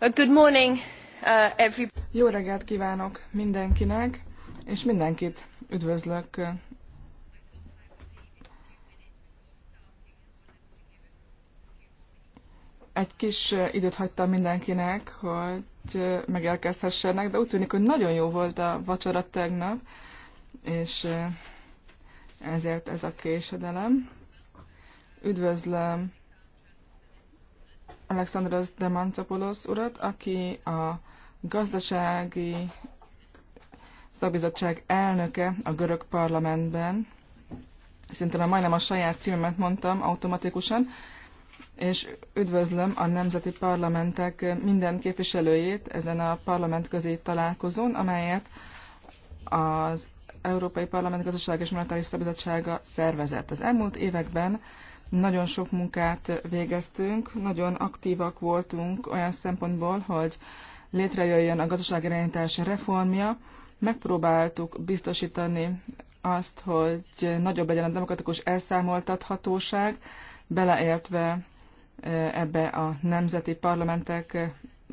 Uh, uh, jó reggelt kívánok mindenkinek, és mindenkit üdvözlök. Egy kis uh, időt hagytam mindenkinek, hogy megérkezhessenek, de úgy tűnik, hogy nagyon jó volt a vacsora tegnap, és ezért ez a késedelem. Üdvözlöm Alexandros Demantopoulos urat, aki a gazdasági szakbizottság elnöke a görög parlamentben. Szinte már majdnem a saját címemet mondtam automatikusan, és üdvözlöm a nemzeti parlamentek minden képviselőjét ezen a parlament közé találkozón, amelyet az Európai Parlament Gazdaság és Monetáris Szabizottsága szervezett. Az elmúlt években nagyon sok munkát végeztünk, nagyon aktívak voltunk olyan szempontból, hogy létrejöjjön a gazdaságirányítási reformja. Megpróbáltuk biztosítani azt, hogy nagyobb legyen a demokratikus elszámoltathatóság, beleértve e, ebbe a nemzeti parlamentek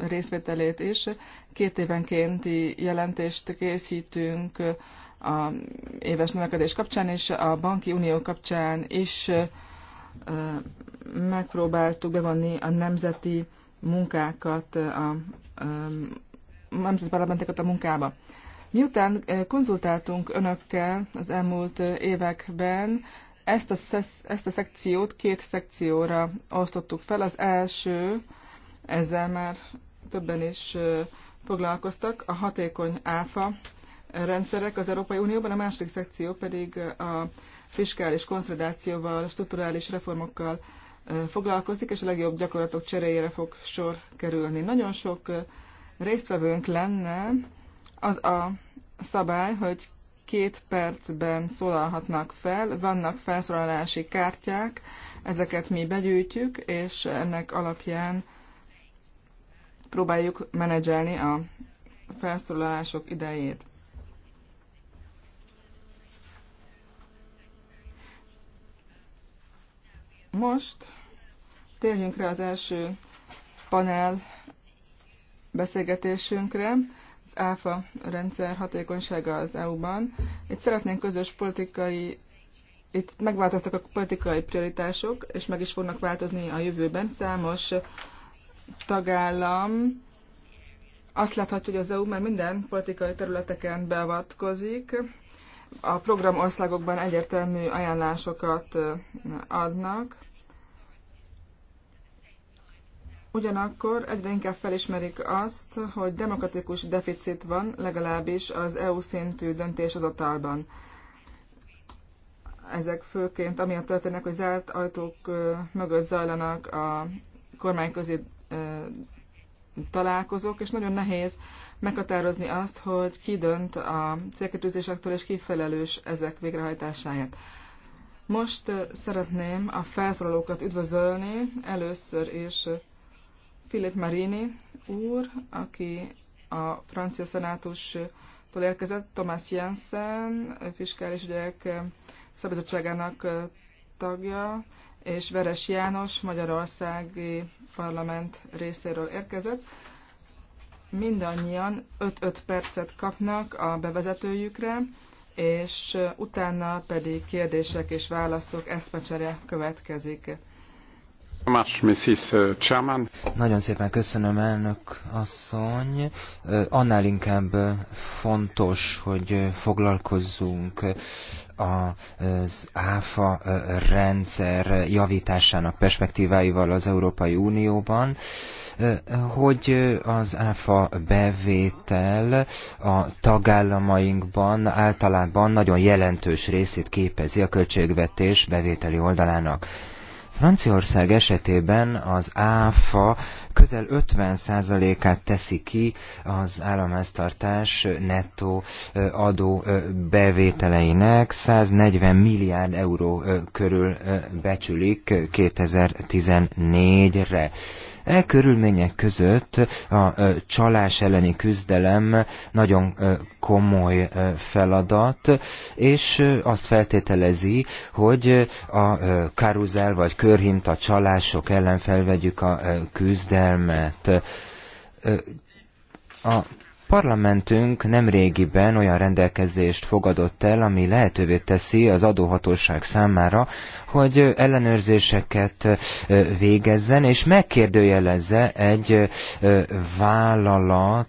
részvételét is. Két évenkénti jelentést készítünk a éves növekedés kapcsán, és a banki unió kapcsán is megpróbáltuk bevonni a nemzeti munkákat, a, a nemzeti parlamenteket a munkába. Miután konzultáltunk önökkel az elmúlt években, ezt a, ezt a szekciót két szekcióra osztottuk fel. Az első, ezzel már többen is foglalkoztak, a hatékony áfa rendszerek az Európai Unióban, a második szekció pedig a fiskális konszolidációval, strukturális reformokkal foglalkozik, és a legjobb gyakorlatok cseréjére fog sor kerülni. Nagyon sok résztvevőnk lenne az a szabály, hogy két percben szólalhatnak fel, vannak felszólalási kártyák, ezeket mi begyűjtjük, és ennek alapján próbáljuk menedzselni a felszólalások idejét. Most térjünk rá az első panel beszélgetésünkre, az ÁFA rendszer hatékonysága az EU-ban. Itt szeretnénk közös politikai, itt megváltoztak a politikai prioritások, és meg is fognak változni a jövőben. Számos tagállam azt láthatja, hogy az EU már minden politikai területeken beavatkozik, a programországokban egyértelmű ajánlásokat adnak, Ugyanakkor egyre inkább felismerik azt, hogy demokratikus deficit van, legalábbis az EU szintű döntés az atalban. Ezek főként amiatt történnek, hogy zárt ajtók mögött zajlanak a kormányközi találkozók, és nagyon nehéz meghatározni azt, hogy ki dönt a célkitűzésektől, és ki felelős ezek végrehajtásáért. Most szeretném a felszólalókat üdvözölni, először is Philip Marini úr, aki a francia szenátustól érkezett, Thomas Jensen, fiskális ügyek szabizottságának tagja, és Veres János, Magyarországi Parlament részéről érkezett. Mindannyian 5-5 percet kapnak a bevezetőjükre, és utána pedig kérdések és válaszok eszmecsere következik. Uh, nagyon szépen köszönöm, elnök asszony. Annál inkább fontos, hogy foglalkozzunk az ÁFA rendszer javításának perspektíváival az Európai Unióban, hogy az ÁFA bevétel a tagállamainkban általában nagyon jelentős részét képezi a költségvetés bevételi oldalának Franciaország esetében az ÁFA közel 50%-át teszi ki az államháztartás nettó adó bevételeinek, 140 milliárd euró körül becsülik 2014-re. E körülmények között a e, csalás elleni küzdelem nagyon e, komoly e, feladat, és azt feltételezi, hogy a karuzel vagy körhinta csalások ellen felvegyük a küzdelmet. A Parlamentünk nemrégiben olyan rendelkezést fogadott el, ami lehetővé teszi az adóhatóság számára, hogy ellenőrzéseket végezzen és megkérdőjelezze egy vállalat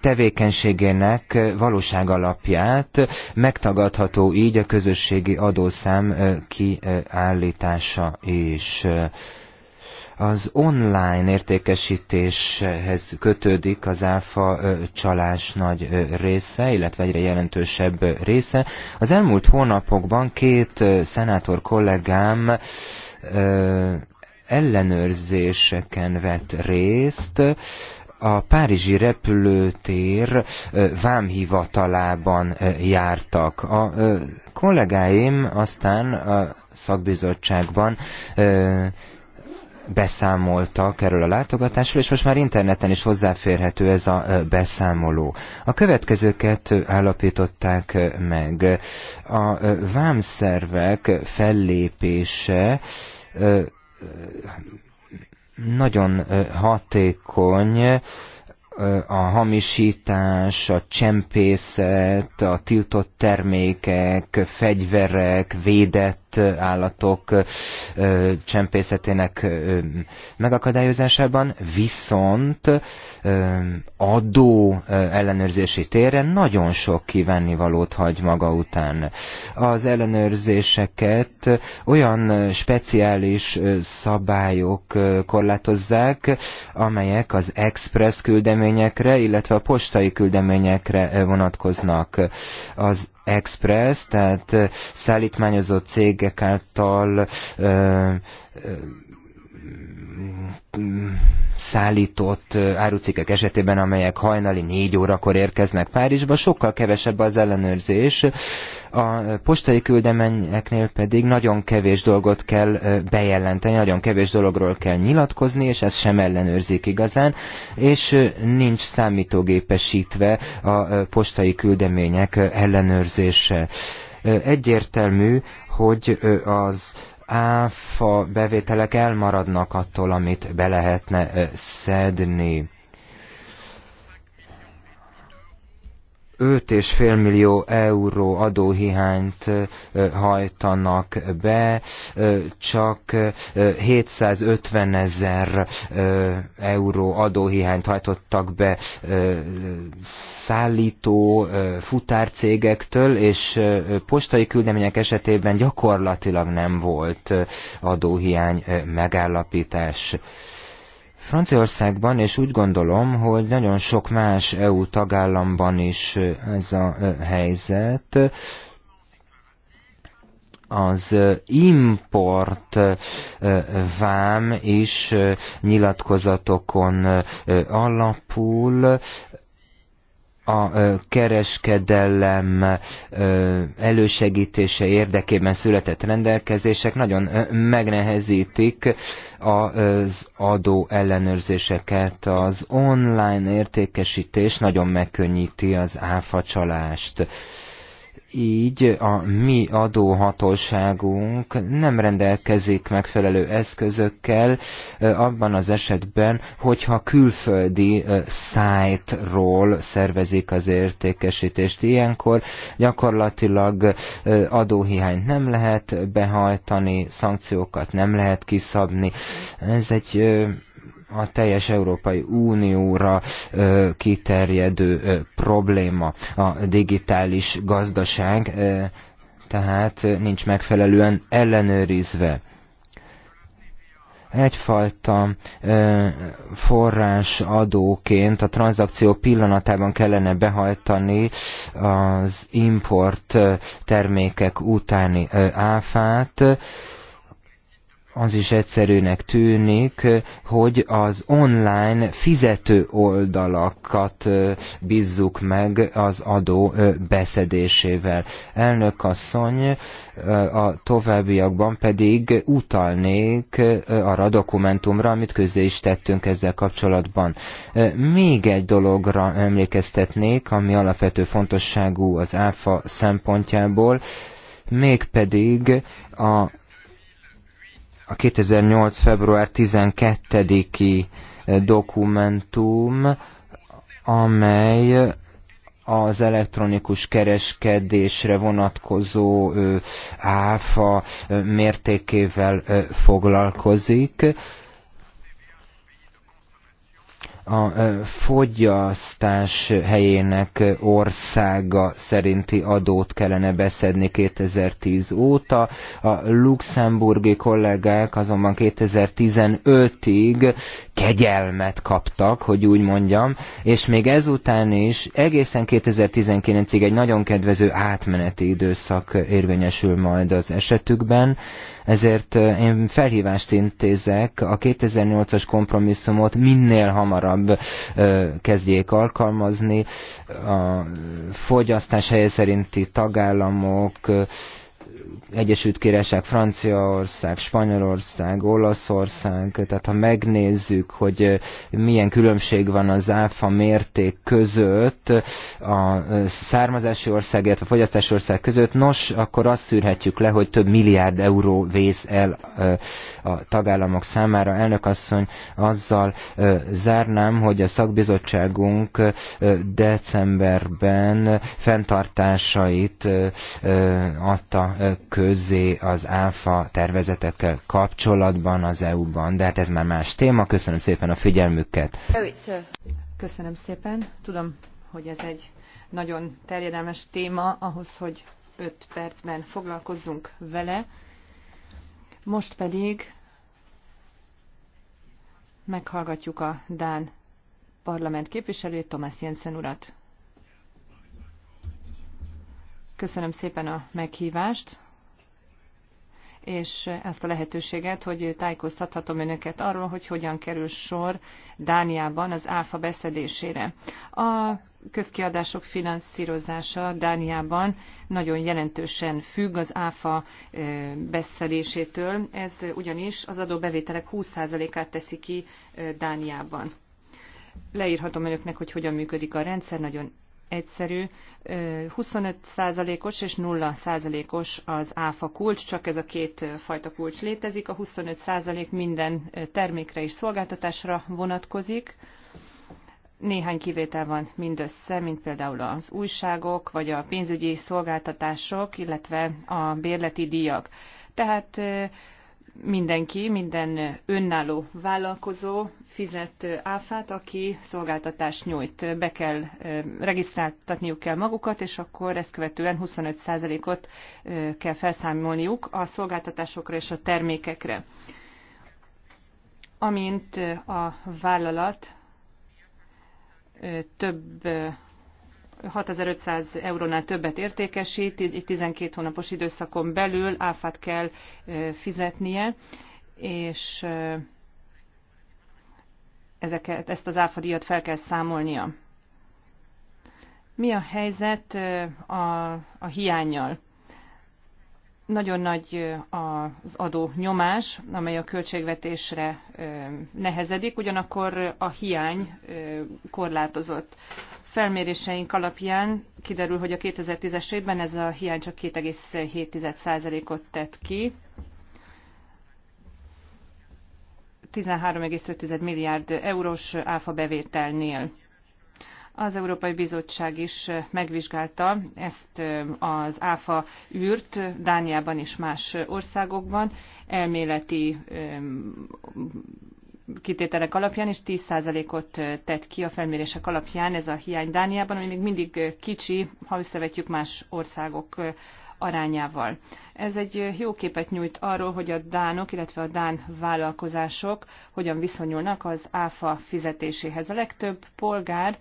tevékenységének valóság alapját, megtagadható így a közösségi adószám kiállítása is. És az online értékesítéshez kötődik az áfa csalás nagy része, illetve egyre jelentősebb része. Az elmúlt hónapokban két szenátor kollégám ellenőrzéseken vett részt, a Párizsi repülőtér vámhivatalában jártak. A kollégáim aztán a szakbizottságban beszámoltak erről a látogatásról, és most már interneten is hozzáférhető ez a beszámoló. A következőket állapították meg. A vámszervek fellépése nagyon hatékony, a hamisítás, a csempészet, a tiltott termékek, fegyverek, védett állatok csempészetének megakadályozásában, viszont adó ellenőrzési téren nagyon sok kivennivalót hagy maga után. Az ellenőrzéseket olyan speciális szabályok korlátozzák, amelyek az express küldeményekre, illetve a postai küldeményekre vonatkoznak. Az Express, tehát szállítmányozó cégek által szállított árucikkek esetében, amelyek hajnali négy órakor érkeznek Párizsba, sokkal kevesebb az ellenőrzés. A postai küldeményeknél pedig nagyon kevés dolgot kell bejelenteni, nagyon kevés dologról kell nyilatkozni, és ez sem ellenőrzik igazán, és nincs számítógépesítve a postai küldemények ellenőrzése. Egyértelmű, hogy az áfa bevételek elmaradnak attól, amit be lehetne szedni. 5,5 millió euró adóhiányt hajtanak be, csak 750 ezer euró adóhiányt hajtottak be szállító futárcégektől, és postai küldemények esetében gyakorlatilag nem volt adóhiány megállapítás. Franciaországban, és úgy gondolom, hogy nagyon sok más EU tagállamban is ez a helyzet, az import vám is nyilatkozatokon alapul, a kereskedelem elősegítése érdekében született rendelkezések nagyon megnehezítik az adó ellenőrzéseket. Az online értékesítés nagyon megkönnyíti az áfacsalást így a mi adóhatóságunk nem rendelkezik megfelelő eszközökkel abban az esetben, hogyha külföldi szájtról szervezik az értékesítést. Ilyenkor gyakorlatilag adóhiányt nem lehet behajtani, szankciókat nem lehet kiszabni. Ez egy a teljes Európai Unióra kiterjedő probléma a digitális gazdaság, tehát nincs megfelelően ellenőrizve egyfajta ö, forrás adóként a tranzakció pillanatában kellene behajtani az import termékek utáni ö, áfát, az is egyszerűnek tűnik, hogy az online fizető oldalakat bízzuk meg az adó beszedésével. Elnök asszony, a továbbiakban pedig utalnék arra a dokumentumra, amit közé is tettünk ezzel kapcsolatban. Még egy dologra emlékeztetnék, ami alapvető fontosságú az ÁFA szempontjából, mégpedig a a 2008. február 12-i eh, dokumentum, amely az elektronikus kereskedésre vonatkozó eh, áfa eh, mértékével foglalkozik a fogyasztás helyének országa szerinti adót kellene beszedni 2010 óta. A luxemburgi kollégák azonban 2015-ig kegyelmet kaptak, hogy úgy mondjam, és még ezután is egészen 2019-ig egy nagyon kedvező átmeneti időszak érvényesül majd az esetükben. Ezért én felhívást intézek, a 2008-as kompromisszumot minél hamarabb kezdjék alkalmazni, a fogyasztás helye szerinti tagállamok, Egyesült Királyság, Franciaország, Spanyolország, Olaszország, tehát ha megnézzük, hogy milyen különbség van az áfa mérték között, a származási ország, illetve a fogyasztási ország között, nos, akkor azt szűrhetjük le, hogy több milliárd euró vész el a tagállamok számára. Elnök asszony, azzal zárnám, hogy a szakbizottságunk decemberben fenntartásait adta közé az ÁFA tervezetekkel kapcsolatban az EU-ban, de hát ez már más téma. Köszönöm szépen a figyelmüket. Köszönöm szépen. Tudom, hogy ez egy nagyon terjedelmes téma ahhoz, hogy 5 percben foglalkozzunk vele. Most pedig meghallgatjuk a Dán parlament képviselőjét, Thomas Jensen urat. Köszönöm szépen a meghívást és ezt a lehetőséget, hogy tájékoztathatom önöket arról, hogy hogyan kerül sor Dániában az áfa beszedésére. A közkiadások finanszírozása Dániában nagyon jelentősen függ az áfa beszedésétől, ez ugyanis az adóbevételek 20%-át teszi ki Dániában. Leírhatom önöknek, hogy hogyan működik a rendszer, nagyon egyszerű. 25%-os és 0%-os az áfa kulcs, csak ez a két fajta kulcs létezik. A 25% minden termékre és szolgáltatásra vonatkozik. Néhány kivétel van mindössze, mint például az újságok, vagy a pénzügyi szolgáltatások, illetve a bérleti díjak. Tehát mindenki, minden önálló vállalkozó fizet áfát, aki szolgáltatást nyújt. Be kell, regisztráltatniuk kell magukat, és akkor ezt követően 25%-ot kell felszámolniuk a szolgáltatásokra és a termékekre. Amint a vállalat több 6500 eurónál többet értékesít, egy 12 hónapos időszakon belül áfát kell fizetnie, és ezeket, ezt az áfadíjat fel kell számolnia. Mi a helyzet a, a hiányjal? Nagyon nagy az adó nyomás, amely a költségvetésre nehezedik, ugyanakkor a hiány korlátozott felméréseink alapján kiderül, hogy a 2010-es évben ez a hiány csak 2,7%-ot tett ki. 13,5 milliárd eurós áfa bevételnél. Az Európai Bizottság is megvizsgálta ezt az áfa űrt Dániában és más országokban. Elméleti kitételek alapján, és 10%-ot tett ki a felmérések alapján ez a hiány Dániában, ami még mindig kicsi, ha összevetjük más országok arányával. Ez egy jó képet nyújt arról, hogy a dánok, illetve a dán vállalkozások hogyan viszonyulnak az áfa fizetéséhez. A legtöbb polgár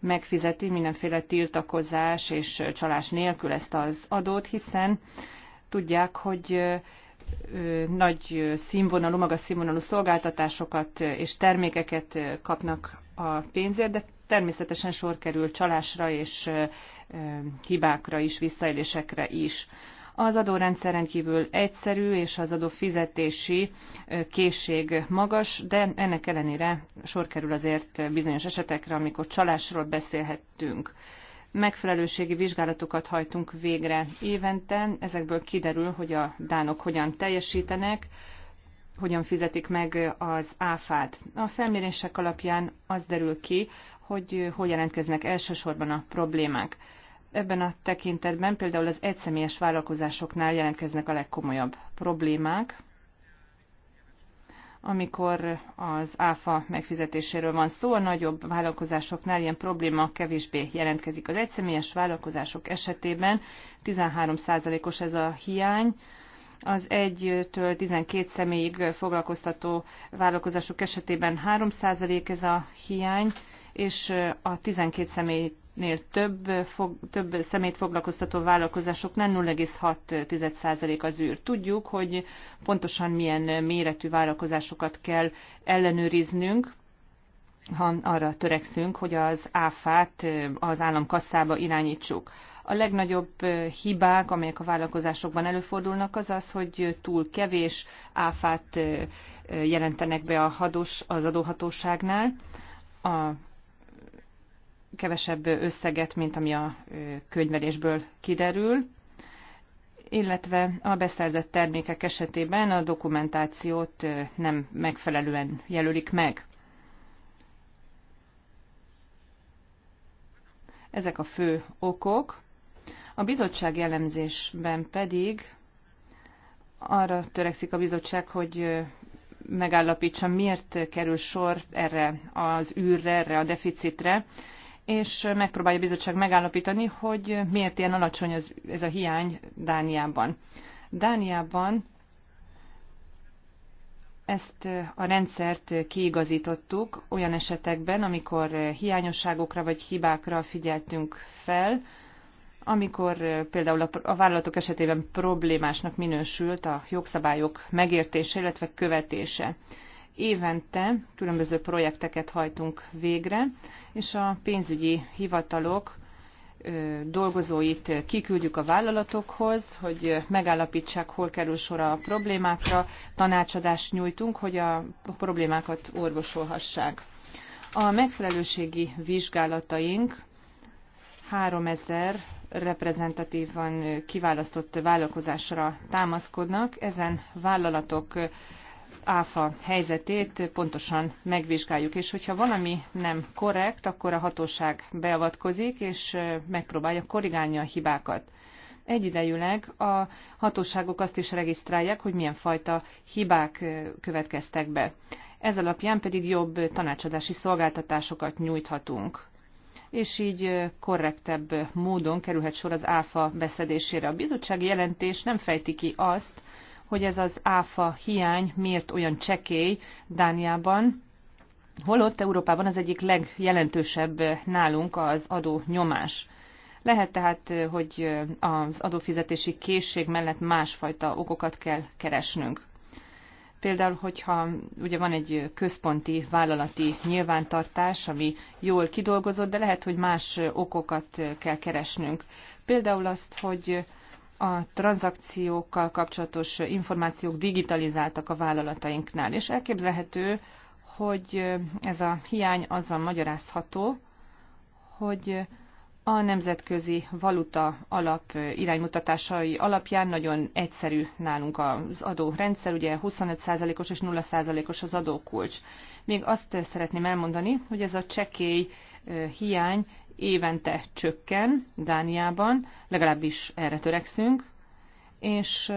megfizeti mindenféle tiltakozás és csalás nélkül ezt az adót, hiszen tudják, hogy nagy színvonalú, magas színvonalú szolgáltatásokat és termékeket kapnak a pénzért, de természetesen sor kerül csalásra és hibákra is, visszaélésekre is. Az adórendszer rendkívül egyszerű, és az adófizetési készség magas, de ennek ellenére sor kerül azért bizonyos esetekre, amikor csalásról beszélhetünk megfelelőségi vizsgálatokat hajtunk végre évente. Ezekből kiderül, hogy a dánok hogyan teljesítenek, hogyan fizetik meg az áfát. A felmérések alapján az derül ki, hogy hol jelentkeznek elsősorban a problémák. Ebben a tekintetben például az egyszemélyes vállalkozásoknál jelentkeznek a legkomolyabb problémák, amikor az áfa megfizetéséről van szó, a nagyobb vállalkozásoknál ilyen probléma kevésbé jelentkezik. Az egyszemélyes vállalkozások esetében 13%-os ez a hiány, az 1-től 12 személyig foglalkoztató vállalkozások esetében 3% ez a hiány, és a 12 személyt nél több, fog, több szemét foglalkoztató vállalkozásoknál 0,6% az űr. Tudjuk, hogy pontosan milyen méretű vállalkozásokat kell ellenőriznünk, ha arra törekszünk, hogy az áfát az állam kasszába irányítsuk. A legnagyobb hibák, amelyek a vállalkozásokban előfordulnak, az az, hogy túl kevés áfát jelentenek be a hados az adóhatóságnál. A kevesebb összeget, mint ami a könyvelésből kiderül, illetve a beszerzett termékek esetében a dokumentációt nem megfelelően jelölik meg. Ezek a fő okok. A bizottság jellemzésben pedig arra törekszik a bizottság, hogy megállapítsa, miért kerül sor erre az űrre, erre a deficitre, és megpróbálja a bizottság megállapítani, hogy miért ilyen alacsony az, ez a hiány Dániában. Dániában ezt a rendszert kiigazítottuk olyan esetekben, amikor hiányosságokra vagy hibákra figyeltünk fel, amikor például a vállalatok esetében problémásnak minősült a jogszabályok megértése, illetve követése évente különböző projekteket hajtunk végre, és a pénzügyi hivatalok dolgozóit kiküldjük a vállalatokhoz, hogy megállapítsák, hol kerül sor a problémákra, tanácsadást nyújtunk, hogy a problémákat orvosolhassák. A megfelelőségi vizsgálataink 3000 reprezentatívan kiválasztott vállalkozásra támaszkodnak. Ezen vállalatok áfa helyzetét pontosan megvizsgáljuk, és hogyha valami nem korrekt, akkor a hatóság beavatkozik, és megpróbálja korrigálni a hibákat. Egyidejűleg a hatóságok azt is regisztrálják, hogy milyen fajta hibák következtek be. Ez alapján pedig jobb tanácsadási szolgáltatásokat nyújthatunk és így korrektebb módon kerülhet sor az áfa beszedésére. A bizottsági jelentés nem fejti ki azt, hogy ez az áfa hiány miért olyan csekély Dániában, holott Európában az egyik legjelentősebb nálunk az adó nyomás. Lehet tehát, hogy az adófizetési készség mellett másfajta okokat kell keresnünk. Például, hogyha ugye van egy központi vállalati nyilvántartás, ami jól kidolgozott, de lehet, hogy más okokat kell keresnünk. Például azt, hogy a tranzakciókkal kapcsolatos információk digitalizáltak a vállalatainknál, és elképzelhető, hogy ez a hiány azzal magyarázható, hogy a nemzetközi valuta alap iránymutatásai alapján nagyon egyszerű nálunk az adórendszer, ugye 25%-os és 0%-os az adókulcs. Még azt szeretném elmondani, hogy ez a csekély eh, hiány évente csökken Dániában, legalábbis erre törekszünk, és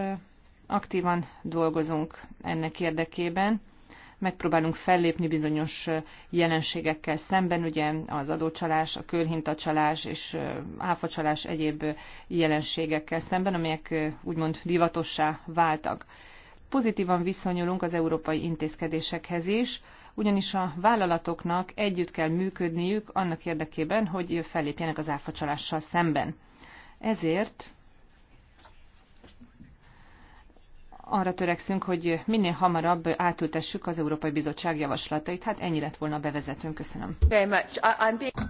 aktívan dolgozunk ennek érdekében. Megpróbálunk fellépni bizonyos jelenségekkel szemben, ugye az adócsalás, a körhintacsalás és áfacsalás egyéb jelenségekkel szemben, amelyek úgymond divatossá váltak. Pozitívan viszonyulunk az európai intézkedésekhez is, ugyanis a vállalatoknak együtt kell működniük annak érdekében, hogy fellépjenek az áfacsalással szemben. Ezért arra törekszünk, hogy minél hamarabb átültessük az Európai Bizottság javaslatait. Hát ennyi lett volna a bevezetőn. Köszönöm.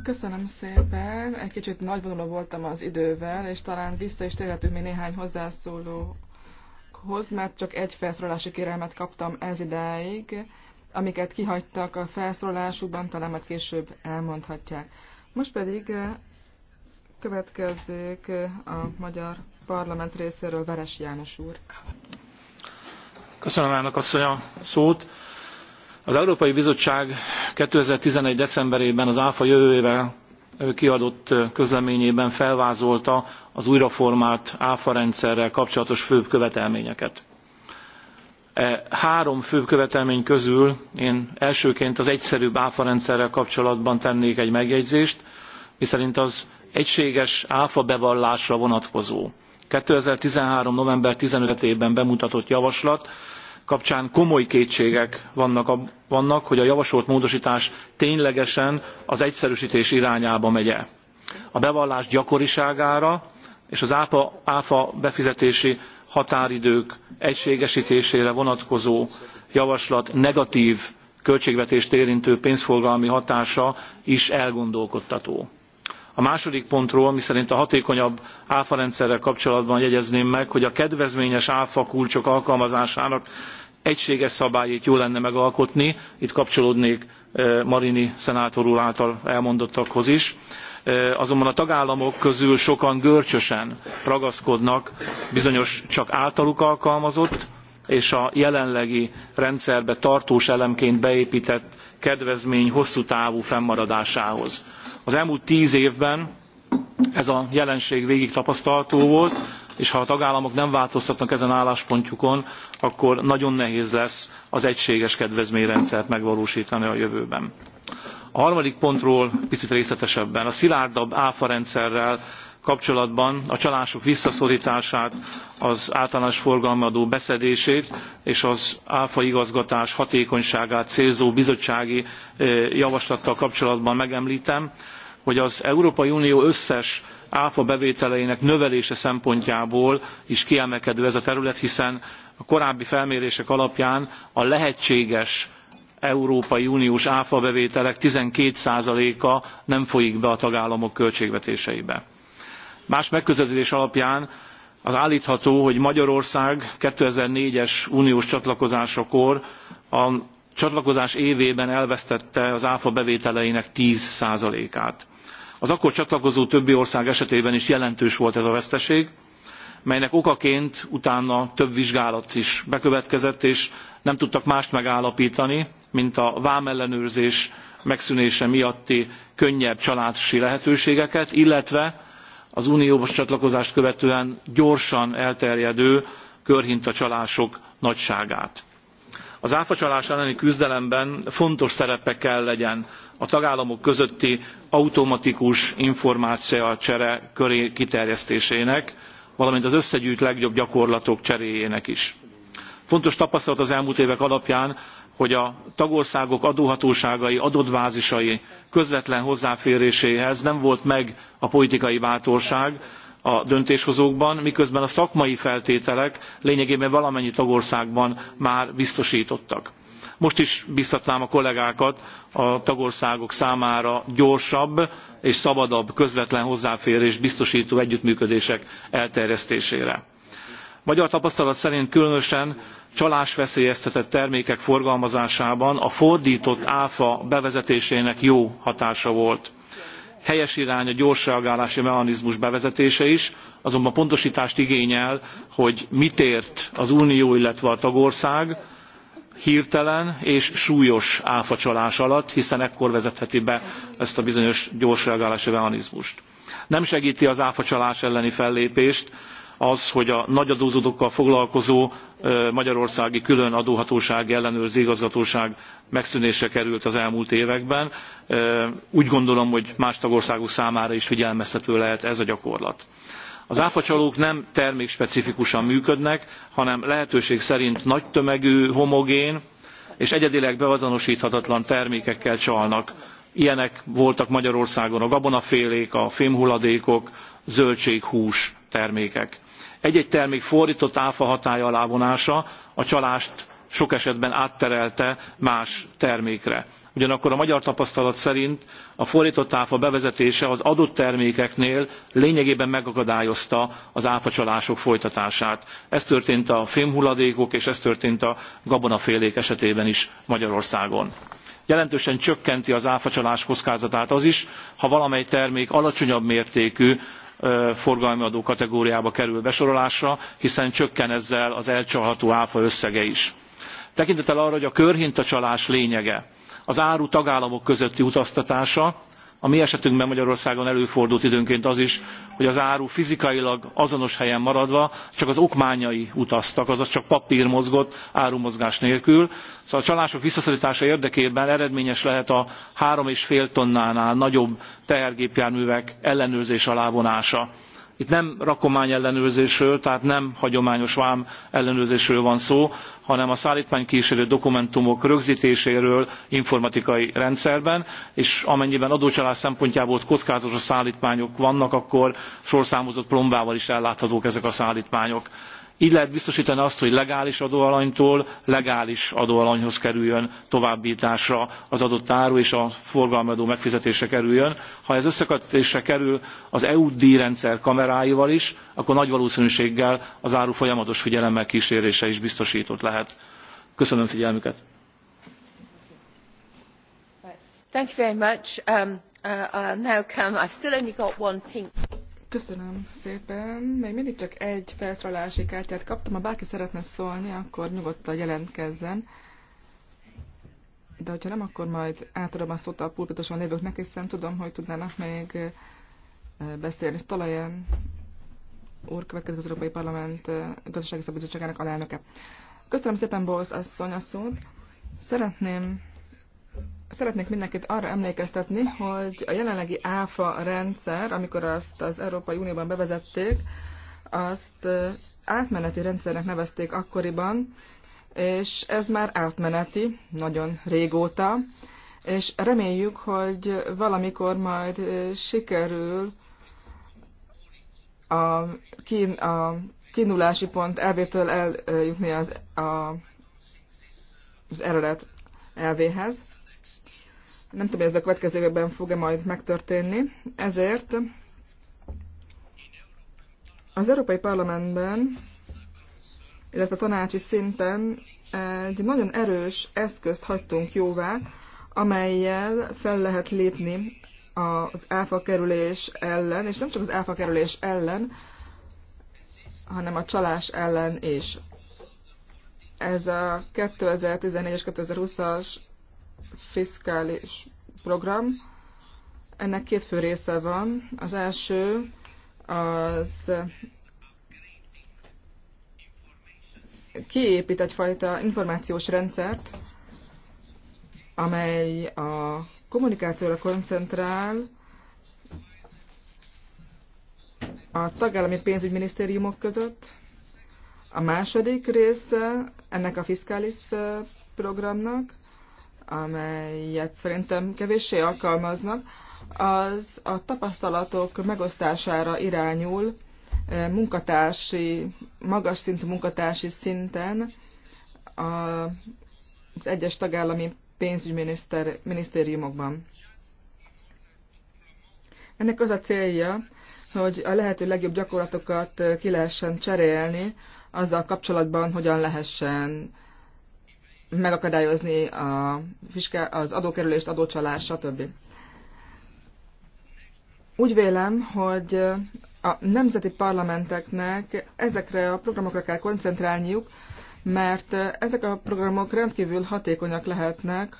Köszönöm szépen. Egy kicsit nagyvonuló voltam az idővel, és talán vissza is térhetünk még néhány hozzászólóhoz, mert csak egy felszólalási kérelmet kaptam ez idáig amiket kihagytak a felszólalásukban, talán majd később elmondhatják. Most pedig eh, következzék eh, a magyar parlament részéről Veres János úr. Köszönöm elnök azt a szót. Az Európai Bizottság 2011. decemberében az ÁFA jövővel eh, kiadott közleményében felvázolta az újraformált áfa rendszerrel kapcsolatos főbb követelményeket E, három fő követelmény közül én elsőként az egyszerűbb áfarendszerrel kapcsolatban tennék egy megjegyzést miszerint az egységes áfa bevallásra vonatkozó. two thousand and thirteen november fifteen ében bemutatott javaslat kapcsán komoly kétségek vannak, vannak hogy a javasolt módostás ténylegesen az egyszerűstés irányába megy e. a bevallás gyakoriságára és az áfa, áfa befizetési határidők egységesítésére vonatkozó javaslat negatív költségvetést érintő pénzforgalmi hatása is elgondolkodtató. A második pontról, miszerint a hatékonyabb áfarendszerrel kapcsolatban jegyezném meg, hogy a kedvezményes áfa kulcsok alkalmazásának egységes szabályait jó lenne megalkotni, itt kapcsolódnék eh, Marini szenátor úr által elmondottakhoz is azonban a tagállamok közül sokan görcsösen ragaszkodnak bizonyos csak általuk alkalmazott és a jelenlegi rendszerbe tartós elemként beépített kedvezmény hosszú távú fennmaradásához. Az elmúlt tíz évben ez a jelenség végig tapasztalható volt, és ha a tagállamok nem változtatnak ezen álláspontjukon, akkor nagyon nehéz lesz az egységes kedvezményrendszert megvalósítani a jövőben. A harmadik pontról picit részletesebben. A szilárdabb áfarendszerrel kapcsolatban a csalások visszaszortását az általános forgalmadó beszedését és az áfa igazgatás hatékonyságát célzó bizottsági javaslattal kapcsolatban megemltem hogy az európai unió összes áfa bevételeinek növelése szempontjából is kiemelkedő ez a terület hiszen a korábbi felmérések alapján a lehetséges Európai Uniós áfabevételek twelve a nem folyik be a tagállamok költségvetéseibe. Más megközelítés alapján az állítható, hogy Magyarország 2004-es uniós csatlakozásakor a csatlakozás évében elvesztette az áfa bevételeinek ten át Az akkor csatlakozó többi ország esetében is jelentős volt ez a veszteség, melynek okaként utána több vizsgálat is bekövetkezett, és nem tudtak mást megállapítani, mint a vámellenőrzés megszűnése miatti könnyebb csalási lehetőségeket, illetve az uniós csatlakozást követően gyorsan elterjedő körhintacsalások nagyságát. Az áfacsalás elleni küzdelemben fontos szerepe kell legyen a tagállamok közötti automatikus információcsere köré kiterjesztésének, valamint az összegyűjt legjobb gyakorlatok cseréjének is. Fontos tapasztalat az elmúlt évek alapján, hogy a tagországok adóhatóságai, adatbázisai közvetlen hozzáféréséhez nem volt meg a politikai bátorság a döntéshozókban, miközben a szakmai feltételek lényegében valamennyi tagországban már biztosítottak. Most is biztatnám a kollégákat a tagországok számára gyorsabb és szabadabb közvetlen hozzáférést biztosító együttműködések elterjesztésére magyar tapasztalat szerint különösen csalásveszélyeztetett termékek forgalmazásában a fordtott áfa bevezetésének jó hatása volt. helyes irány a gyors reagálási mechanizmus bevezetése is azonban pontostást igényel hogy mit ért az unió illetve a tagország hirtelen és súlyos áfacsalás alatt hiszen ekkor vezetheti be ezt a bizonyos gyors reagálási mechanizmust. nem segti az áfacsalás elleni fellépést az, hogy a nagy adózódokkal foglalkozó magyarországi külön adóhatóság ellenőrző igazgatóság megszűnésre került az elmúlt években. Úgy gondolom, hogy más tagországok számára is figyelmeztető lehet ez a gyakorlat. Az áfacsalók nem termékspecifikusan működnek, hanem lehetőség szerint nagy tömegű, homogén és egyedileg beazonosíthatatlan termékekkel csalnak. Ilyenek voltak Magyarországon a gabonafélék, a fémhulladékok, zöldség, hús termékek egy-egy termék fordtott áfa hatálya alá vonása a csalást sok esetben átterelte más termékre. Ugyanakkor a magyar tapasztalat szerint a fordtott áfa bevezetése az adott termékeknél lényegében megakadályozta az áfacsalások folytatását. Ez történt a fémhulladékok és ez történt a gabonafélék esetében is Magyarországon jelentősen csökkenti az áfacsalás kockázatát az is ha valamely termék alacsonyabb mértékű forgalmi adó kategóriába kerül besorolásra, hiszen csökken ezzel az elcsalható áfa összege is. Tekintettel arra, hogy a körhintacsalás lényege az áru tagállamok közötti utaztatása, a mi esetünkben magyarországon előfordult időnként az is hogy az áru fizikailag azonos helyen maradva csak az okmányai utaztak azaz csak papr mozgott árumozgás nélkül. szóval a csalások visszaszortása érdekében eredményes lehet a 3,5 és tonnánál nagyobb tehergépjárművek ellenőrzés alá vonása itt nem rakományellenőrzésről tehát nem hagyományos vám ellenőrzésről van szó hanem a szálltmánykísérő dokumentumok rögztéséről informatikai rendszerben és amennyiben adócsalás szempontjából kockázatos szálltmányok vannak akkor sorszámozott plombával is elláthatók ezek a szálltmányok gy lehet biztostani azt hogy legális adóalanytól legális adóalanyhoz kerüljön továbbtásra az adott áru és a forgalmadó megfizetése kerüljön. ha ez összekötésre kerül az eu djrendszer kameráival is akkor nagy valósznűséggel az áru folyamatos figyelemmel ksérése is biztostott lehet. köszönöm figyelmüket. Köszönöm szépen. Még mindig csak egy felszólalási kártyát kaptam. Ha bárki szeretne szólni, akkor nyugodtan jelentkezzen. De hogyha nem, akkor majd átadom a szót a pulpitoson lévőknek, hiszen tudom, hogy tudnának még eh, beszélni. Stolajan úr következik az Európai Parlament eh, gazdasági szabadságának alelnöke. Köszönöm szépen, Bolsz asszony, a szót. Szeretném Szeretnék mindenkit arra emlékeztetni, hogy a jelenlegi ÁFA rendszer, amikor azt az Európai Unióban bevezették, azt átmeneti rendszernek nevezték akkoriban, és ez már átmeneti, nagyon régóta, és reméljük, hogy valamikor majd sikerül a, kín, a kínulási pont elvétől eljutni az, a, az eredet elvéhez. Nem tudom, hogy ez a következő évben fog-e majd megtörténni. Ezért az Európai Parlamentben, illetve a tanácsi szinten egy nagyon erős eszközt hagytunk jóvá, amelyel fel lehet lépni az áfa kerülés ellen, és nem csak az áfa kerülés ellen, hanem a csalás ellen is. Ez a 2014 és 2020-as fiskális program. Ennek két fő része van. Az első az kiépít egyfajta információs rendszert, amely a kommunikációra koncentrál a tagállami pénzügyminisztériumok között. A második része ennek a fiskális eh, programnak amelyet szerintem kevéssé alkalmaznak, az a tapasztalatok megosztására irányul eh, munkatársi, magas szintű munkatársi szinten az egyes tagállami pénzügyminisztériumokban. Ennek az a célja, hogy a lehető legjobb gyakorlatokat eh, ki lehessen cserélni, azzal kapcsolatban hogyan lehessen megakadályozni a fiske, az adókerülést, adócsalás, stb. Úgy vélem, hogy a nemzeti parlamenteknek ezekre a programokra kell koncentrálniuk, mert ezek a programok rendkívül hatékonyak lehetnek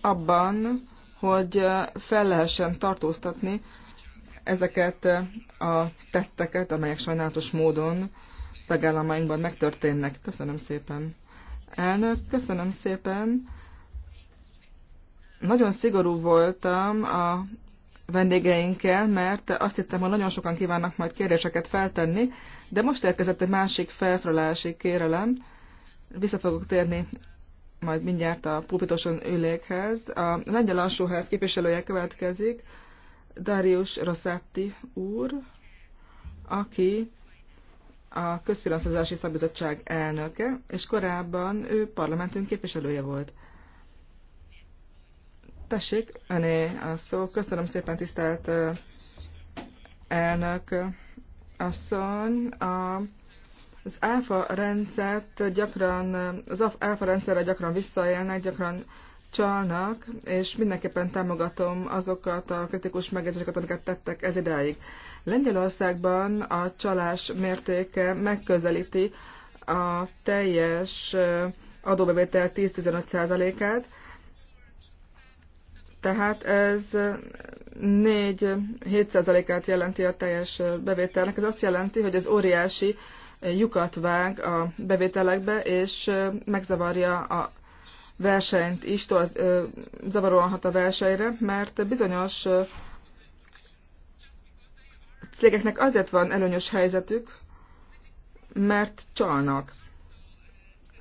abban, hogy fel lehessen tartóztatni ezeket a tetteket, amelyek sajnálatos módon tagállamainkban megtörténnek. Köszönöm szépen! Elnök, köszönöm szépen. Nagyon szigorú voltam a vendégeinkkel, mert azt hittem, hogy nagyon sokan kívánnak majd kérdéseket feltenni, de most érkezett egy másik felszólalási kérelem. Vissza fogok térni majd mindjárt a pulpitoson ülékhez. A lengyel alsóház képviselője következik, Darius Rossetti úr, aki a Közfinanszírozási Szabizottság elnöke, és korábban ő parlamentünk képviselője volt. Tessék, öné a szó. Köszönöm szépen, tisztelt elnök asszony. A, az áfa rendszert gyakran, az áfa rendszerre gyakran visszaélnek, gyakran csalnak, és mindenképpen támogatom azokat a kritikus megjegyzéseket, amiket tettek ez idáig. Lengyelországban a csalás mértéke megközelíti a teljes eh, adóbevétel 10-15%-át, tehát ez 4-7%-át jelenti a teljes eh, bevételnek. Ez azt jelenti, hogy ez óriási eh, lyukat vág a bevételekbe, és megzavarja a versenyt is, hat a versenyre, mert bizonyos cégeknek azért van előnyös helyzetük, mert csalnak.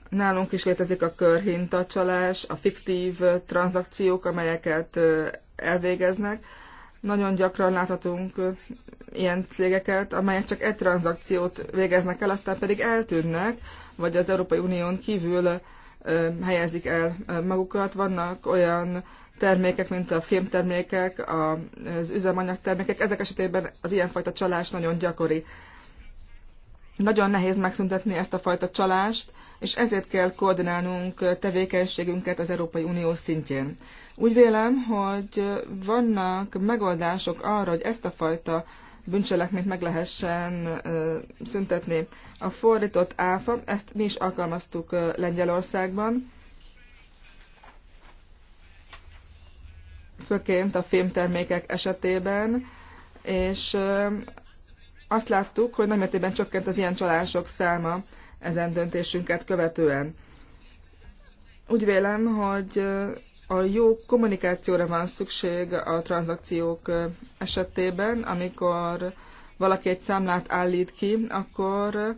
Nálunk is létezik a körhintacsalás, a fiktív tranzakciók, amelyeket elvégeznek. Nagyon gyakran láthatunk ilyen cégeket, amelyek csak egy tranzakciót végeznek el, aztán pedig eltűnnek, vagy az Európai Unión kívül helyezik el magukat. Vannak olyan termékek, mint a filmtermékek, az üzemanyagtermékek, ezek esetében az ilyenfajta csalás nagyon gyakori. Nagyon nehéz megszüntetni ezt a fajta csalást, és ezért kell koordinálnunk tevékenységünket az Európai Unió szintjén. Úgy vélem, hogy vannak megoldások arra, hogy ezt a fajta bűncselekményt meg lehessen szüntetni. A fordított áfa, ezt mi is alkalmaztuk Lengyelországban, főként a filmtermékek esetében, és azt láttuk, hogy nagymértékben csökkent az ilyen csalások száma ezen döntésünket követően. Úgy vélem, hogy a jó kommunikációra van szükség a tranzakciók esetében, amikor valaki egy számlát állít ki, akkor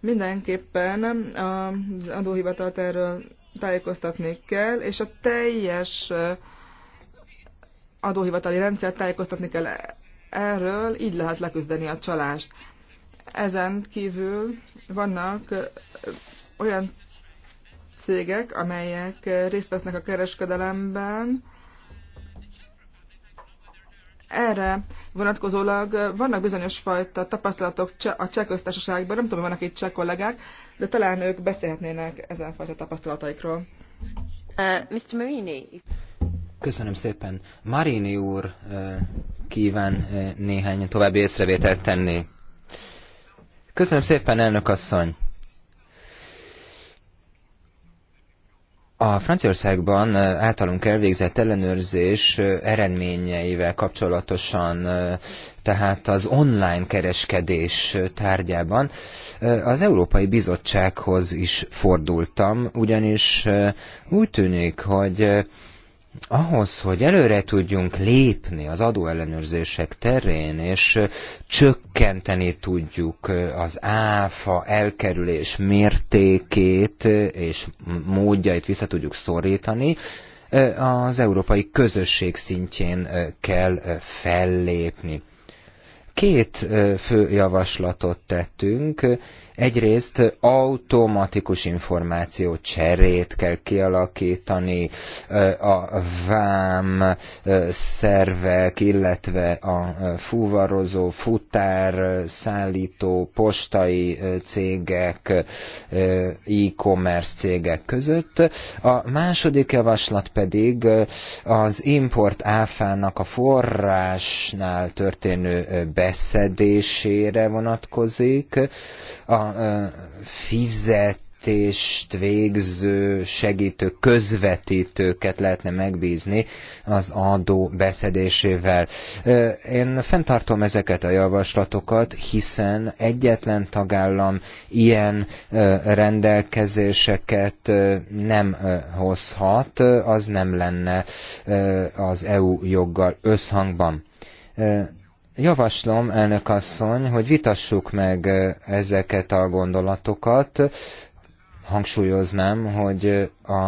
mindenképpen az adóhivatalt erről tájékoztatni kell, és a teljes adóhivatali rendszer tájékoztatni kell erről, így lehet leküzdeni a csalást. Ezen kívül vannak olyan cégek, amelyek részt vesznek a kereskedelemben. Erre vonatkozólag vannak bizonyos fajta tapasztalatok a cseh köztársaságban, nem tudom, vannak itt cseh kollégák, de talán ők beszélhetnének ezen fajta tapasztalataikról. Uh, Mr. Marini. Köszönöm szépen. Marini úr kíván néhány további észrevételt tenni. Köszönöm szépen, elnök asszony. A Franciaországban általunk elvégzett ellenőrzés eredményeivel kapcsolatosan, tehát az online kereskedés tárgyában az Európai Bizottsághoz is fordultam, ugyanis úgy tűnik, hogy ahhoz, hogy előre tudjunk lépni az adóellenőrzések terén, és csökkenteni tudjuk az áfa elkerülés mértékét és módjait vissza tudjuk szorítani, az európai közösség szintjén kell fellépni. Két fő javaslatot tettünk, Egyrészt automatikus információ cserét kell kialakítani a vám szervek, illetve a fuvarozó, futár, szállító, postai cégek, e-commerce cégek között. A második javaslat pedig az import áfának a forrásnál történő beszedésére vonatkozik. A fizetést végző segítő közvetítőket lehetne megbízni az adó beszedésével. Én fenntartom ezeket a javaslatokat, hiszen egyetlen tagállam ilyen rendelkezéseket nem hozhat, az nem lenne az EU joggal összhangban Javaslom, elnök asszony, hogy vitassuk meg ezeket a gondolatokat. Hangsúlyoznám, hogy a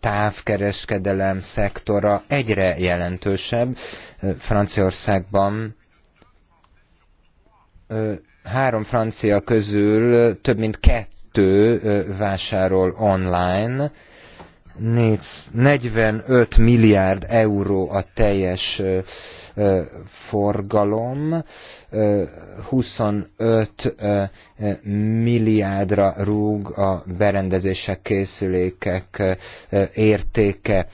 távkereskedelem szektora egyre jelentősebb. Franciaországban három francia közül több mint kettő vásárol online. 45 milliárd euró a teljes forgalom 25 milliárdra rúg a berendezések, készülékek értéke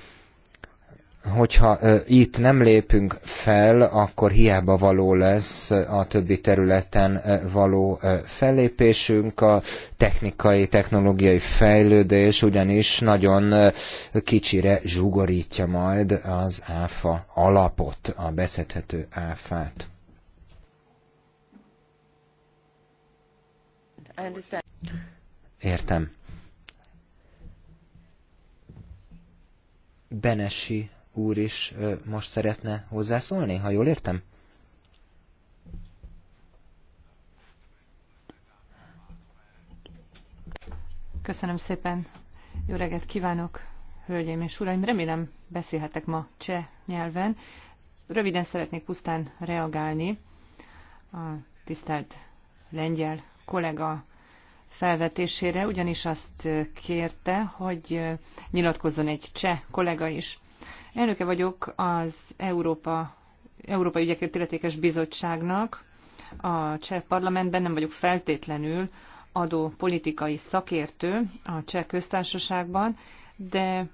hogyha itt nem lépünk fel, akkor hiába való lesz a többi területen való fellépésünk. A technikai, technológiai fejlődés ugyanis nagyon kicsire zsugorítja majd az áfa alapot, a beszedhető áfát. Értem. Benesi úr is most szeretne hozzászólni, ha jól értem? Köszönöm szépen. Jó reggelt kívánok, hölgyeim és uraim. Remélem beszélhetek ma cseh nyelven. Röviden szeretnék pusztán reagálni a tisztelt lengyel kollega felvetésére, ugyanis azt kérte, hogy nyilatkozzon egy cseh kollega is. Elnöke vagyok az Európa, Európai Ügyekért Illetékes Bizottságnak a cseh parlamentben, nem vagyok feltétlenül adó politikai szakértő a cseh köztársaságban, de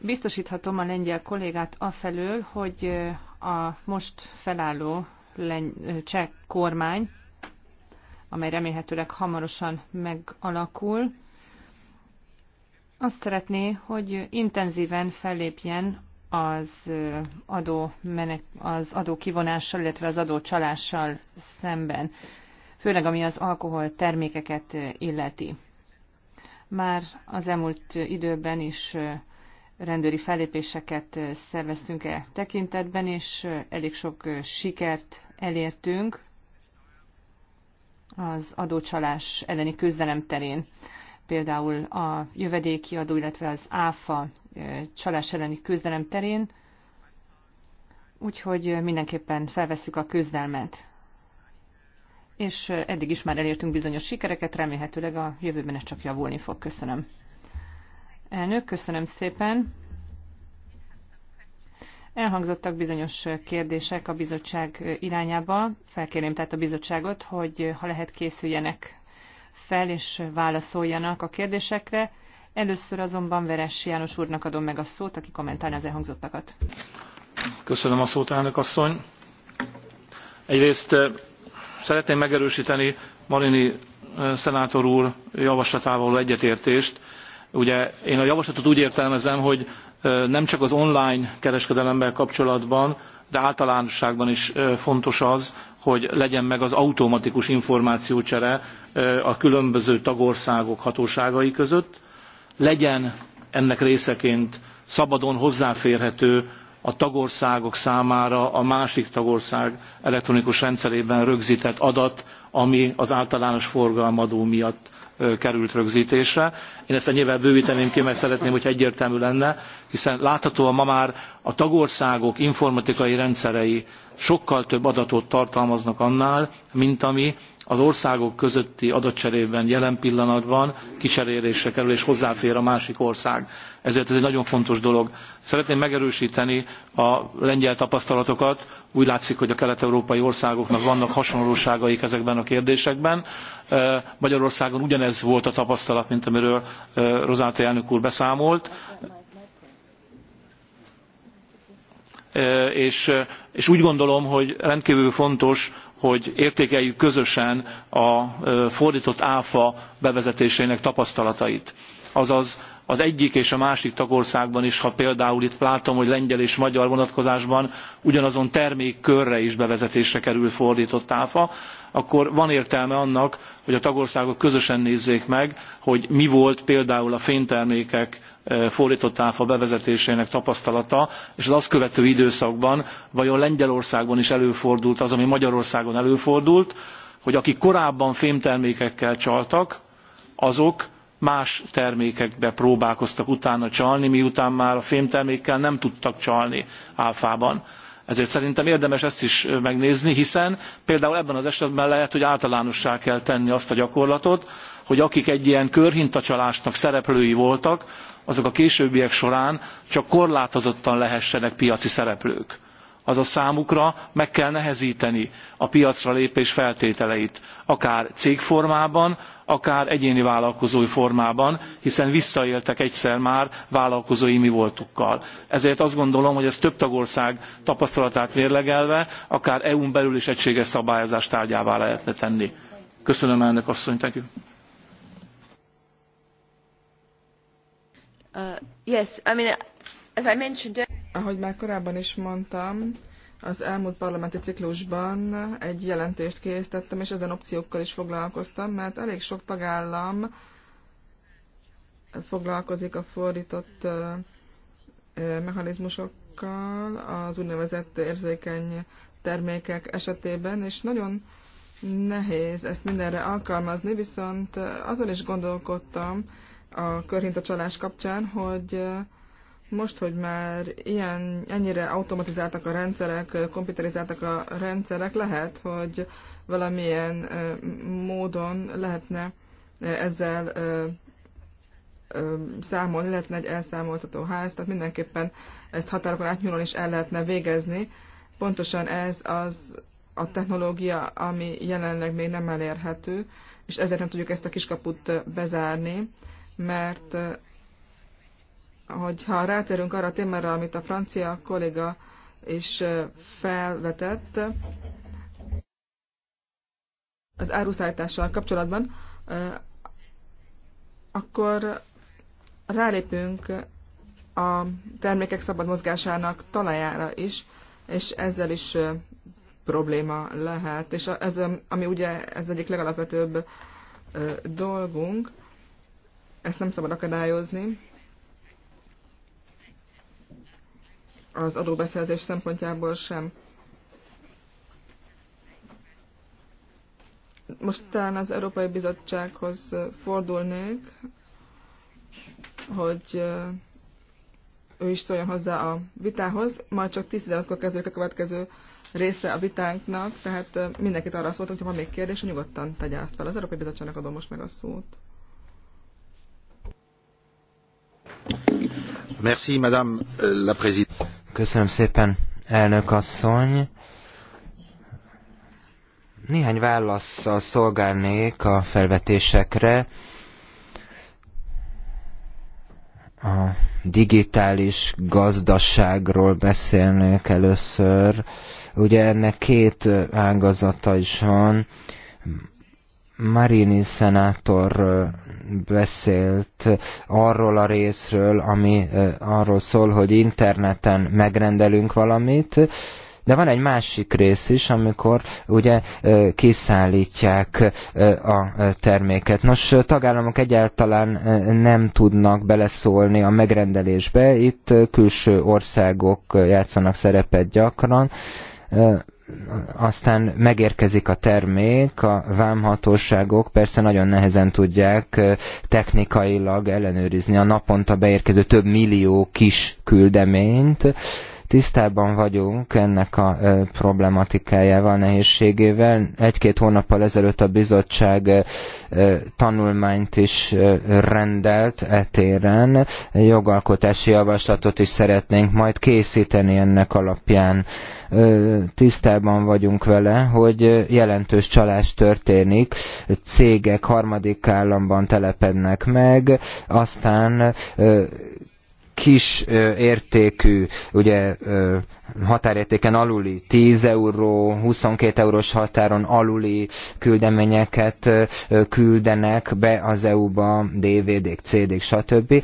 biztosíthatom a lengyel kollégát afelől, hogy a most felálló cseh kormány, amely remélhetőleg hamarosan megalakul, azt szeretné, hogy intenzíven fellépjen az adó, menek, az adó kivonással, illetve az adó csalással szemben, főleg ami az alkohol termékeket illeti. Már az elmúlt időben is rendőri fellépéseket szerveztünk e tekintetben, és elég sok sikert elértünk az adócsalás elleni küzdelem terén például a jövedéki adó, illetve az áfa csalás elleni küzdelem terén, úgyhogy mindenképpen felvesszük a küzdelmet. És eddig is már elértünk bizonyos sikereket, remélhetőleg a jövőben ez csak javulni fog. Köszönöm. Elnök, köszönöm szépen. Elhangzottak bizonyos kérdések a bizottság irányába. Felkérném tehát a bizottságot, hogy ha lehet készüljenek fel és válaszoljanak a kérdésekre. Először azonban Veres János úrnak adom meg a szót, aki kommentálna az elhangzottakat. Köszönöm a szót, elnök asszony. Egyrészt eh, szeretném megerősíteni Marini eh, szenátor úr javaslatával egyetértést, Ugye én a javaslatot úgy értelmezem, hogy nem csak az online kereskedelemmel kapcsolatban, de általánosságban is fontos az, hogy legyen meg az automatikus információcsere a különböző tagországok hatóságai között, legyen ennek részeként szabadon hozzáférhető a tagországok számára a másik tagország elektronikus rendszerében rögzített adat, ami az általános forgalmadó miatt került rögzítésre. Én ezt ennyivel bővíteném ki, mert szeretném, hogy egyértelmű lenne, hiszen láthatóan ma már a tagországok informatikai rendszerei sokkal több adatot tartalmaznak annál, mint ami az országok közötti adatcserében jelen pillanatban kicserélésre kerül és hozzáfér a másik ország. Ezért ez egy nagyon fontos dolog. Szeretném megerősíteni a lengyel tapasztalatokat. Úgy látszik, hogy a kelet-európai országoknak vannak hasonlóságaik ezekben a kérdésekben. Magyarországon ugyanez volt a tapasztalat, mint amiről Rozáta elnök úr beszámolt. És, és úgy gondolom, hogy rendkívül fontos, hogy értékeljük közösen a fordított áfa bevezetésének tapasztalatait azaz az egyik és a másik tagországban is, ha például itt látom, hogy lengyel és magyar vonatkozásban ugyanazon termékkörre is bevezetésre kerül fordított áfa, akkor van értelme annak, hogy a tagországok közösen nézzék meg, hogy mi volt például a fénytermékek eh, fordított áfa bevezetésének tapasztalata, és az azt követő időszakban vajon Lengyelországban is előfordult az, ami Magyarországon előfordult, hogy akik korábban fémtermékekkel csaltak, azok más termékekbe próbálkoztak utána csalni, miután már a fémtermékkel nem tudtak csalni áfában. Ezért szerintem érdemes ezt is megnézni, hiszen például ebben az esetben lehet, hogy általánossá kell tenni azt a gyakorlatot, hogy akik egy ilyen körhintacsalásnak szereplői voltak, azok a későbbiek során csak korlátozottan lehessenek piaci szereplők azaz számukra meg kell nehezteni a piacra lépés feltételeit akár cégformában akár egyéni vállalkozói formában hiszen visszaéltek egyszer már vállalkozói mivoltukkal. ezért azt gondolom hogy ez több tagország tapasztalatát mérlegelve akár eu n belül is egységes szabályozás tárgyává lehetne tenni. köszönöm elnök asszony! Uh, yes, I mean, ahogy már korábban is mondtam, az elmúlt parlamenti ciklusban egy jelentést készítettem, és ezen opciókkal is foglalkoztam, mert elég sok tagállam foglalkozik a fordított mechanizmusokkal az úgynevezett érzékeny termékek esetében, és nagyon nehéz ezt mindenre alkalmazni, viszont azon is gondolkodtam a körhintacsalás kapcsán, hogy most, hogy már ilyen, ennyire automatizáltak a rendszerek, komputerizáltak a rendszerek, lehet, hogy valamilyen módon lehetne ezzel számolni, lehetne egy elszámoltató ház, tehát mindenképpen ezt határokon átnyúlóan is el lehetne végezni. Pontosan ez az a technológia, ami jelenleg még nem elérhető, és ezért nem tudjuk ezt a kiskaput bezárni, mert hogyha rátérünk arra a témára, amit a francia kolléga is felvetett, az áruszállítással kapcsolatban, akkor rálépünk a termékek szabad mozgásának talajára is, és ezzel is probléma lehet. És ez, ami ugye ez egyik legalapvetőbb dolgunk, ezt nem szabad akadályozni. az adóbeszerzés szempontjából sem. Most talán az Európai Bizottsághoz fordulnék, hogy ő is szóljon hozzá a vitához, majd csak 10-15-kor kezdődik a következő része a vitánknak, tehát mindenkit arra szólt, hogyha van még kérdés, nyugodtan tegye azt fel. Az Európai Bizottságnak adom most meg a szót. Merci, Madame euh, la Présidente. Köszönöm szépen, elnök asszony. Néhány válaszsal szolgálnék a felvetésekre. A digitális gazdaságról beszélnék először. Ugye ennek két ágazata is van Marini szenátor beszélt arról a részről, ami arról szól, hogy interneten megrendelünk valamit, de van egy másik rész is, amikor ugye kiszállítják a terméket. Nos, tagállamok egyáltalán nem tudnak beleszólni a megrendelésbe, itt külső országok játszanak szerepet gyakran, aztán megérkezik a termék, a vámhatóságok persze nagyon nehezen tudják technikailag ellenőrizni a naponta beérkező több millió kis küldeményt, Tisztában vagyunk ennek a problematikájával, nehézségével. Egy-két hónappal ezelőtt a bizottság tanulmányt is rendelt etéren. Jogalkotási javaslatot is szeretnénk majd készíteni ennek alapján. Tisztában vagyunk vele, hogy jelentős csalás történik, cégek harmadik államban telepednek meg, aztán kis értékű, ugye határértéken aluli 10 euró, 22 eurós határon aluli küldeményeket küldenek be az EU-ba, DVD-k, CD-k, stb.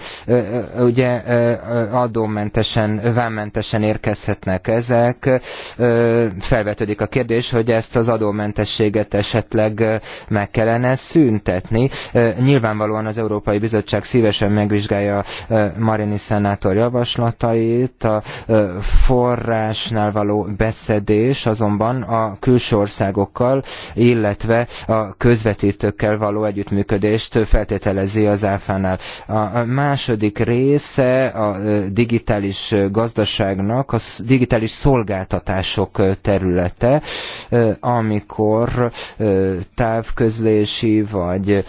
Ugye adómentesen, vámmentesen érkezhetnek ezek. Felvetődik a kérdés, hogy ezt az adómentességet esetleg meg kellene szüntetni. Nyilvánvalóan az Európai Bizottság szívesen megvizsgálja Marini szenátor javaslatait, a For forrásnál való beszedés azonban a külső országokkal, illetve a közvetítőkkel való együttműködést feltételezi az áfánál. A második része a digitális gazdaságnak a digitális szolgáltatások területe, amikor távközlési vagy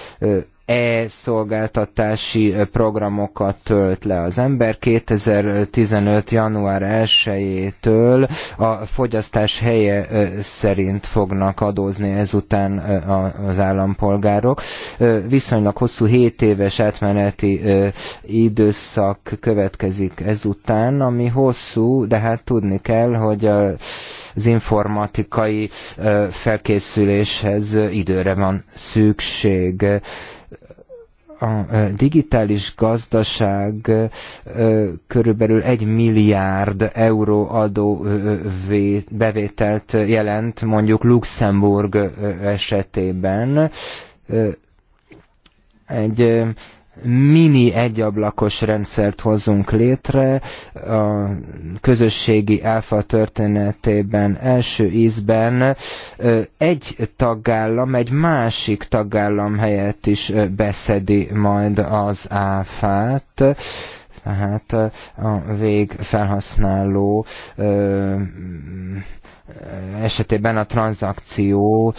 e-szolgáltatási e, programokat tölt le az ember. 2015. január 1-től a fogyasztás helye e, szerint fognak adózni ezután e, az állampolgárok. Viszonylag hosszú 7 éves átmeneti időszak következik ezután, ami hosszú, de hát tudni kell, hogy a az informatikai felkészüléshez időre van szükség a digitális gazdaság körülbelül egy milliárd euró adó bevételt jelent mondjuk Luxemburg esetében. Egy mini egyablakos rendszert hozzunk létre a közösségi áfa történetében első ízben egy tagállam egy másik tagállam helyett is beszedi majd az áfát tehát a végfelhasználó esetében a tranzakció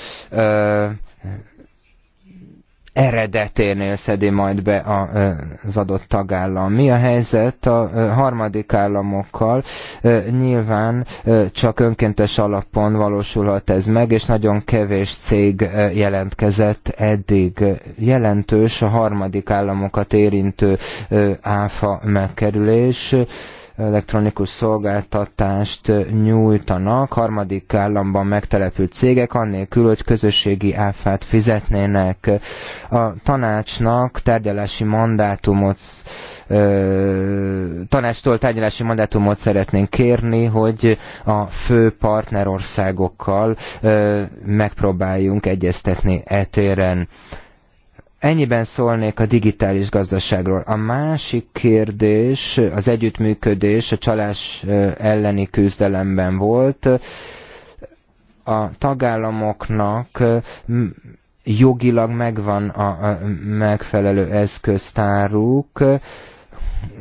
eredeténél szedi majd be az adott tagállam. Mi a helyzet a harmadik államokkal? Nyilván csak önkéntes alapon valósulhat ez meg, és nagyon kevés cég jelentkezett eddig. Jelentős a harmadik államokat érintő áfa megkerülés elektronikus szolgáltatást nyújtanak harmadik államban megtelepült cégek, annélkül, hogy közösségi áfát fizetnének. A tanácsnak tárgyalási mandátumot tanástól tárgyalási mandátumot szeretnénk kérni, hogy a fő partnerországokkal megpróbáljunk egyeztetni etéren. Ennyiben szólnék a digitális gazdaságról. A másik kérdés az együttműködés a csalás elleni küzdelemben volt. A tagállamoknak jogilag megvan a megfelelő eszköztáruk,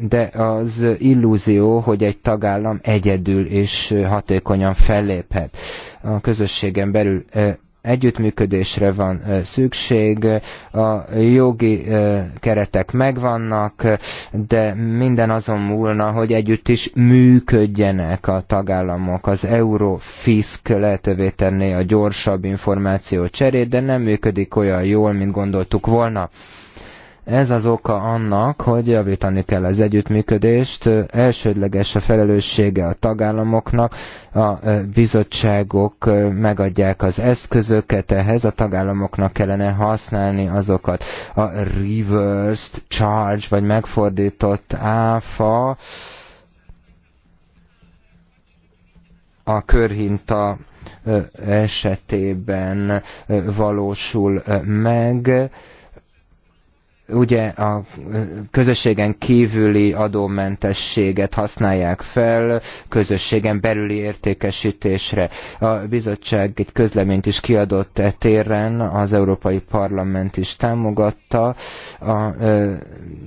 de az illúzió, hogy egy tagállam egyedül és hatékonyan felléphet a közösségen belül együttműködésre van szükség, a jogi keretek megvannak, de minden azon múlna, hogy együtt is működjenek a tagállamok. Az Eurofisk lehetővé tenné a gyorsabb információ cserét, de nem működik olyan jól, mint gondoltuk volna. Ez az oka annak, hogy javítani kell az együttműködést, elsődleges a felelőssége a tagállamoknak, a bizottságok megadják az eszközöket, ehhez a tagállamoknak kellene használni azokat. A reversed charge, vagy megfordított áfa, a körhinta esetében valósul meg, ugye a közösségen kívüli adómentességet használják fel közösségen belüli értékesítésre. A bizottság egy közleményt is kiadott e téren, az Európai Parlament is támogatta. A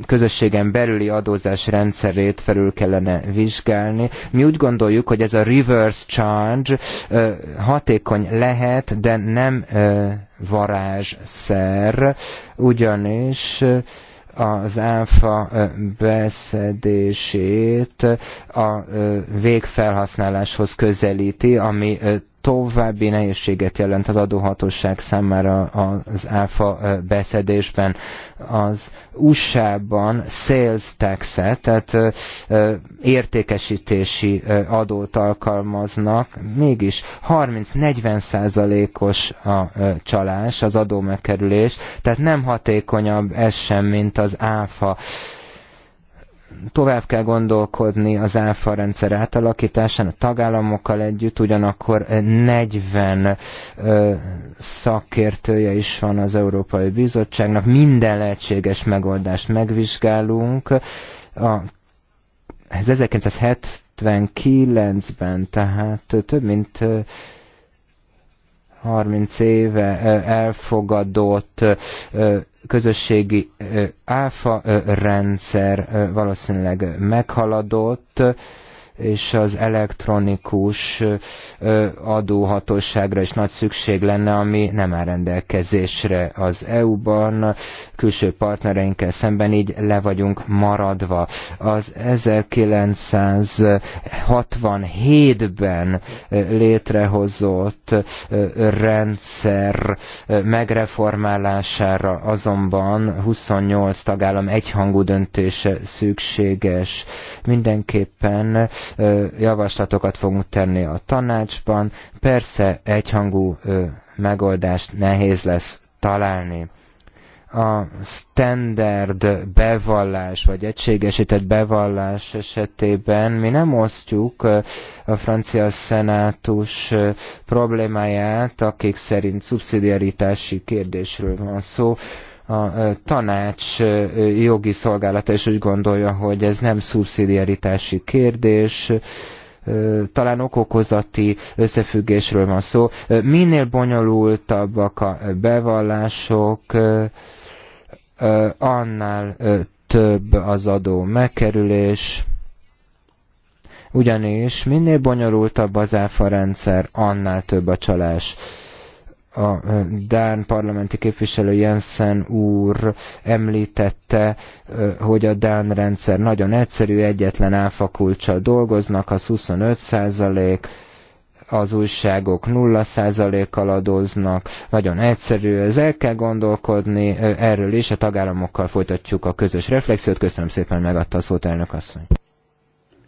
közösségen belüli adózás rendszerét felül kellene vizsgálni. Mi úgy gondoljuk, hogy ez a reverse charge hatékony lehet, de nem varázsszer, ugyanis az áfa beszedését a végfelhasználáshoz közelíti, ami további nehézséget jelent az adóhatóság számára az áfa beszedésben. Az USA-ban sales tax tehát értékesítési adót alkalmaznak, mégis 30-40 százalékos a csalás, az adómegkerülés, tehát nem hatékonyabb ez sem, mint az áfa tovább kell gondolkodni az áfa rendszer átalakításán, a tagállamokkal együtt, ugyanakkor 40 szakértője is van az Európai Bizottságnak, minden lehetséges megoldást megvizsgálunk. A, ez 1979-ben, tehát több mint 30 éve elfogadott közösségi áfa rendszer valószínűleg meghaladott, és az elektronikus adóhatóságra is nagy szükség lenne, ami nem áll rendelkezésre az EU-ban, külső partnereinkkel szemben így le vagyunk maradva. Az 1967-ben létrehozott rendszer megreformálására azonban 28 tagállam egyhangú döntése szükséges. Mindenképpen javaslatokat fogunk tenni a tanácsban. Persze egyhangú megoldást nehéz lesz találni a standard bevallás, vagy egységesített bevallás esetében mi nem osztjuk a francia szenátus problémáját, akik szerint szubszidiaritási kérdésről van szó, a tanács jogi szolgálata is úgy gondolja, hogy ez nem szubszidiaritási kérdés, talán okokozati összefüggésről van szó. Minél bonyolultabbak a bevallások, annál több az adó megkerülés, ugyanis minél bonyolultabb az áfa rendszer, annál több a csalás a Dán parlamenti képviselő Jensen úr említette, hogy a Dán rendszer nagyon egyszerű, egyetlen áfakulcsal dolgoznak, az 25 százalék, az újságok 0%-kal adóznak, nagyon egyszerű, ez el kell gondolkodni, erről is a tagállamokkal folytatjuk a közös reflexiót. Köszönöm szépen, megadta a szót, elnök asszony.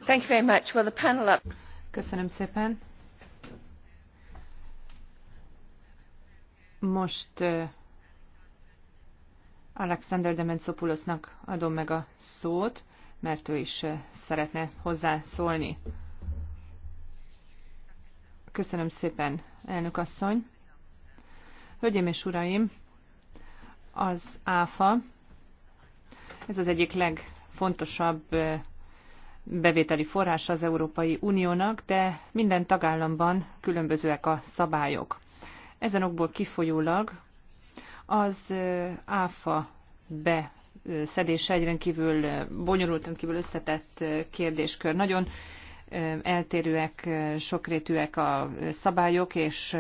Thank you very much. Well, the panel up. Köszönöm szépen. Most Alexander Dementsopulosnak adom meg a szót, mert ő is szeretne hozzászólni. Köszönöm szépen, elnök asszony. Hölgyeim és uraim, az ÁFA, ez az egyik legfontosabb bevételi forrás az Európai Uniónak, de minden tagállamban különbözőek a szabályok. Ezen okból kifolyólag az áfa be szedése egyre kívül bonyolult, kívül összetett kérdéskör. Nagyon eltérőek, sokrétűek a szabályok, és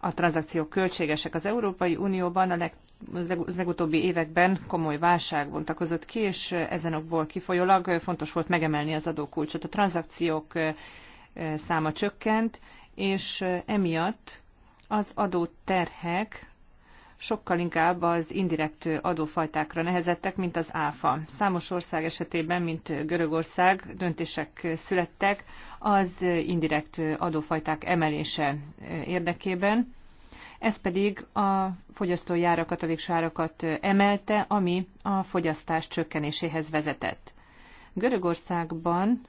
a tranzakciók költségesek. Az Európai Unióban a leg, az legutóbbi években komoly válság bontakozott ki, és ezen okból kifolyólag fontos volt megemelni az adókulcsot. A tranzakciók száma csökkent, és emiatt az adóterhek sokkal inkább az indirekt adófajtákra nehezettek, mint az áfa. Számos ország esetében, mint Görögország, döntések születtek az indirekt adófajták emelése érdekében. Ez pedig a fogyasztói árakat, a végsárakat emelte, ami a fogyasztás csökkenéséhez vezetett. Görögországban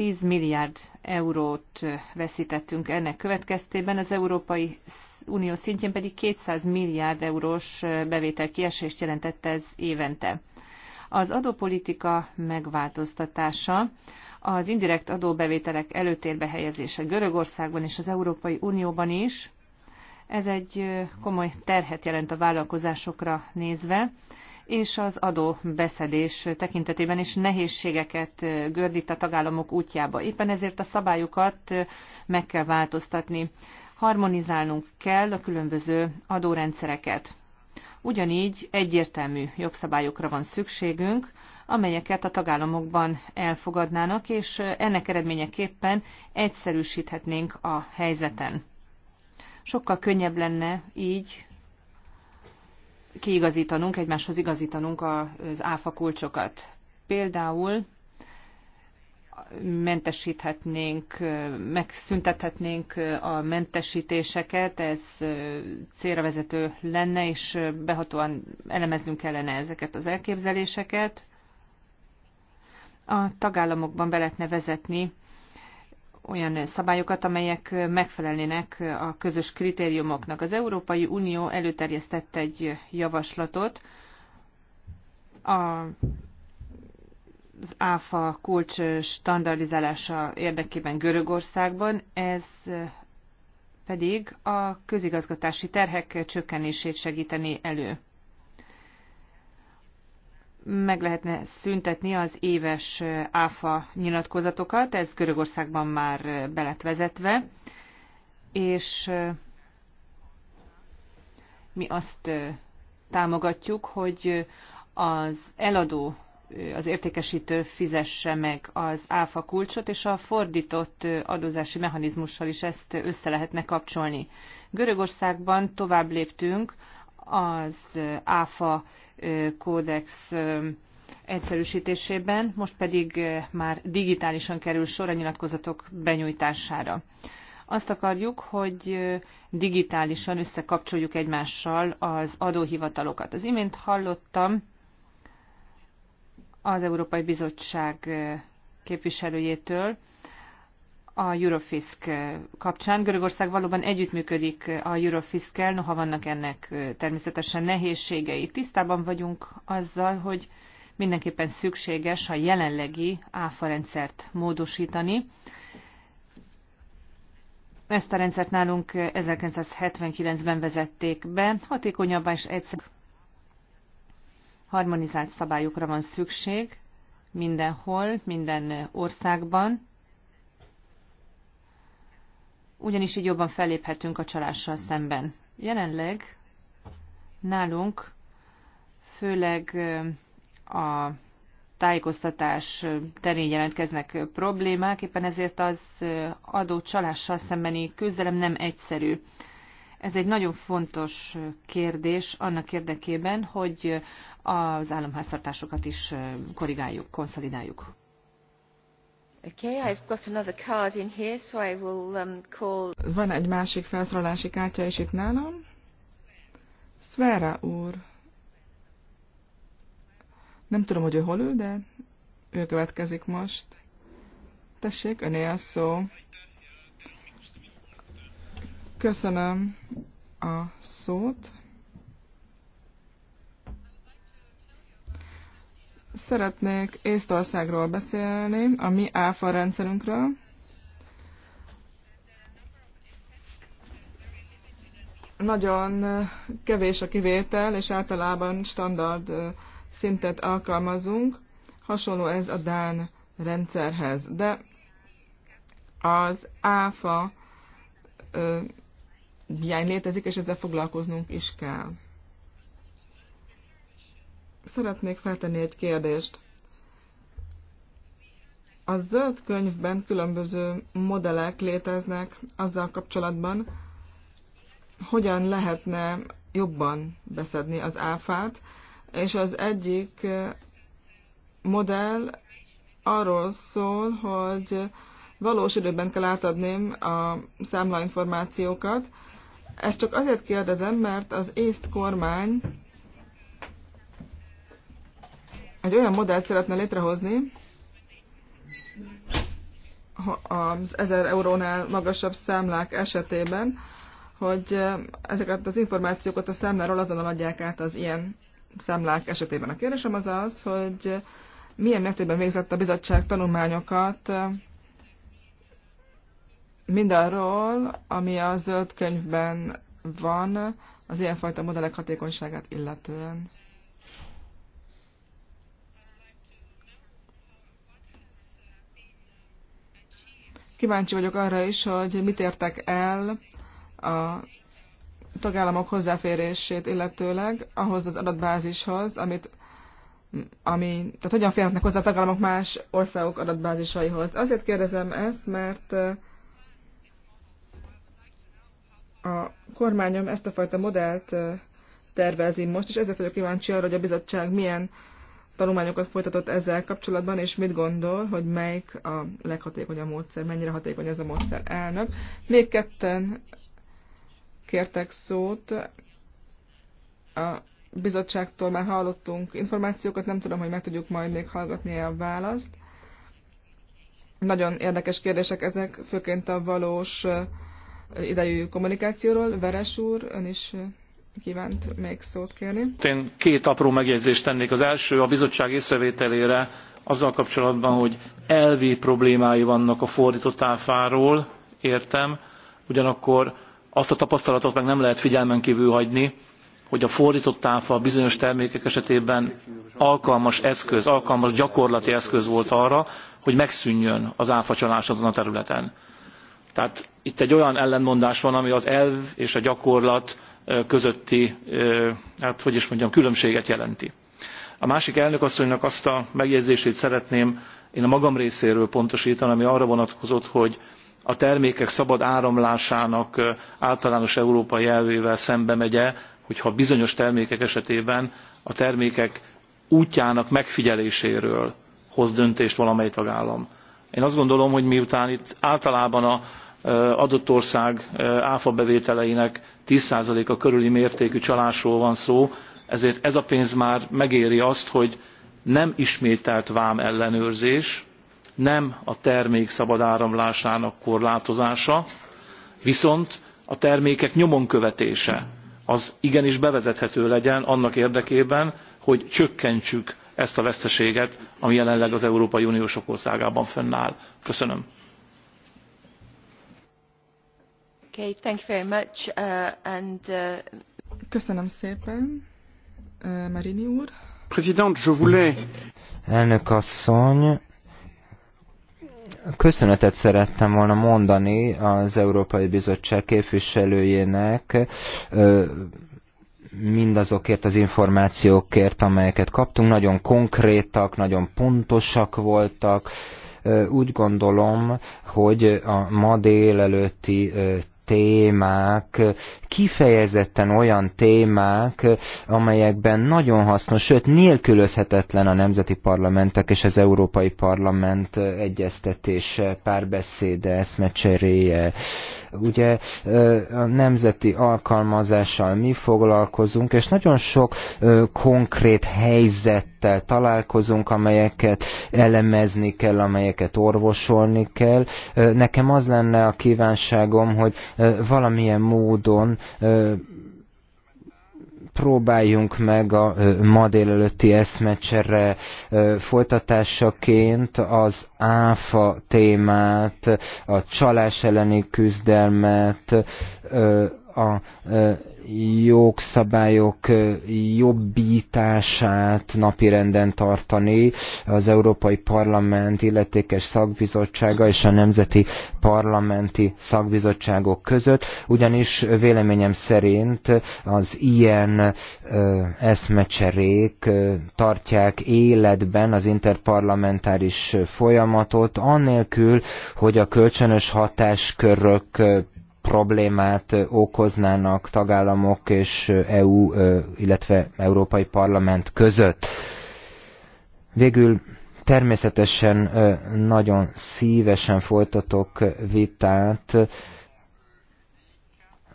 10 milliárd eurót veszítettünk ennek következtében, az Európai Unió szintjén pedig 200 milliárd eurós bevétel kiesést jelentette ez évente. Az adópolitika megváltoztatása, az indirekt adóbevételek előtérbe helyezése Görögországban és az Európai Unióban is, ez egy komoly terhet jelent a vállalkozásokra nézve, és az adóbeszedés tekintetében is nehézségeket gördít a tagállamok útjába. Éppen ezért a szabályokat meg kell változtatni. Harmonizálnunk kell a különböző adórendszereket. Ugyanígy egyértelmű jogszabályokra van szükségünk, amelyeket a tagállamokban elfogadnának, és ennek eredményeképpen egyszerűsíthetnénk a helyzeten. Sokkal könnyebb lenne így kiigazítanunk, egymáshoz igazítanunk az áfa kulcsokat. Például mentesíthetnénk, megszüntethetnénk a mentesítéseket, ez célra vezető lenne, és behatóan elemeznünk kellene ezeket az elképzeléseket. A tagállamokban be lehetne vezetni olyan szabályokat, amelyek megfelelnének a közös kritériumoknak. Az Európai Unió előterjesztett egy javaslatot a, az ÁFA kulcs standardizálása érdekében Görögországban. Ez pedig a közigazgatási terhek csökkenését segíteni elő meg lehetne szüntetni az éves áfa nyilatkozatokat, ez Görögországban már beletvezetve, és mi azt támogatjuk, hogy az eladó, az értékesítő fizesse meg az áfa kulcsot, és a fordított adózási mechanizmussal is ezt össze lehetne kapcsolni. Görögországban tovább léptünk, az ÁFA kódex egyszerűsítésében, most pedig már digitálisan kerül sor a nyilatkozatok benyújtására. Azt akarjuk, hogy digitálisan összekapcsoljuk egymással az adóhivatalokat. Az imént hallottam az Európai Bizottság képviselőjétől, a Eurofisk kapcsán. Görögország valóban együttműködik a Eurofiskkel, noha vannak ennek természetesen nehézségei. Tisztában vagyunk azzal, hogy mindenképpen szükséges a jelenlegi áfa rendszert módosítani. Ezt a rendszert nálunk 1979-ben vezették be, hatékonyabb és egyszerűbb harmonizált szabályokra van szükség mindenhol, minden országban ugyanis így jobban felléphetünk a csalással szemben. Jelenleg nálunk főleg a tájékoztatás terén jelentkeznek problémák, éppen ezért az adó csalással szembeni küzdelem nem egyszerű. Ez egy nagyon fontos kérdés annak érdekében, hogy az államháztartásokat is korrigáljuk, konszolidáljuk. Van egy másik felszólalási kártya is itt nálam. Svera úr. Nem tudom, hogy ő hol ül, de ő következik most. Tessék, öné a szó. Köszönöm a szót. Szeretnék Észtországról beszélni, a mi áfa rendszerünkről. Nagyon kevés a kivétel, és általában standard szintet alkalmazunk. Hasonló ez a Dán rendszerhez. De az áfa hiány létezik, és ezzel foglalkoznunk is kell szeretnék feltenni egy kérdést. A zöld könyvben különböző modellek léteznek azzal kapcsolatban, hogyan lehetne jobban beszedni az áfát, és az egyik modell arról szól, hogy valós időben kell átadném a számlainformációkat. Ezt csak azért kérdezem, mert az észt kormány egy olyan modellt szeretne létrehozni, az 1000 eurónál magasabb számlák esetében, hogy ezeket az információkat a számláról azonnal adják át az ilyen számlák esetében. A kérdésem az az, hogy milyen mértékben végzett a bizottság tanulmányokat mindarról, ami a zöld könyvben van az ilyenfajta modellek hatékonyságát illetően. Kíváncsi vagyok arra is, hogy mit értek el a tagállamok hozzáférését illetőleg ahhoz az adatbázishoz, amit, ami, tehát hogyan férhetnek hozzá a tagállamok más országok adatbázisaihoz. Azért kérdezem ezt, mert eh, a kormányom ezt a fajta modellt eh, tervezi most, és ezért vagyok kíváncsi arra, hogy a bizottság milyen tanulmányokat folytatott ezzel kapcsolatban, és mit gondol, hogy melyik a leghatékonyabb módszer, mennyire hatékony ez a módszer elnök. Még ketten kértek szót. A bizottságtól már hallottunk információkat, nem tudom, hogy meg tudjuk majd még hallgatni a választ. Nagyon érdekes kérdések ezek, főként a valós idejű kommunikációról. Veres úr, ön is kívánt még szót kérni. Én két apró megjegyzést tennék. Az első a bizottság észrevételére azzal kapcsolatban, hogy elvi problémái vannak a fordított áfáról, értem, ugyanakkor azt a tapasztalatot meg nem lehet figyelmen kívül hagyni, hogy a fordított áfa bizonyos termékek esetében alkalmas eszköz, alkalmas gyakorlati eszköz volt arra, hogy megszűnjön az áfacsalás azon a területen. Tehát itt egy olyan ellentmondás van, ami az elv és a gyakorlat közötti, hát hogy is mondjam, különbséget jelenti. A másik elnökasszonynak azt a megjegyzését szeretném én a magam részéről pontosítani, ami arra vonatkozott, hogy a termékek szabad áramlásának általános európai elvével szembe megye, hogyha bizonyos termékek esetében a termékek útjának megfigyeléséről hoz döntést valamely tagállam. Én azt gondolom, hogy miután itt általában a adott ország áfa bevételeinek 10%-a körüli mértékű csalásról van szó, ezért ez a pénz már megéri azt, hogy nem ismételt vám ellenőrzés, nem a termék szabad áramlásának korlátozása, viszont a termékek nyomon követése az igenis bevezethető legyen annak érdekében, hogy csökkentsük ezt a veszteséget, ami jelenleg az Európai Unió sok országában fennáll. Köszönöm. Uh, uh, Köszönöm szépen, uh, Marini úr. President, je voulais... Elnök asszony, köszönetet szerettem volna mondani az Európai Bizottság képviselőjének mindazokért az információkért, amelyeket kaptunk. Nagyon konkrétak, nagyon pontosak voltak. Úgy gondolom, hogy a ma délelőtti témák, kifejezetten olyan témák, amelyekben nagyon hasznos, sőt nélkülözhetetlen a nemzeti parlamentek és az Európai Parlament egyeztetése, párbeszéde, eszmecseréje, Ugye a nemzeti alkalmazással mi foglalkozunk, és nagyon sok konkrét helyzettel találkozunk, amelyeket elemezni kell, amelyeket orvosolni kell. Nekem az lenne a kívánságom, hogy valamilyen módon próbáljunk meg a ma délelőtti eszmecsere folytatásaként az ÁFA témát, a csalás elleni küzdelmet, a jogszabályok jobbítását napirenden tartani. Az Európai Parlament illetékes szakbizottsága és a nemzeti parlamenti szakbizottságok között, ugyanis véleményem szerint az ilyen eszmecserék tartják életben az interparlamentáris folyamatot, annélkül, hogy a kölcsönös hatáskörök problémát okoznának tagállamok és EU, illetve Európai Parlament között. Végül természetesen nagyon szívesen folytatok vitát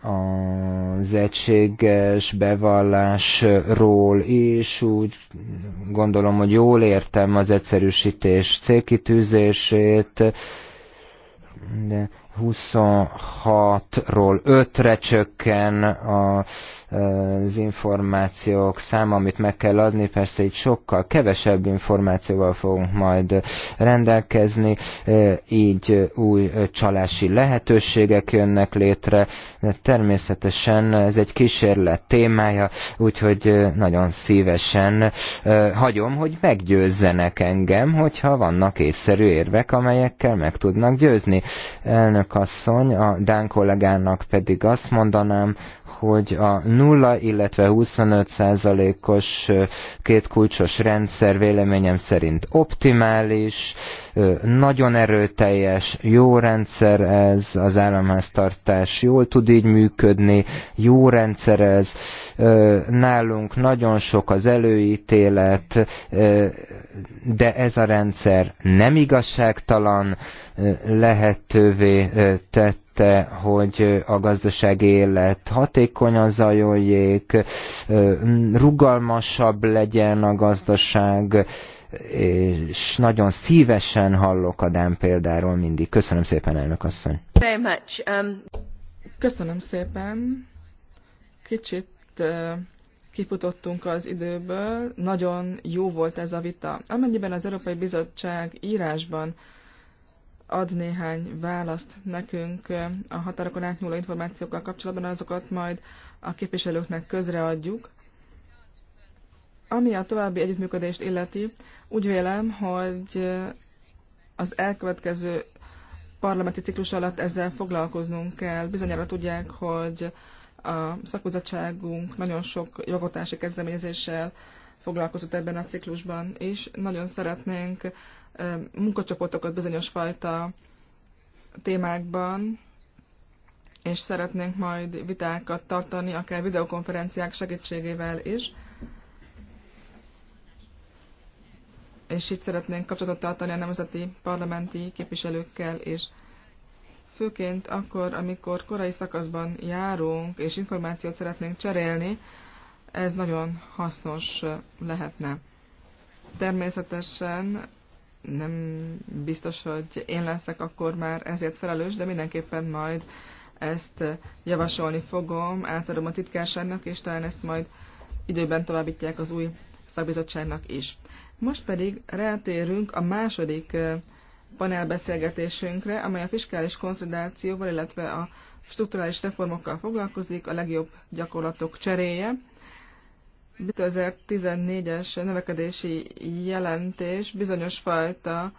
az egységes bevallásról is. Úgy gondolom, hogy jól értem az egyszerűsítés célkitűzését, de 26-ról 5-re csökken a az információk száma, amit meg kell adni, persze itt sokkal kevesebb információval fogunk majd rendelkezni, így új csalási lehetőségek jönnek létre. Természetesen ez egy kísérlet témája, úgyhogy nagyon szívesen hagyom, hogy meggyőzzenek engem, hogyha vannak észszerű érvek, amelyekkel meg tudnak győzni. Elnök asszony, a Dán kollégának pedig azt mondanám, hogy a 0, illetve 25 százalékos két kulcsos rendszer véleményem szerint optimális, nagyon erőteljes, jó rendszer ez, az államháztartás jól tud így működni, jó rendszer ez, nálunk nagyon sok az előítélet, de ez a rendszer nem igazságtalan, lehetővé tett elérte, hogy a gazdasági élet hatékonyan zajoljék, rugalmasabb legyen a gazdaság, és nagyon szívesen hallok a Dán példáról mindig. Köszönöm szépen, elnök asszony. Very much. Um... Köszönöm szépen. Kicsit kifutottunk az időből. Nagyon jó volt ez a vita. Amennyiben az Európai Bizottság írásban ad néhány választ nekünk a határokon átnyúló információkkal kapcsolatban, azokat majd a képviselőknek közreadjuk. Ami a további együttműködést illeti, úgy vélem, hogy az elkövetkező parlamenti ciklus alatt ezzel foglalkoznunk kell. Bizonyára tudják, hogy a szakúzatságunk nagyon sok jogotási kezdeményezéssel foglalkozott ebben a ciklusban, és nagyon szeretnénk munkacsoportokat bizonyos fajta témákban, és szeretnénk majd vitákat tartani, akár videokonferenciák segítségével is. És itt szeretnénk kapcsolatot tartani a nemzeti parlamenti képviselőkkel, és főként akkor, amikor korai szakaszban járunk, és információt szeretnénk cserélni, ez nagyon hasznos lehetne. Természetesen nem biztos, hogy én leszek akkor már ezért felelős, de mindenképpen majd ezt javasolni fogom, átadom a titkárságnak, és talán ezt majd időben továbbítják az új szakbizottságnak is. Most pedig rátérünk a második panelbeszélgetésünkre, amely a fiskális konszolidációval, illetve a strukturális reformokkal foglalkozik, a legjobb gyakorlatok cseréje. 2014-es növekedési jelentés bizonyos fajta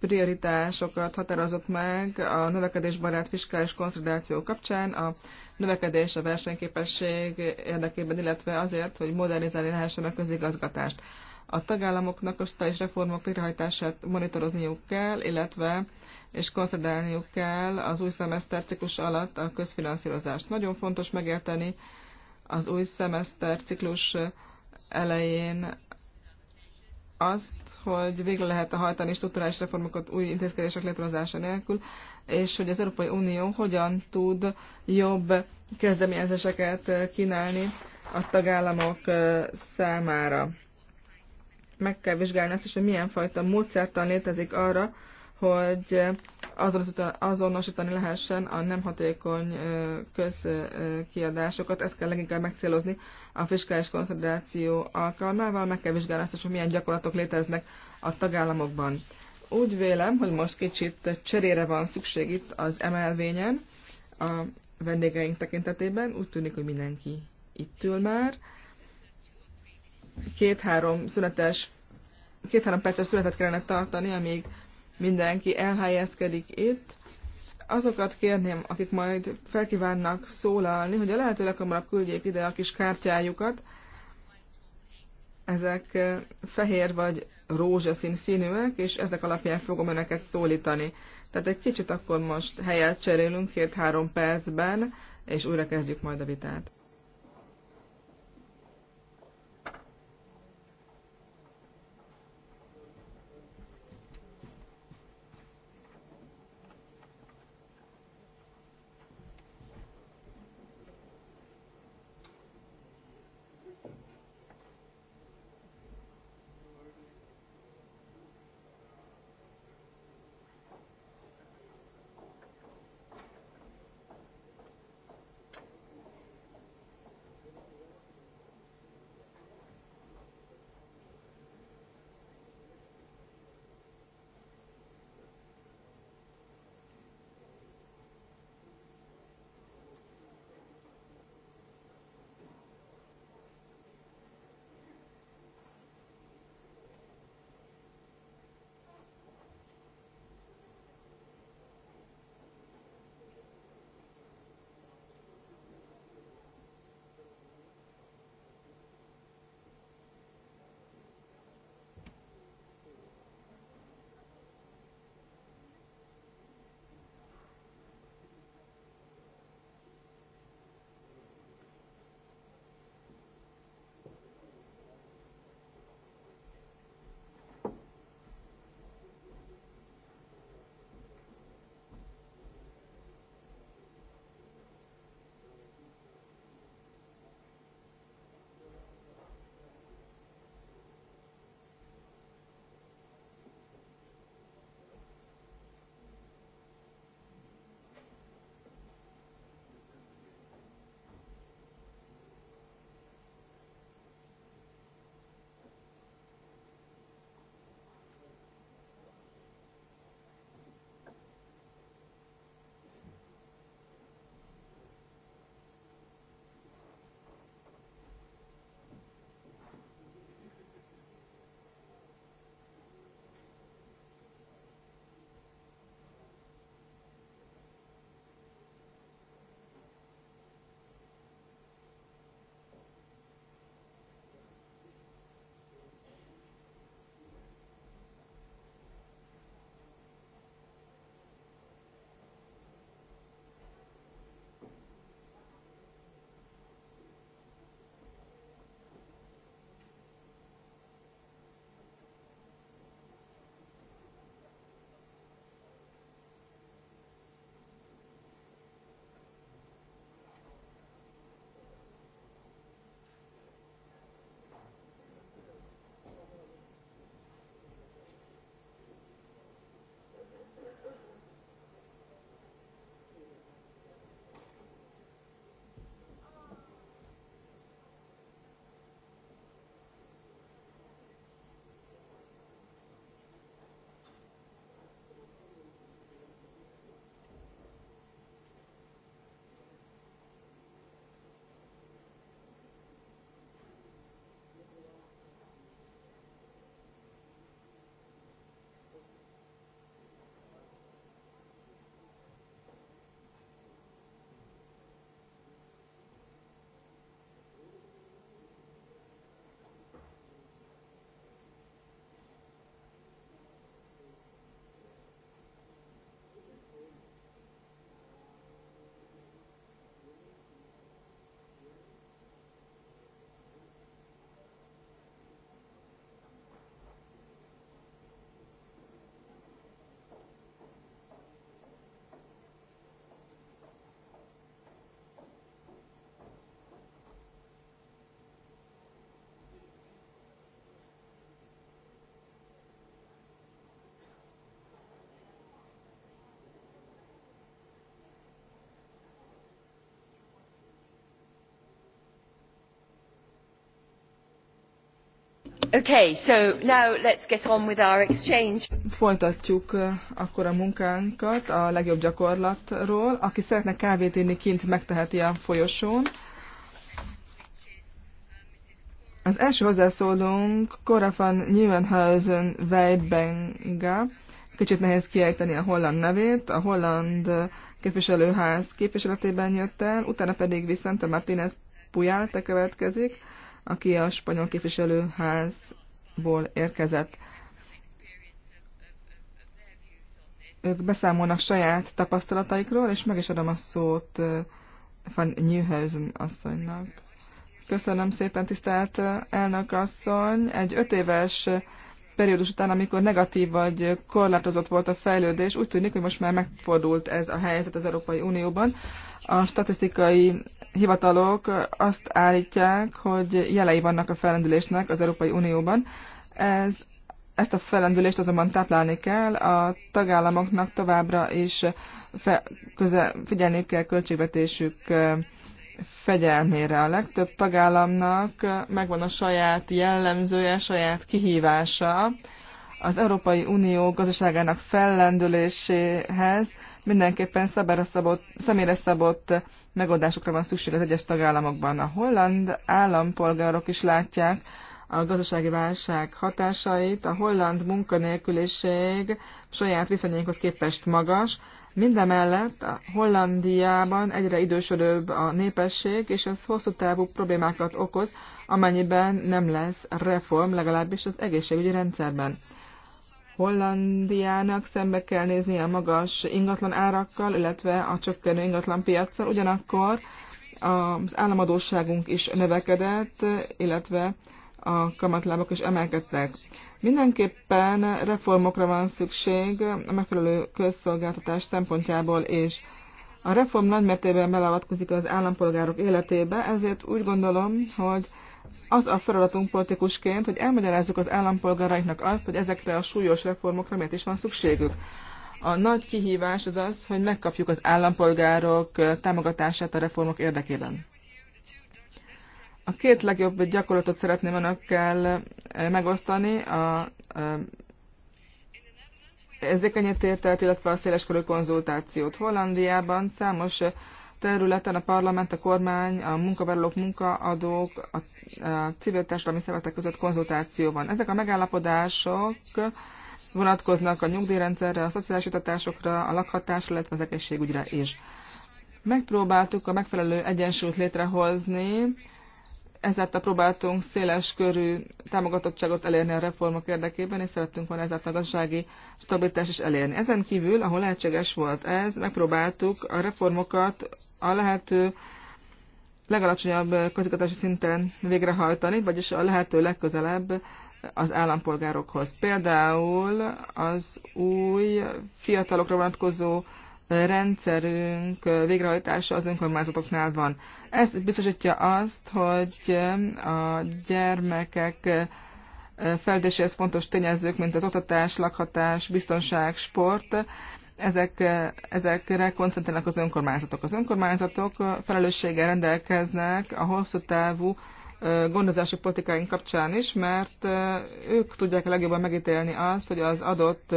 prioritásokat határozott meg a növekedésbarát fiskális konszolidáció kapcsán, a növekedés, a versenyképesség érdekében, illetve azért, hogy modernizálni lehessen a közigazgatást. A tagállamoknak a stális reformok végrehajtását monitorozniuk kell, illetve és konszolidálniuk kell az új szemeszter ciklus alatt a közfinanszírozást. Nagyon fontos megérteni, az új szemeszter ciklus elején azt, hogy végre lehet a hajtani struktúrális reformokat új intézkedések létrehozása nélkül, és hogy az Európai Unió hogyan tud jobb kezdeményezéseket kínálni a tagállamok számára. Meg kell vizsgálni azt is, hogy milyen fajta módszertan létezik arra, hogy azonosítani lehessen a nem hatékony közkiadásokat. Ezt kell leginkább megcélozni a fiskális konszolidáció alkalmával, meg kell vizsgálni azt, hogy milyen gyakorlatok léteznek a tagállamokban. Úgy vélem, hogy most kicsit cserére van szükség itt az emelvényen a vendégeink tekintetében. Úgy tűnik, hogy mindenki itt ül már. Két-három szünetes, két-három perces szünetet kellene tartani, amíg mindenki elhelyezkedik itt. Azokat kérném, akik majd felkívánnak szólalni, hogy a lehető leghamarabb küldjék ide a kis kártyájukat. Ezek eh, fehér vagy rózsaszín színűek, és ezek alapján fogom önöket szólítani. Tehát egy kicsit akkor most helyet cserélünk két-három percben, és újra kezdjük majd a vitát. Okay, so now let's get on with our exchange. Folytatjuk eh, akkor a munkánkat a legjobb gyakorlatról. Aki szeretne kávét inni kint, megteheti a folyosón. Az első hozzászólónk Cora van Nieuwenhuizen Weibenga. Kicsit nehéz kiejteni a holland nevét. A holland képviselőház képviseletében jött el, utána pedig viszont a Martínez te következik aki a spanyol képviselőházból érkezett. Ők beszámolnak saját tapasztalataikról, és meg is adom a szót van Newhausen asszonynak. Köszönöm szépen, tisztelt elnök asszony. Egy öt éves periódus után, amikor negatív vagy korlátozott volt a fejlődés, úgy tűnik, hogy most már megfordult ez a helyzet az Európai Unióban. A statisztikai hivatalok azt állítják, hogy jelei vannak a felendülésnek az Európai Unióban. Ez, ezt a felendülést azonban táplálni kell, a tagállamoknak továbbra is fe, köze, figyelni kell költségvetésük fegyelmére. A legtöbb tagállamnak megvan a saját jellemzője, saját kihívása az Európai Unió gazdaságának fellendüléséhez mindenképpen szabott, személyre szabott megoldásokra van szükség az egyes tagállamokban. A holland állampolgárok is látják a gazdasági válság hatásait. A holland munkanélküliség saját viszonyainkhoz képest magas, Mindemellett a Hollandiában egyre idősödőbb a népesség, és ez hosszú távú problémákat okoz, amennyiben nem lesz reform, legalábbis az egészségügyi rendszerben. Hollandiának szembe kell nézni a magas ingatlan árakkal, illetve a csökkenő ingatlan piacsal. ugyanakkor az államadóságunk is növekedett, illetve a kamatlábak is emelkedtek. Mindenképpen reformokra van szükség a megfelelő közszolgáltatás szempontjából, és a reform nagymértében beleavatkozik az állampolgárok életébe, ezért úgy gondolom, hogy az a feladatunk politikusként, hogy elmagyarázzuk az állampolgárainknak azt, hogy ezekre a súlyos reformokra miért is van szükségük. A nagy kihívás az az, hogy megkapjuk az állampolgárok támogatását a reformok érdekében. A két legjobb gyakorlatot szeretném önökkel eh, megosztani, a eh, érzékenyítételt, illetve a széleskörű konzultációt. Hollandiában számos területen a parlament, a kormány, a munkavállalók, munkaadók, a, a civil társadalmi szervezetek között konzultáció van. Ezek a megállapodások vonatkoznak a nyugdíjrendszerre, a szociális utatásokra, a lakhatásra, illetve az egészségügyre is. Megpróbáltuk a megfelelő egyensúlyt létrehozni ezáltal próbáltunk széles körű támogatottságot elérni a reformok érdekében, és szerettünk volna ezáltal gazdasági stabilitás is elérni. Ezen kívül, ahol lehetséges volt ez, megpróbáltuk a reformokat a lehető legalacsonyabb közigazgatási szinten végrehajtani, vagyis a lehető legközelebb az állampolgárokhoz. Például az új fiatalokra vonatkozó rendszerünk végrehajtása az önkormányzatoknál van. Ez biztosítja azt, hogy a gyermekek feldéséhez fontos tényezők, mint az oktatás, lakhatás, biztonság, sport, ezek, ezekre koncentrálnak az önkormányzatok. Az önkormányzatok felelősséggel rendelkeznek a hosszú távú gondozási politikáink kapcsán is, mert ők tudják a legjobban megítélni azt, hogy az adott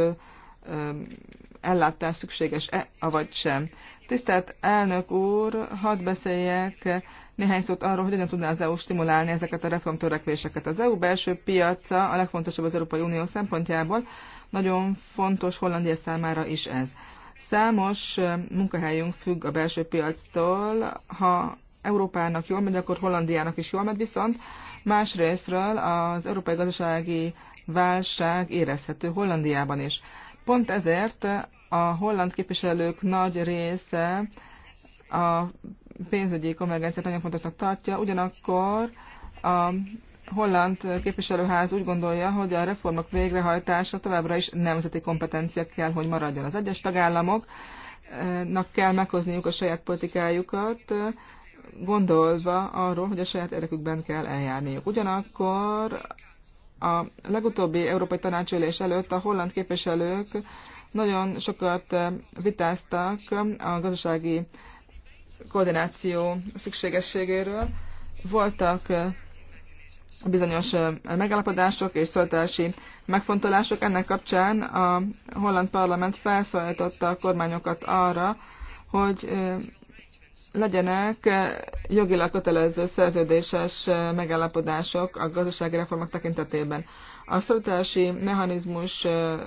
ellátás szükséges-e, avagy sem. Tisztelt elnök úr, hadd beszéljek néhány szót arról, hogy hogyan tudná az EU stimulálni ezeket a reformtörekvéseket. Az EU belső piaca a legfontosabb az Európai Unió szempontjából, nagyon fontos Hollandia számára is ez. Számos munkahelyünk függ a belső piactól, ha Európának jól megy, akkor Hollandiának is jól megy, viszont másrésztről az európai gazdasági válság érezhető Hollandiában is. Pont ezért a holland képviselők nagy része a pénzügyi konvergenciát nagyon fontosnak tartja, ugyanakkor a holland képviselőház úgy gondolja, hogy a reformok végrehajtása továbbra is nemzeti kompetencia kell, hogy maradjon. Az egyes tagállamoknak kell meghozniuk a saját politikájukat, gondolva arról, hogy a saját érdekükben kell eljárniuk. Ugyanakkor a legutóbbi Európai Tanácsülés előtt a holland képviselők nagyon sokat eh, vitáztak eh, a gazdasági koordináció szükségességéről. Voltak eh, bizonyos megállapodások és szolgatási megfontolások. Ennek kapcsán a holland parlament felszólította a kormányokat arra, hogy legyenek eh, jogilag kötelező szerződéses eh, megállapodások a gazdasági reformok tekintetében. A szorítási mechanizmus eh,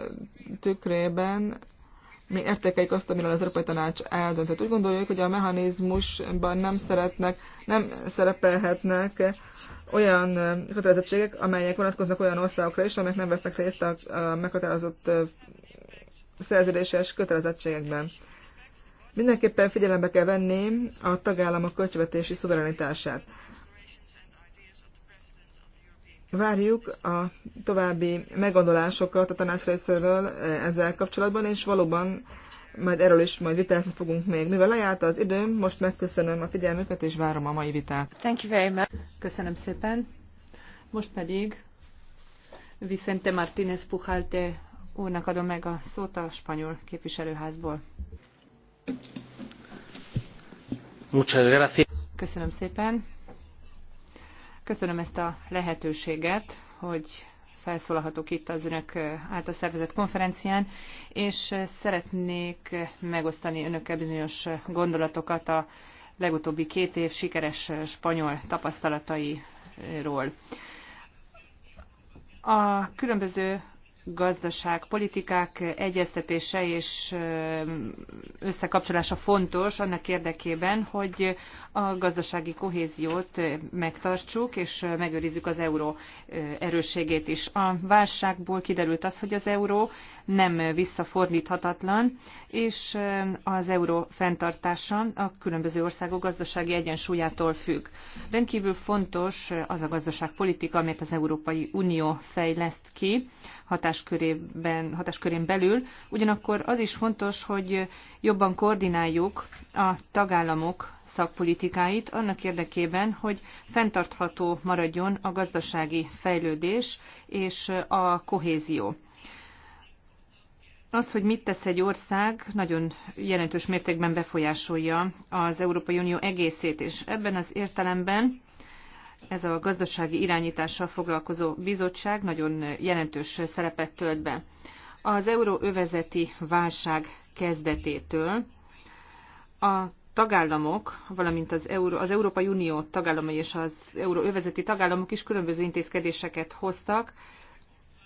tükrében mi értékeljük azt, amiről az Európai Tanács eldöntött. Úgy gondoljuk, hogy a mechanizmusban nem szeretnek, nem szerepelhetnek olyan kötelezettségek, amelyek vonatkoznak olyan országokra is, amelyek nem vesznek részt a meghatározott szerződéses kötelezettségekben. Mindenképpen figyelembe kell venni a tagállamok költségvetési szuverenitását. Várjuk a további meggondolásokat a tanács részéről eh, ezzel kapcsolatban, és valóban majd erről is majd vitázni fogunk még. Mivel lejárt az időm, most megköszönöm a figyelmüket, és várom a mai vitát. Thank you very much. Köszönöm szépen. Most pedig Vicente Martínez Pujalte úrnak adom meg a szót a spanyol képviselőházból. Köszönöm szépen. Köszönöm ezt a lehetőséget, hogy felszólalhatok itt az önök által szervezett konferencián, és szeretnék megosztani önökkel bizonyos gondolatokat a legutóbbi két év sikeres spanyol tapasztalatairól. A különböző gazdaságpolitikák egyeztetése és összekapcsolása fontos annak érdekében, hogy a gazdasági kohéziót megtartsuk és megőrizzük az euró erősségét is. A válságból kiderült az, hogy az euró nem visszafordíthatatlan, és az euró fenntartása a különböző országok gazdasági egyensúlyától függ. Rendkívül fontos az a gazdaságpolitika, amit az Európai Unió fejleszt ki, hatáskörében, hatáskörén belül. Ugyanakkor az is fontos, hogy jobban koordináljuk a tagállamok szakpolitikáit annak érdekében, hogy fenntartható maradjon a gazdasági fejlődés és a kohézió. Az, hogy mit tesz egy ország, nagyon jelentős mértékben befolyásolja az Európai Unió egészét, és ebben az értelemben ez a gazdasági irányítással foglalkozó bizottság nagyon jelentős szerepet tölt be. Az euróövezeti válság kezdetétől a tagállamok, valamint az, Euró, az Európai Unió tagállamai és az euróövezeti tagállamok is különböző intézkedéseket hoztak,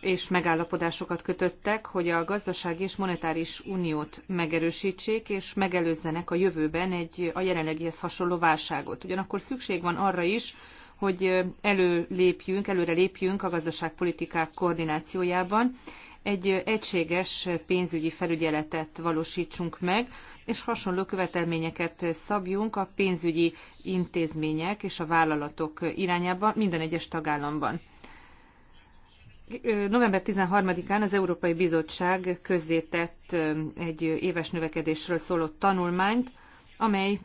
és megállapodásokat kötöttek, hogy a gazdasági és monetáris uniót megerősítsék, és megelőzzenek a jövőben egy a jelenlegihez hasonló válságot. Ugyanakkor szükség van arra is, hogy előlépjünk, előre lépjünk a gazdaságpolitikák koordinációjában, egy egységes pénzügyi felügyeletet valósítsunk meg, és hasonló követelményeket szabjunk a pénzügyi intézmények és a vállalatok irányába minden egyes tagállamban. November 13-án az Európai Bizottság közzétett egy éves növekedésről szóló tanulmányt, amely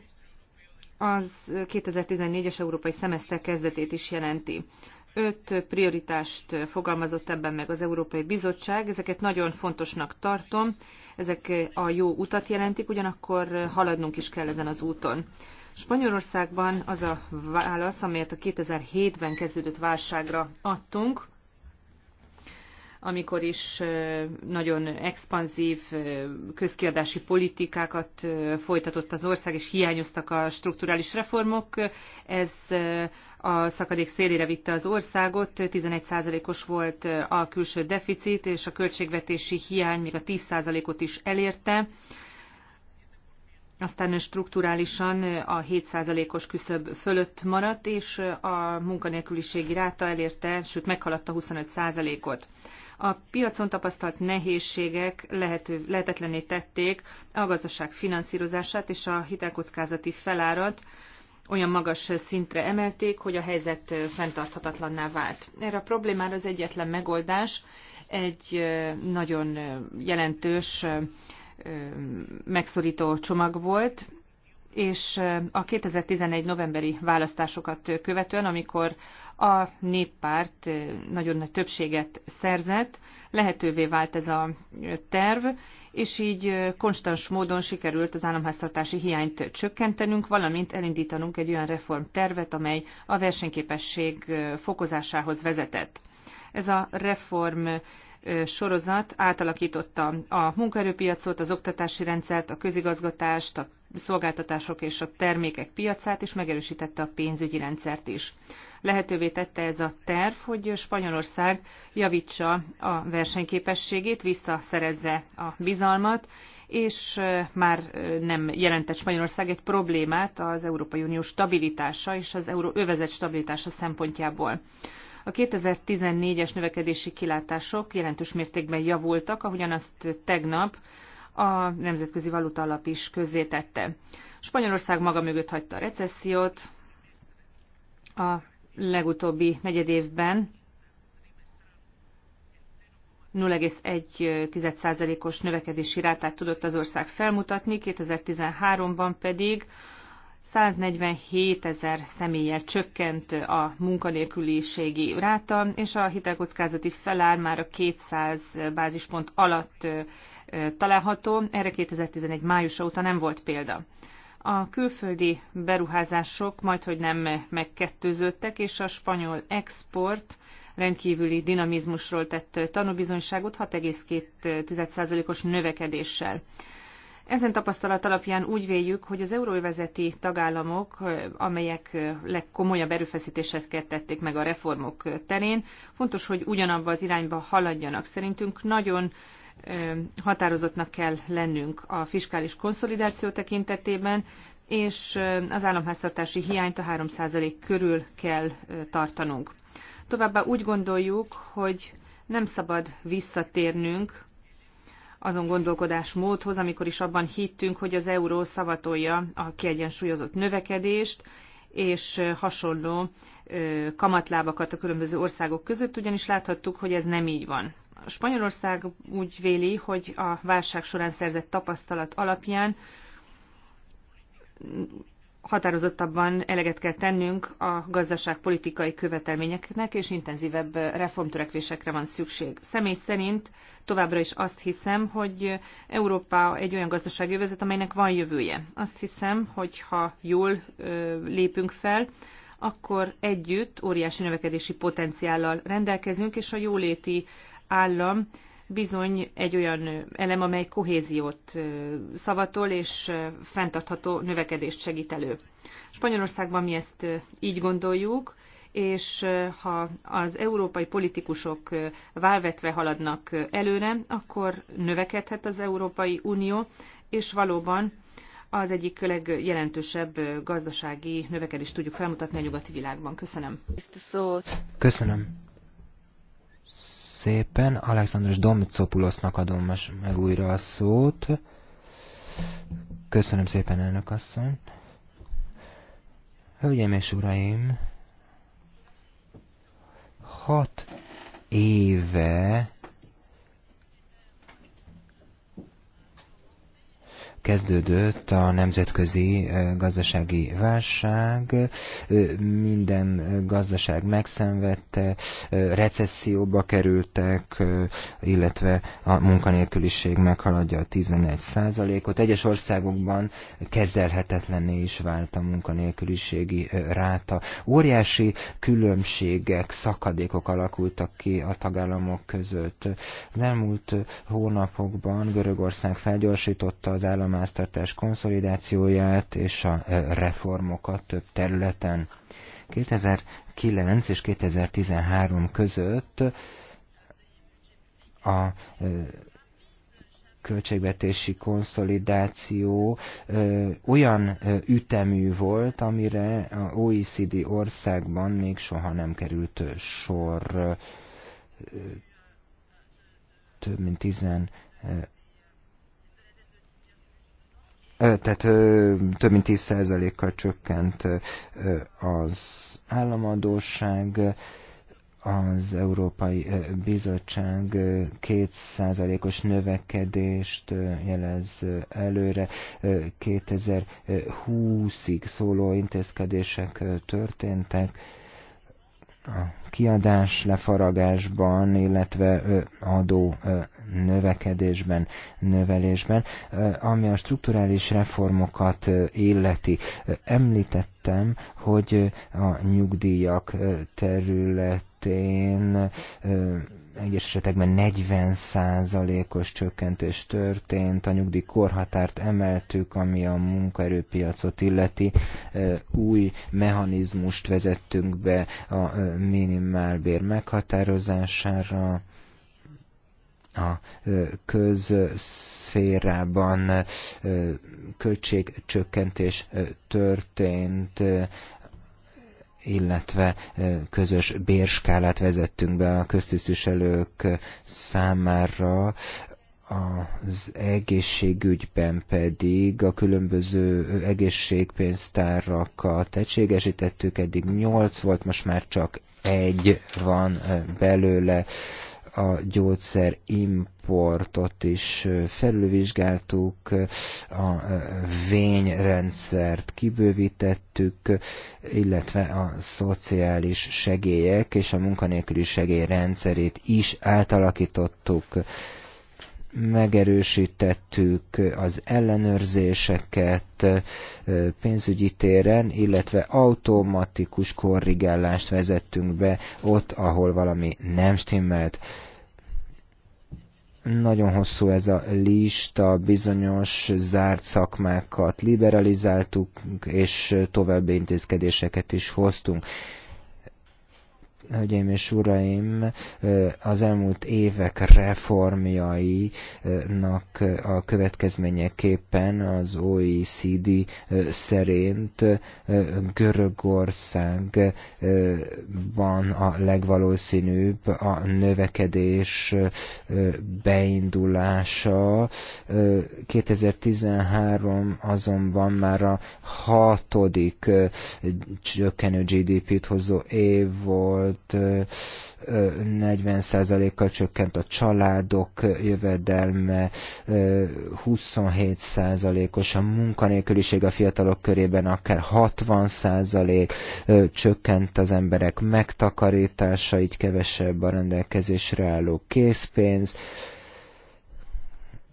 az 2014-es európai szemeszter kezdetét is jelenti. Öt prioritást fogalmazott ebben meg az Európai Bizottság, ezeket nagyon fontosnak tartom, ezek a jó utat jelentik, ugyanakkor haladnunk is kell ezen az úton. Spanyolországban az a válasz, amelyet a 2007-ben kezdődött válságra adtunk, amikor is nagyon expanzív közkiadási politikákat folytatott az ország, és hiányoztak a strukturális reformok. Ez a szakadék szélére vitte az országot, 11%-os volt a külső deficit, és a költségvetési hiány még a 10%-ot is elérte aztán strukturálisan a 7%-os küszöb fölött maradt, és a munkanélküliségi ráta elérte, sőt meghaladta 25%-ot. A piacon tapasztalt nehézségek lehető, lehetetlené tették a gazdaság finanszírozását és a hitelkockázati felárat olyan magas szintre emelték, hogy a helyzet fenntarthatatlanná vált. Erre a problémára az egyetlen megoldás egy nagyon jelentős megszorító csomag volt, és a 2011 novemberi választásokat követően, amikor a néppárt nagyon nagy többséget szerzett, lehetővé vált ez a terv, és így konstans módon sikerült az államháztartási hiányt csökkentenünk, valamint elindítanunk egy olyan reformtervet, amely a versenyképesség fokozásához vezetett. Ez a reform sorozat átalakította a munkaerőpiacot, az oktatási rendszert, a közigazgatást, a szolgáltatások és a termékek piacát, és megerősítette a pénzügyi rendszert is. Lehetővé tette ez a terv, hogy Spanyolország javítsa a versenyképességét, visszaszerezze a bizalmat, és már nem jelentett Spanyolország egy problémát az Európai Unió stabilitása és az euróövezet stabilitása szempontjából. A 2014-es növekedési kilátások jelentős mértékben javultak, ahogyan azt tegnap a Nemzetközi Valuta Alap is közzétette. Spanyolország maga mögött hagyta a recessziót. A legutóbbi negyedévben 0,1%-os növekedési rátát tudott az ország felmutatni, 2013-ban pedig 147 ezer személlyel csökkent a munkanélküliségi ráta, és a hitelkockázati felár már a 200 bázispont alatt található. Erre 2011 májusa óta nem volt példa. A külföldi beruházások majdhogy nem megkettőződtek, és a spanyol export rendkívüli dinamizmusról tett tanúbizonyságot 6,2%-os növekedéssel. Ezen tapasztalat alapján úgy véljük, hogy az euróvezeti tagállamok, amelyek legkomolyabb erőfeszítéseket tették meg a reformok terén, fontos, hogy ugyanabba az irányba haladjanak. Szerintünk nagyon határozottnak kell lennünk a fiskális konszolidáció tekintetében, és az államháztartási hiányt a 3% körül kell tartanunk. Továbbá úgy gondoljuk, hogy nem szabad visszatérnünk azon gondolkodásmódhoz, amikor is abban hittünk, hogy az euró szavatolja a kiegyensúlyozott növekedést, és hasonló kamatlábakat a különböző országok között, ugyanis láthattuk, hogy ez nem így van. A Spanyolország úgy véli, hogy a válság során szerzett tapasztalat alapján határozottabban eleget kell tennünk a gazdaságpolitikai követelményeknek, és intenzívebb reformtörekvésekre van szükség. Személy szerint továbbra is azt hiszem, hogy Európa egy olyan gazdasági övezet, amelynek van jövője. Azt hiszem, hogy ha jól lépünk fel, akkor együtt óriási növekedési potenciállal rendelkezünk, és a jóléti állam bizony egy olyan elem, amely kohéziót szavatol és fenntartható növekedést segít elő. Spanyolországban mi ezt így gondoljuk, és ha az európai politikusok válvetve haladnak előre, akkor növekedhet az Európai Unió, és valóban az egyik legjelentősebb gazdasági növekedést tudjuk felmutatni a nyugati világban. Köszönöm. Köszönöm szépen. Alexandros Domicopulosnak adom most meg újra a szót. Köszönöm szépen, elnök asszony. Hölgyeim és uraim, hat éve kezdődött a nemzetközi gazdasági válság, minden gazdaság megszenvedte, recesszióba kerültek, illetve a munkanélküliség meghaladja a 11 százalékot. Egyes országokban kezelhetetlenné is vált a munkanélküliségi ráta. Óriási különbségek, szakadékok alakultak ki a tagállamok között. Az elmúlt hónapokban Görögország felgyorsította az állam háztartás konszolidációját és a e, reformokat több területen. 2009 és 2013 között a e, költségvetési konszolidáció ö, e, olyan ö, ütemű volt, amire a OECD országban még soha nem került sor ö, több mint 15 tehát több mint 10%-kal csökkent az államadóság, az Európai Bizottság 2%-os növekedést jelez előre 2020-ig szóló intézkedések történtek, a kiadás lefaragásban, illetve adó növekedésben, növelésben, ami a strukturális reformokat illeti. Említettem, hogy a nyugdíjak területén egyes esetekben 40%-os csökkentés történt, a nyugdíj korhatárt emeltük, ami a munkaerőpiacot illeti, új mechanizmust vezettünk be a minimálbér meghatározására, a közszférában költségcsökkentés történt illetve közös bérskálát vezettünk be a köztisztviselők számára, az egészségügyben pedig a különböző egészségpénztárakat egységesítettük, eddig 8 volt, most már csak egy van belőle a gyógyszer importot is felülvizsgáltuk, a vényrendszert kibővítettük, illetve a szociális segélyek és a munkanélküli segélyrendszerét is átalakítottuk megerősítettük az ellenőrzéseket pénzügyi téren, illetve automatikus korrigálást vezettünk be ott, ahol valami nem stimmelt. Nagyon hosszú ez a lista, bizonyos zárt szakmákat liberalizáltuk, és további intézkedéseket is hoztunk. Hölgyeim és uraim, az elmúlt évek reformjainak a következményeképpen az OECD szerint Görögországban a legvalószínűbb a növekedés beindulása. 2013 azonban már a hatodik csökkenő GDP-t hozó év volt, volt, 40%-kal csökkent a családok jövedelme, 27%-os a munkanélküliség a fiatalok körében, akár 60% csökkent az emberek megtakarítása, így kevesebb a rendelkezésre álló készpénz,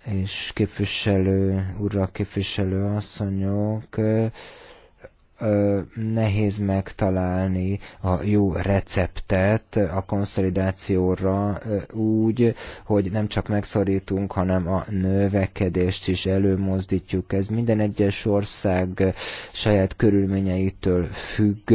és képviselő, urak képviselő asszonyok, nehéz megtalálni a jó receptet a konszolidációra úgy, hogy nem csak megszorítunk, hanem a növekedést is előmozdítjuk. Ez minden egyes ország saját körülményeitől függ,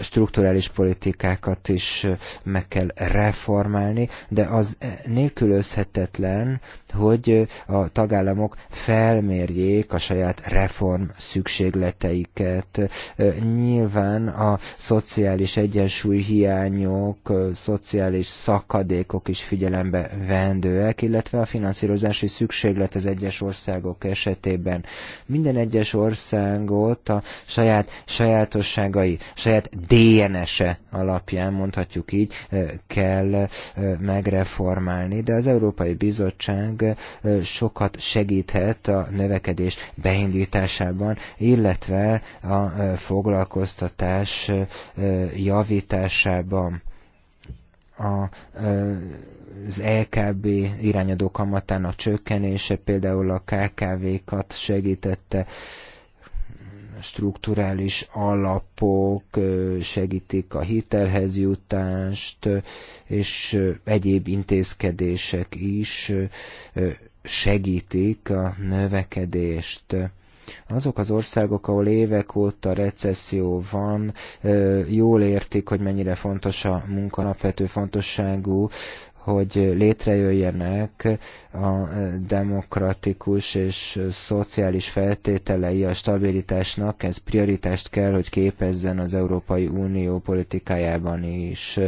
strukturális politikákat is meg kell reformálni, de az nélkülözhetetlen, hogy a tagállamok felmérjék a saját reform szükségleteiket, Nyilván a szociális hiányok, szociális szakadékok is figyelembe vendőek, illetve a finanszírozási szükséglet az egyes országok esetében. Minden egyes országot a saját sajátosságai, saját DNS-e alapján, mondhatjuk így, kell megreformálni, de az Európai Bizottság sokat segíthet a növekedés beindításában, illetve a foglalkoztatás javításában az LKB irányadó kamatának csökkenése például a KKV-kat segítette, strukturális alapok segítik a hitelhez jutást, és egyéb intézkedések is segítik a növekedést azok az országok, ahol évek óta recesszió van, jól értik, hogy mennyire fontos a munkanapvető fontosságú, hogy létrejöjjenek a eh, demokratikus és eh, szociális feltételei a stabilitásnak, ez prioritást kell, hogy képezzen az Európai Unió politikájában is.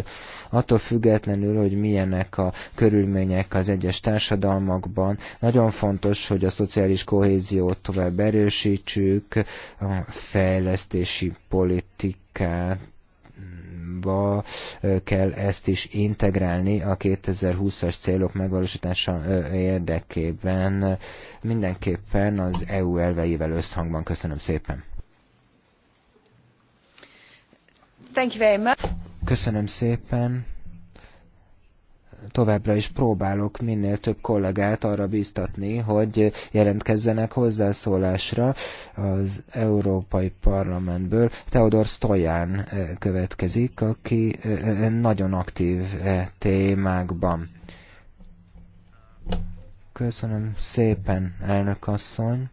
Attól függetlenül, hogy milyenek a körülmények az egyes társadalmakban, nagyon fontos, hogy a szociális kohéziót tovább erősítsük, a fejlesztési politikát célokba kell ezt is integrálni a 2020-as célok megvalósítása érdekében. Mindenképpen az EU elveivel összhangban. Köszönöm szépen. Thank you very much. Köszönöm szépen továbbra is próbálok minél több kollégát arra bíztatni, hogy jelentkezzenek hozzászólásra az Európai Parlamentből. Teodor Stoyan eh, következik, aki eh, nagyon aktív eh, témákban. Köszönöm szépen, elnök asszony.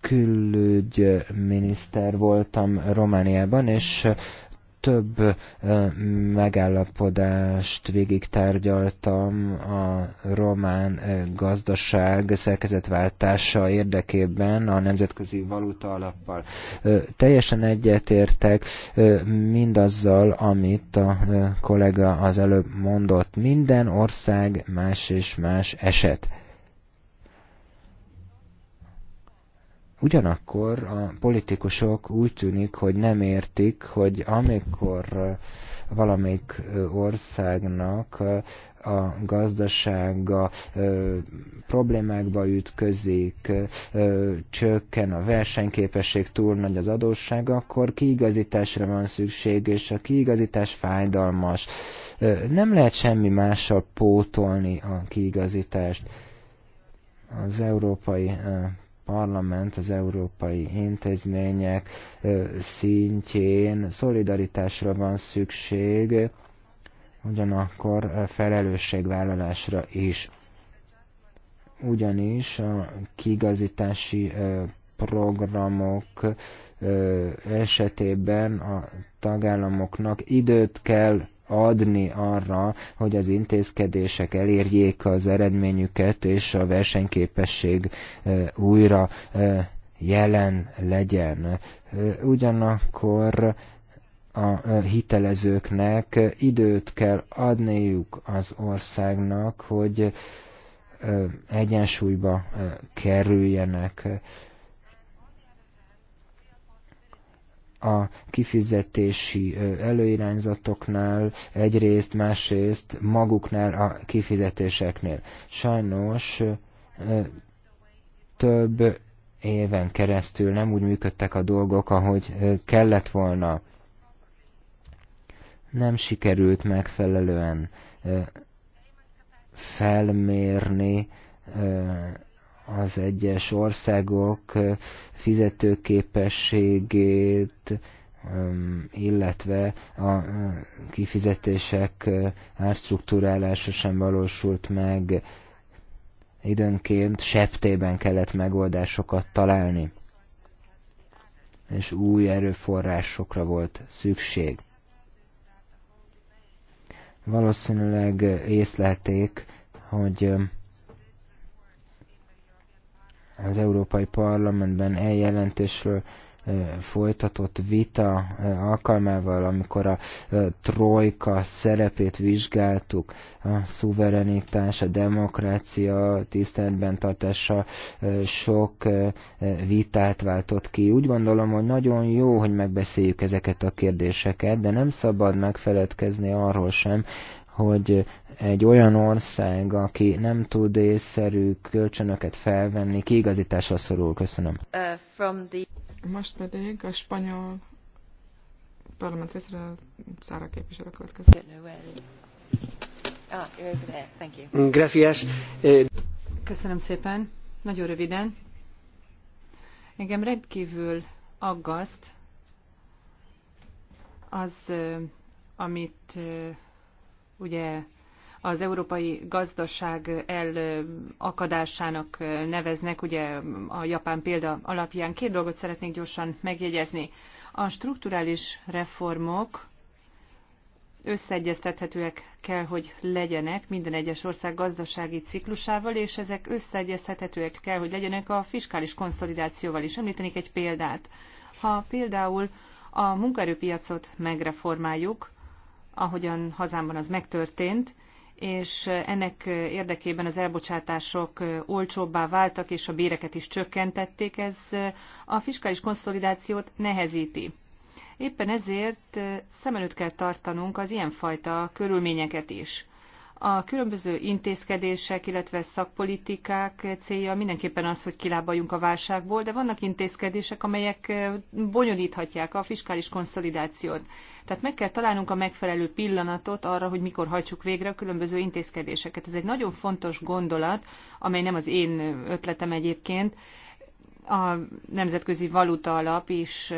Külügyminiszter voltam Romániában, és több megállapodást tárgyaltam a román gazdaság szerkezetváltása érdekében a Nemzetközi Valuta Alappal. Teljesen egyetértek mindazzal, amit a kollega az előbb mondott. Minden ország más és más eset. Ugyanakkor a politikusok úgy tűnik, hogy nem értik, hogy amikor valamelyik országnak a gazdasága problémákba ütközik, csökken a versenyképesség, túl nagy az adósság, akkor kiigazításra van szükség, és a kiigazítás fájdalmas. Nem lehet semmi mással pótolni a kiigazítást. Az európai parlament, az európai intézmények szintjén szolidaritásra van szükség, ugyanakkor felelősségvállalásra is. Ugyanis a kigazítási programok esetében a tagállamoknak időt kell adni arra, hogy az intézkedések elérjék az eredményüket, és a versenyképesség újra jelen legyen. Ugyanakkor a hitelezőknek időt kell adniuk az országnak, hogy egyensúlyba kerüljenek. a kifizetési előirányzatoknál egyrészt, másrészt maguknál a kifizetéseknél. Sajnos több éven keresztül nem úgy működtek a dolgok, ahogy kellett volna. Nem sikerült megfelelően felmérni az egyes országok fizetőképességét, illetve a kifizetések árstruktúrálása sem valósult meg. Időnként septében kellett megoldásokat találni, és új erőforrásokra volt szükség. Valószínűleg észlelték, hogy az Európai Parlamentben eljelentésről folytatott vita alkalmával, amikor a trojka szerepét vizsgáltuk, a szuverenitás, a demokrácia tiszteletben tartása sok vitát váltott ki. Úgy gondolom, hogy nagyon jó, hogy megbeszéljük ezeket a kérdéseket, de nem szabad megfeledkezni arról sem, hogy egy olyan ország, aki nem tud észszerű kölcsönöket felvenni, kiigazításra szorul. Köszönöm. Uh, the... Most pedig a spanyol parlament részre Szára képviselő következő. Ah, thank you. Gracias. Eh, Köszönöm szépen. Nagyon röviden. Engem rendkívül aggaszt az, eh, amit eh, ugye az európai gazdaság elakadásának neveznek, ugye a japán példa alapján. Két dolgot szeretnék gyorsan megjegyezni. A strukturális reformok összeegyeztethetőek kell, hogy legyenek minden egyes ország gazdasági ciklusával, és ezek összeegyeztethetőek kell, hogy legyenek a fiskális konszolidációval is. Említenék egy példát. Ha például a munkaerőpiacot megreformáljuk, ahogyan hazámban az megtörtént, és ennek érdekében az elbocsátások olcsóbbá váltak, és a béreket is csökkentették. Ez a fiskális konszolidációt nehezíti. Éppen ezért szem előtt kell tartanunk az ilyenfajta körülményeket is. A különböző intézkedések, illetve szakpolitikák célja mindenképpen az, hogy kilábaljunk a válságból, de vannak intézkedések, amelyek bonyolíthatják a fiskális konszolidációt. Tehát meg kell találnunk a megfelelő pillanatot arra, hogy mikor hajtsuk végre a különböző intézkedéseket. Ez egy nagyon fontos gondolat, amely nem az én ötletem egyébként. A Nemzetközi Valuta Alap is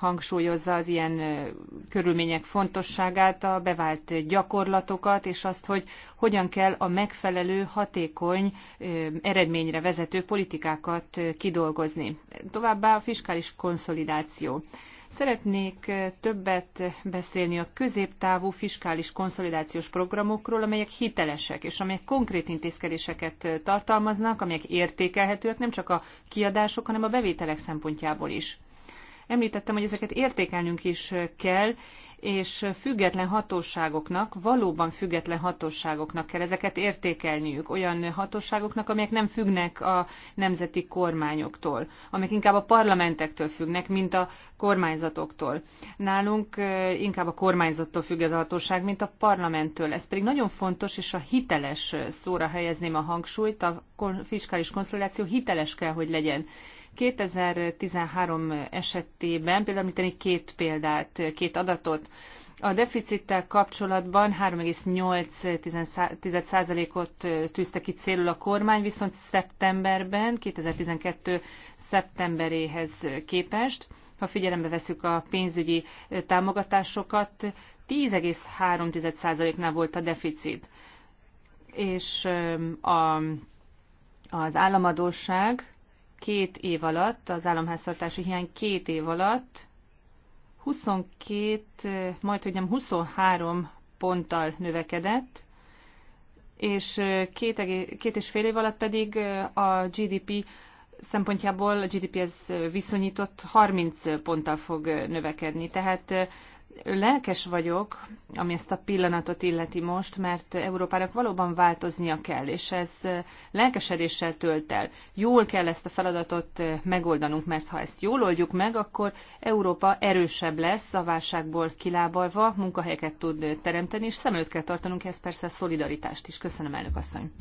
hangsúlyozza az ilyen körülmények fontosságát, a bevált gyakorlatokat, és azt, hogy hogyan kell a megfelelő, hatékony, eredményre vezető politikákat kidolgozni. Továbbá a fiskális konszolidáció. Szeretnék többet beszélni a középtávú fiskális konszolidációs programokról, amelyek hitelesek, és amelyek konkrét intézkedéseket tartalmaznak, amelyek értékelhetőek nem csak a kiadások, hanem a bevételek szempontjából is. Említettem, hogy ezeket értékelnünk is kell, és független hatóságoknak, valóban független hatóságoknak kell ezeket értékelniük, olyan hatóságoknak, amelyek nem függnek a nemzeti kormányoktól, amelyek inkább a parlamentektől függnek, mint a kormányzatoktól. Nálunk inkább a kormányzattól függ ez a hatóság, mint a parlamenttől. Ez pedig nagyon fontos, és a hiteles szóra helyezném a hangsúlyt, a fiskális konszolidáció hiteles kell, hogy legyen 2013 esetében, például említeni két példát, két adatot, a deficittel kapcsolatban 3,8%-ot tűzte ki célul a kormány, viszont szeptemberben, 2012 szeptemberéhez képest, ha figyelembe veszük a pénzügyi támogatásokat, 10,3%-nál volt a deficit. És a, az államadóság két év alatt, az államháztartási hiány két év alatt 22, majd hogy nem 23 ponttal növekedett, és két, két és fél év alatt pedig a GDP szempontjából a GDP-hez viszonyított 30 ponttal fog növekedni. Tehát lelkes vagyok, ami ezt a pillanatot illeti most, mert Európának valóban változnia kell, és ez lelkesedéssel tölt el. Jól kell ezt a feladatot megoldanunk, mert ha ezt jól oldjuk meg, akkor Európa erősebb lesz a válságból kilábalva, munkahelyeket tud teremteni, és szem előtt kell tartanunk ezt persze a szolidaritást is. Köszönöm, elnök asszony.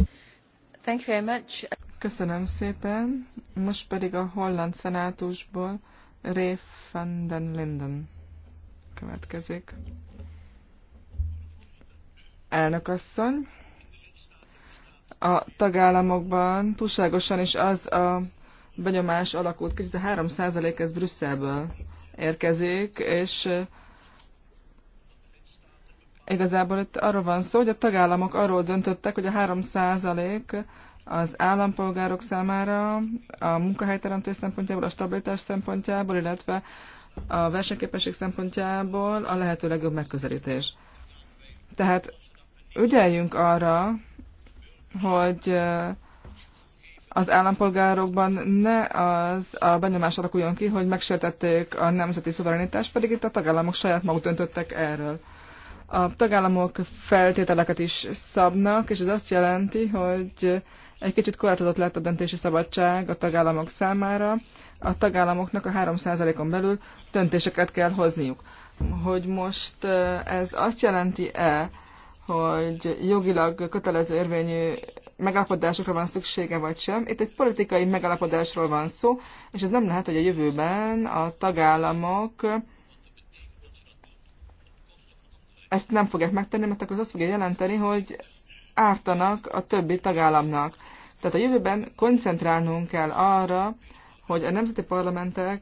Thank you very much. Köszönöm szépen. Most pedig a holland szenátusból Ray van den Linden következik. Elnökasszony, a tagállamokban túlságosan is az a benyomás alakult hogy a 3% ez Brüsszelből érkezik, és eh, igazából itt arról van szó, hogy a tagállamok arról döntöttek, hogy a 3% az állampolgárok számára a munkahelyteremtés szempontjából, a stabilitás szempontjából, illetve a versenyképesség szempontjából a lehető legjobb megközelítés. Tehát ügyeljünk arra, hogy az állampolgárokban ne az a benyomás alakuljon ki, hogy megsértették a nemzeti szuverenitást, pedig itt a tagállamok saját maguk döntöttek erről. A tagállamok feltételeket is szabnak, és ez azt jelenti, hogy egy kicsit korlátozott lett a döntési szabadság a tagállamok számára. A tagállamoknak a 3%-on belül döntéseket kell hozniuk. Hogy most ez azt jelenti-e, hogy jogilag kötelező érvényű megállapodásokra van szüksége vagy sem. Itt egy politikai megállapodásról van szó, és ez nem lehet, hogy a jövőben a tagállamok ezt nem fogják megtenni, mert akkor az azt fogja jelenteni, hogy ártanak a többi tagállamnak. Tehát a jövőben koncentrálnunk kell arra, hogy a nemzeti parlamentek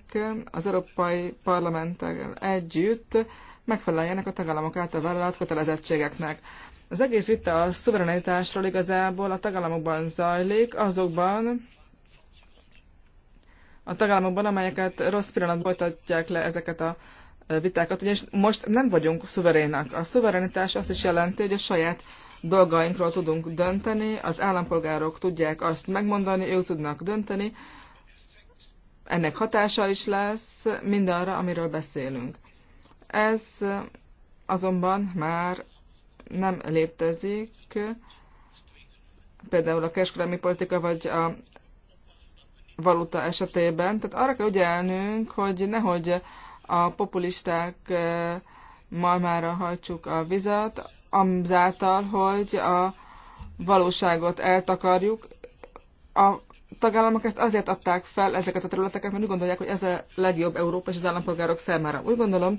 az európai parlamentek együtt megfeleljenek a tagállamok által vállalt kötelezettségeknek. Az egész vita a szuverenitásról igazából a tagállamokban zajlik, azokban a tagállamokban, amelyeket rossz pillanatban folytatják le ezeket a vitákat, ugyanis most nem vagyunk szuverénak. A szuverenitás azt is jelenti, hogy a saját dolgainkról tudunk dönteni, az állampolgárok tudják azt megmondani, ők tudnak dönteni, ennek hatása is lesz mindarra, amiről beszélünk. Ez azonban már nem létezik, például a kereskedelmi politika vagy a valuta esetében. Tehát arra kell ügyelnünk, hogy nehogy a populisták eh, malmára hajtsuk a vizet, amzáltal, hogy a valóságot eltakarjuk. A tagállamok ezt azért adták fel ezeket a területeket, mert úgy gondolják, hogy ez a legjobb Európa és az állampolgárok számára. Úgy gondolom,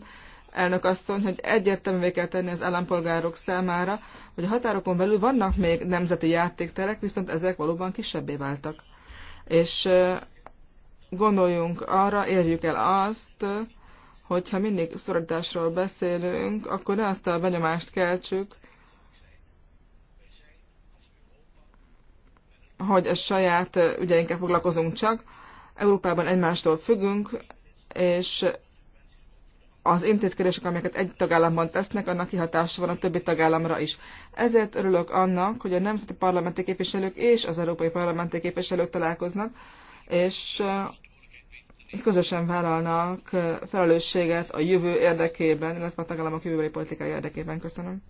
elnök asszony, hogy egyértelművé kell tenni az állampolgárok számára, hogy a határokon belül vannak még nemzeti játékterek, viszont ezek valóban kisebbé váltak. És gondoljunk arra, érjük el azt, hogyha mindig szorításról beszélünk, akkor ne azt a benyomást keltsük, hogy a saját ügyeinkkel foglalkozunk csak. Európában egymástól függünk, és az intézkedések, amelyeket egy tagállamban tesznek, annak kihatása van a többi tagállamra is. Ezért örülök annak, hogy a nemzeti parlamenti képviselők és az európai parlamenti képviselők találkoznak, és közösen vállalnak felelősséget a jövő érdekében, illetve a tagállamok jövőbeli politikai érdekében. Köszönöm.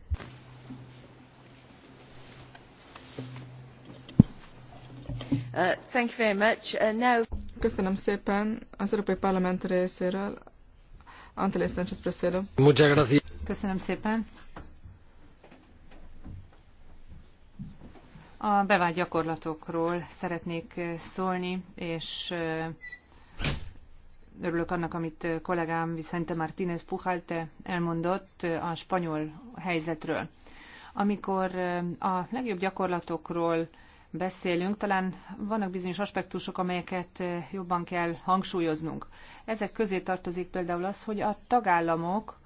Uh, thank you very much. Uh, now... Köszönöm szépen az Európai Parlament részéről. Antelis Sánchez Presedo. Köszönöm szépen. A bevált gyakorlatokról szeretnék szólni, és örülök annak, amit kollégám Vicente Martínez Pujalte elmondott a spanyol helyzetről. Amikor a legjobb gyakorlatokról beszélünk, talán vannak bizonyos aspektusok, amelyeket jobban kell hangsúlyoznunk. Ezek közé tartozik például az, hogy a tagállamok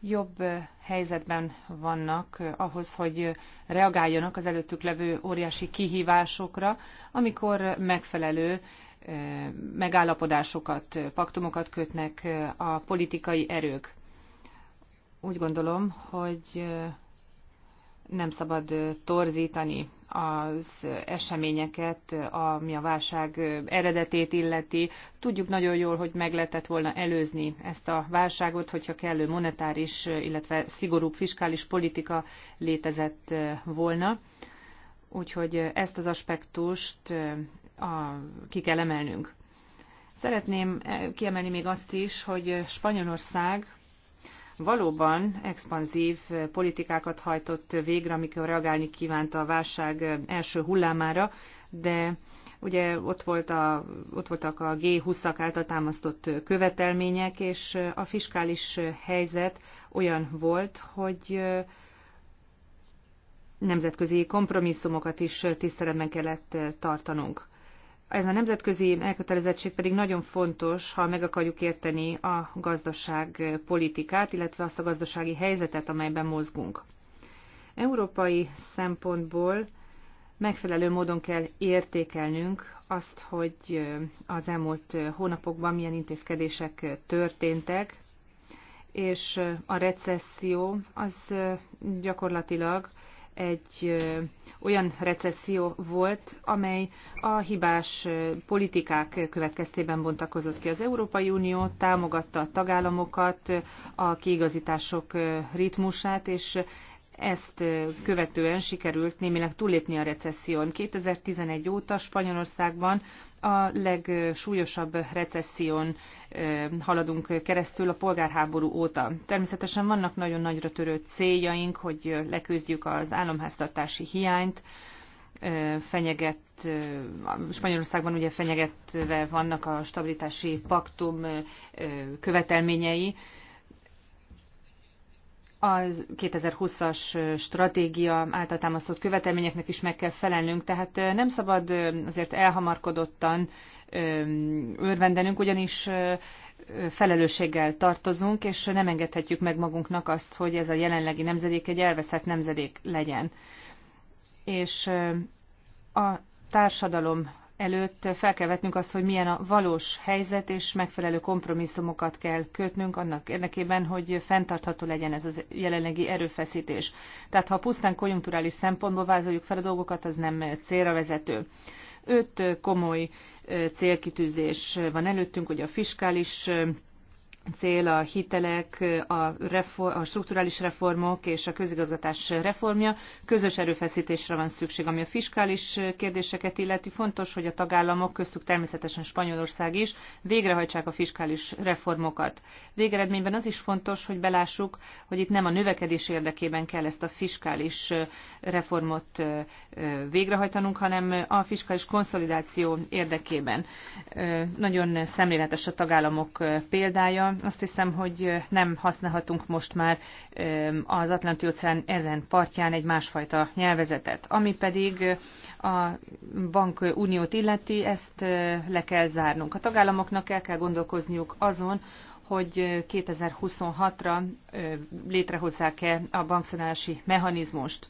jobb helyzetben vannak ahhoz, hogy reagáljanak az előttük levő óriási kihívásokra, amikor megfelelő megállapodásokat, paktumokat kötnek a politikai erők. Úgy gondolom, hogy nem szabad torzítani az eseményeket, ami a válság eredetét illeti. Tudjuk nagyon jól, hogy meg lehetett volna előzni ezt a válságot, hogyha kellő monetáris, illetve szigorúbb fiskális politika létezett volna. Úgyhogy ezt az aspektust a, ki kell emelnünk. Szeretném eh, kiemelni még azt is, hogy Spanyolország valóban expanzív politikákat hajtott végre, amikor reagálni kívánt a válság első hullámára, de ugye ott, volt a, ott voltak a G20-ak által támasztott követelmények, és a fiskális helyzet olyan volt, hogy eh, nemzetközi kompromisszumokat is tiszteletben kellett eh, tartanunk ez a nemzetközi elkötelezettség pedig nagyon fontos, ha meg akarjuk érteni a gazdaság politikát, illetve azt a gazdasági helyzetet, amelyben mozgunk. Európai szempontból megfelelő módon kell értékelnünk azt, hogy az elmúlt hónapokban milyen intézkedések történtek, és a recesszió az gyakorlatilag egy olyan recesszió volt, amely a hibás politikák következtében bontakozott ki. Az Európai Unió támogatta a tagállamokat, a kiigazítások ritmusát, és ezt követően sikerült némileg túllépni a recesszión. 2011 óta Spanyolországban a legsúlyosabb recesszión haladunk keresztül a polgárháború óta. Természetesen vannak nagyon nagyra törő céljaink, hogy leküzdjük az államháztartási hiányt, fenyeget, Spanyolországban ugye fenyegetve vannak a stabilitási paktum követelményei, a 2020-as stratégia által támasztott követelményeknek is meg kell felelnünk, tehát nem szabad azért elhamarkodottan örvendenünk, ugyanis felelősséggel tartozunk, és nem engedhetjük meg magunknak azt, hogy ez a jelenlegi nemzedék egy elveszett nemzedék legyen. És a társadalom előtt fel kell vetnünk azt, hogy milyen a valós helyzet, és megfelelő kompromisszumokat kell kötnünk annak érdekében, hogy fenntartható legyen ez az jelenlegi erőfeszítés. Tehát ha pusztán konjunkturális szempontból vázoljuk fel a dolgokat, az nem célra vezető. Öt komoly célkitűzés van előttünk, hogy a fiskális cél a hitelek, a, reform, a strukturális reformok és a közigazgatás reformja. Közös erőfeszítésre van szükség, ami a fiskális kérdéseket illeti. Fontos, hogy a tagállamok, köztük természetesen Spanyolország is, végrehajtsák a fiskális reformokat. Végeredményben az is fontos, hogy belássuk, hogy itt nem a növekedés érdekében kell ezt a fiskális reformot végrehajtanunk, hanem a fiskális konszolidáció érdekében. Nagyon szemléletes a tagállamok példája azt hiszem, hogy nem használhatunk most már az Atlanti-óceán ezen partján egy másfajta nyelvezetet. Ami pedig a bankuniót illeti, ezt le kell zárnunk. A tagállamoknak el kell gondolkozniuk azon, hogy 2026-ra létrehozzák-e a bankszanálási mechanizmust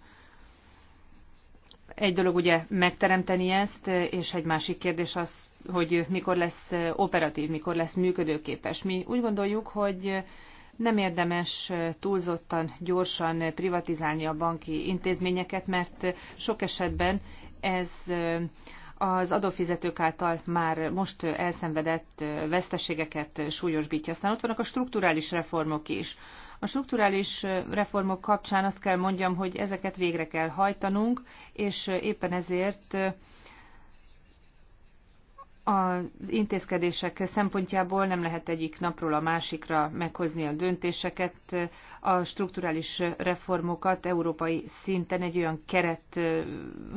egy dolog ugye megteremteni ezt, és egy másik kérdés az hogy mikor lesz operatív, mikor lesz működőképes. Mi úgy gondoljuk, hogy nem érdemes túlzottan gyorsan privatizálni a banki intézményeket, mert sok esetben ez az adófizetők által már most elszenvedett veszteségeket súlyosbítja. Aztán ott vannak a strukturális reformok is. A strukturális reformok kapcsán azt kell mondjam, hogy ezeket végre kell hajtanunk, és éppen ezért az intézkedések szempontjából nem lehet egyik napról a másikra meghozni a döntéseket, a strukturális reformokat európai szinten egy olyan keret,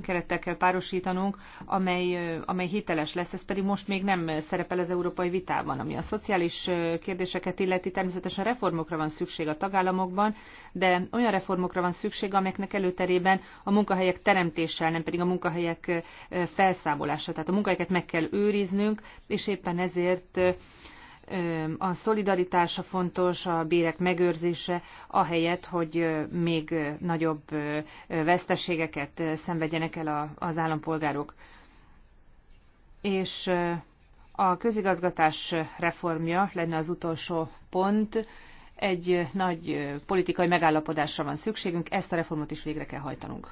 kerettel kell párosítanunk, amely, amely hiteles lesz, ez pedig most még nem szerepel az európai vitában. Ami a szociális kérdéseket illeti, természetesen reformokra van szükség a tagállamokban, de olyan reformokra van szükség, amelyeknek előterében a munkahelyek teremtéssel, nem pedig a munkahelyek felszámolása. Tehát a munkahelyeket meg kell őrizni, megbíznünk, és éppen ezért a szolidaritása fontos, a bérek megőrzése, ahelyett, hogy még nagyobb veszteségeket szenvedjenek el az állampolgárok. És a közigazgatás reformja lenne az utolsó pont. Egy nagy politikai megállapodásra van szükségünk, ezt a reformot is végre kell hajtanunk.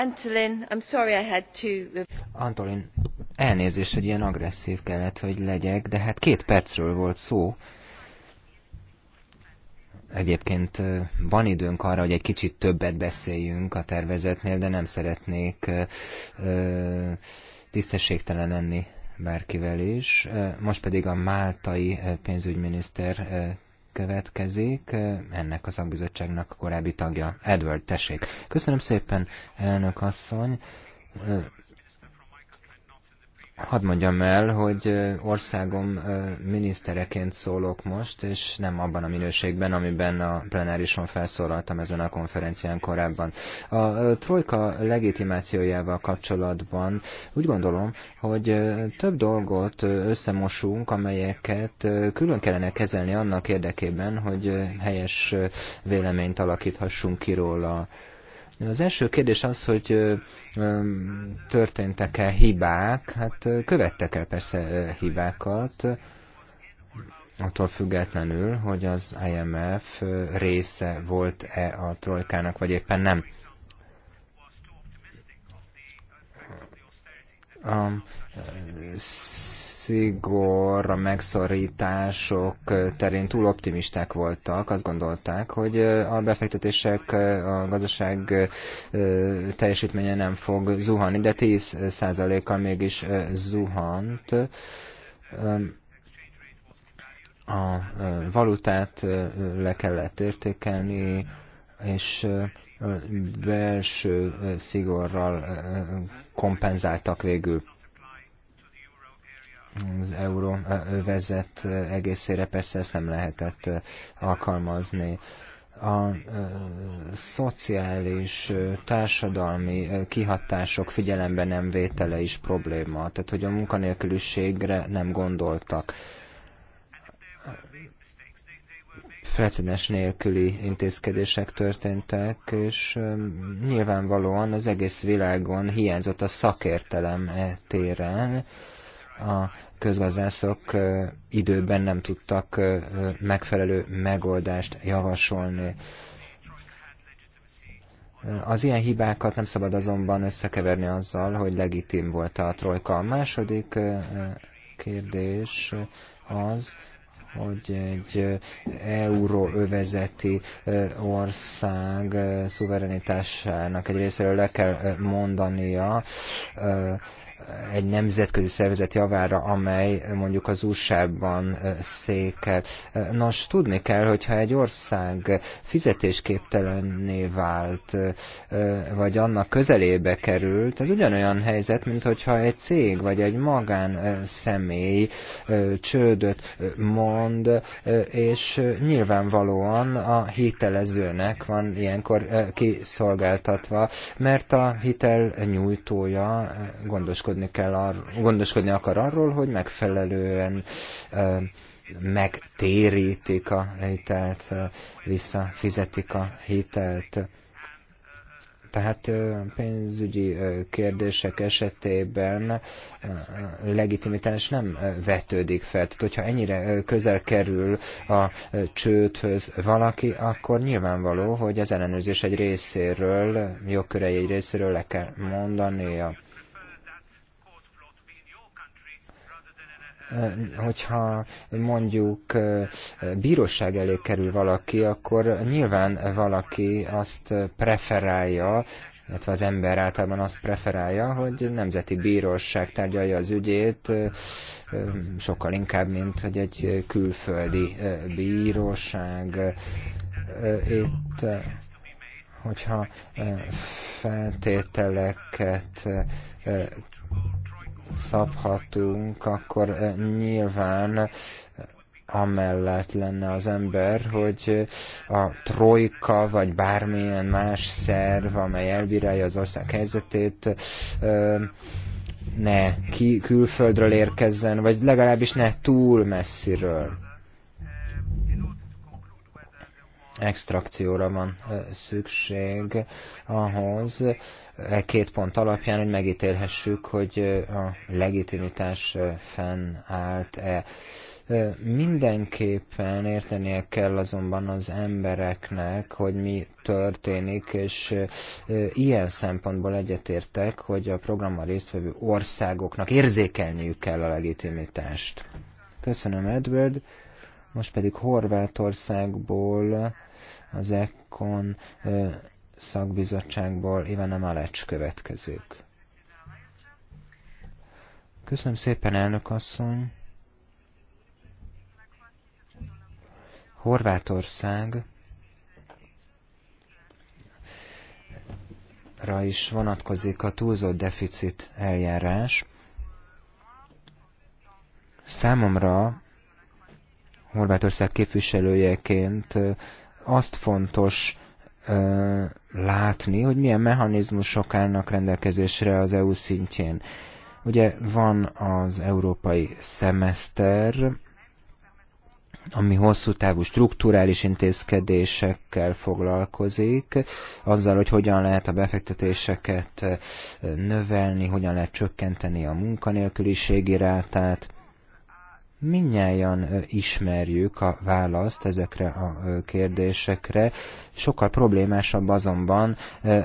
Uh, Antolin, elnézést, hogy ilyen agresszív kellett, hogy legyek, de hát két percről volt szó. Egyébként van időnk arra, hogy egy kicsit többet beszéljünk a tervezetnél, de nem szeretnék ö, tisztességtelen lenni bárkivel is. Most pedig a máltai pénzügyminiszter következik, ennek a szakbizottságnak korábbi tagja. Edward, tessék. Köszönöm szépen, elnök asszony Hadd mondjam el, hogy országom minisztereként szólok most, és nem abban a minőségben, amiben a plenárison felszólaltam ezen a konferencián korábban. A trojka legitimációjával kapcsolatban úgy gondolom, hogy több dolgot összemosunk, amelyeket külön kellene kezelni annak érdekében, hogy helyes véleményt alakíthassunk ki róla. Az első kérdés az, hogy történtek-e hibák, hát követtek el persze hibákat, attól függetlenül, hogy az IMF része volt-e a trojkának, vagy éppen nem. A szigor, a megszorítások terén túl optimisták voltak, azt gondolták, hogy a befektetések a gazdaság teljesítménye nem fog zuhanni, de 10%-kal mégis zuhant. A valutát le kellett értékelni, és belső szigorral kompenzáltak végül az euró vezet egészére persze ezt nem lehetett alkalmazni a szociális, társadalmi kihatások figyelembe nem vétele is probléma, tehát hogy a munkanélküliségre nem gondoltak. Precedens nélküli intézkedések történtek, és nyilvánvalóan az egész világon hiányzott a szakértelem e téren, a közgazdászok időben nem tudtak megfelelő megoldást javasolni. Az ilyen hibákat nem szabad azonban összekeverni azzal, hogy legitim volt a trojka. A második kérdés az, hogy egy euróövezeti ország szuverenitásának egy részéről le kell mondania egy nemzetközi szervezet javára, amely mondjuk az USA-ban eh, székel. Eh, nos, tudni kell, hogyha egy ország fizetésképtelenné vált, eh, vagy annak közelébe került, ez ugyanolyan helyzet, mint hogyha egy cég vagy egy magán személy csődöt mond, és nyilvánvalóan a hitelezőnek van ilyenkor kiszolgáltatva, mert a hitel nyújtója gondoskodik gondoskodni kell arról, gondoskodni akar arról, hogy megfelelően megtérítik a hitelt, visszafizetik a hitelt. Tehát pénzügyi kérdések esetében legitimitás nem vetődik fel. Tehát, hogyha ennyire közel kerül a csődhöz valaki, akkor nyilvánvaló, hogy az ellenőrzés egy részéről, jogkörei egy részéről le kell mondania Eh, hogyha mondjuk eh, bíróság elé kerül valaki, akkor nyilván valaki azt preferálja, illetve az ember általában azt preferálja, hogy nemzeti bíróság tárgyalja az ügyét eh, sokkal inkább, mint hogy egy külföldi bíróság. Itt, hogyha feltételeket szabhatunk, akkor eh, nyilván eh, amellett lenne az ember, hogy eh, a trojka, vagy bármilyen más szerv, amely elbírálja az ország helyzetét, ne ki, külföldről érkezzen, vagy legalábbis ne túl messziről. Extrakcióra van szükség ahhoz, e két pont alapján, hogy megítélhessük, hogy a legitimitás fennállt-e. Mindenképpen értenie kell azonban az embereknek, hogy mi történik, és ilyen szempontból egyetértek, hogy a programmal résztvevő országoknak érzékelniük kell a legitimitást. Köszönöm, Edward. Most pedig Horvátországból az Ekon szakbizottságból Ivana Malecs következők. Köszönöm szépen, elnök asszony! Horvátország ra is vonatkozik a túlzott deficit eljárás. Számomra Horvátország képviselőjeként azt fontos látni, hogy milyen mechanizmusok állnak rendelkezésre az EU szintjén. Ugye van az európai szemeszter, ami hosszú távú strukturális intézkedésekkel foglalkozik, azzal, hogy hogyan lehet a befektetéseket növelni, hogyan lehet csökkenteni a munkanélküliségi rátát, Minnyáján ismerjük a választ ezekre a kérdésekre, sokkal problémásabb azonban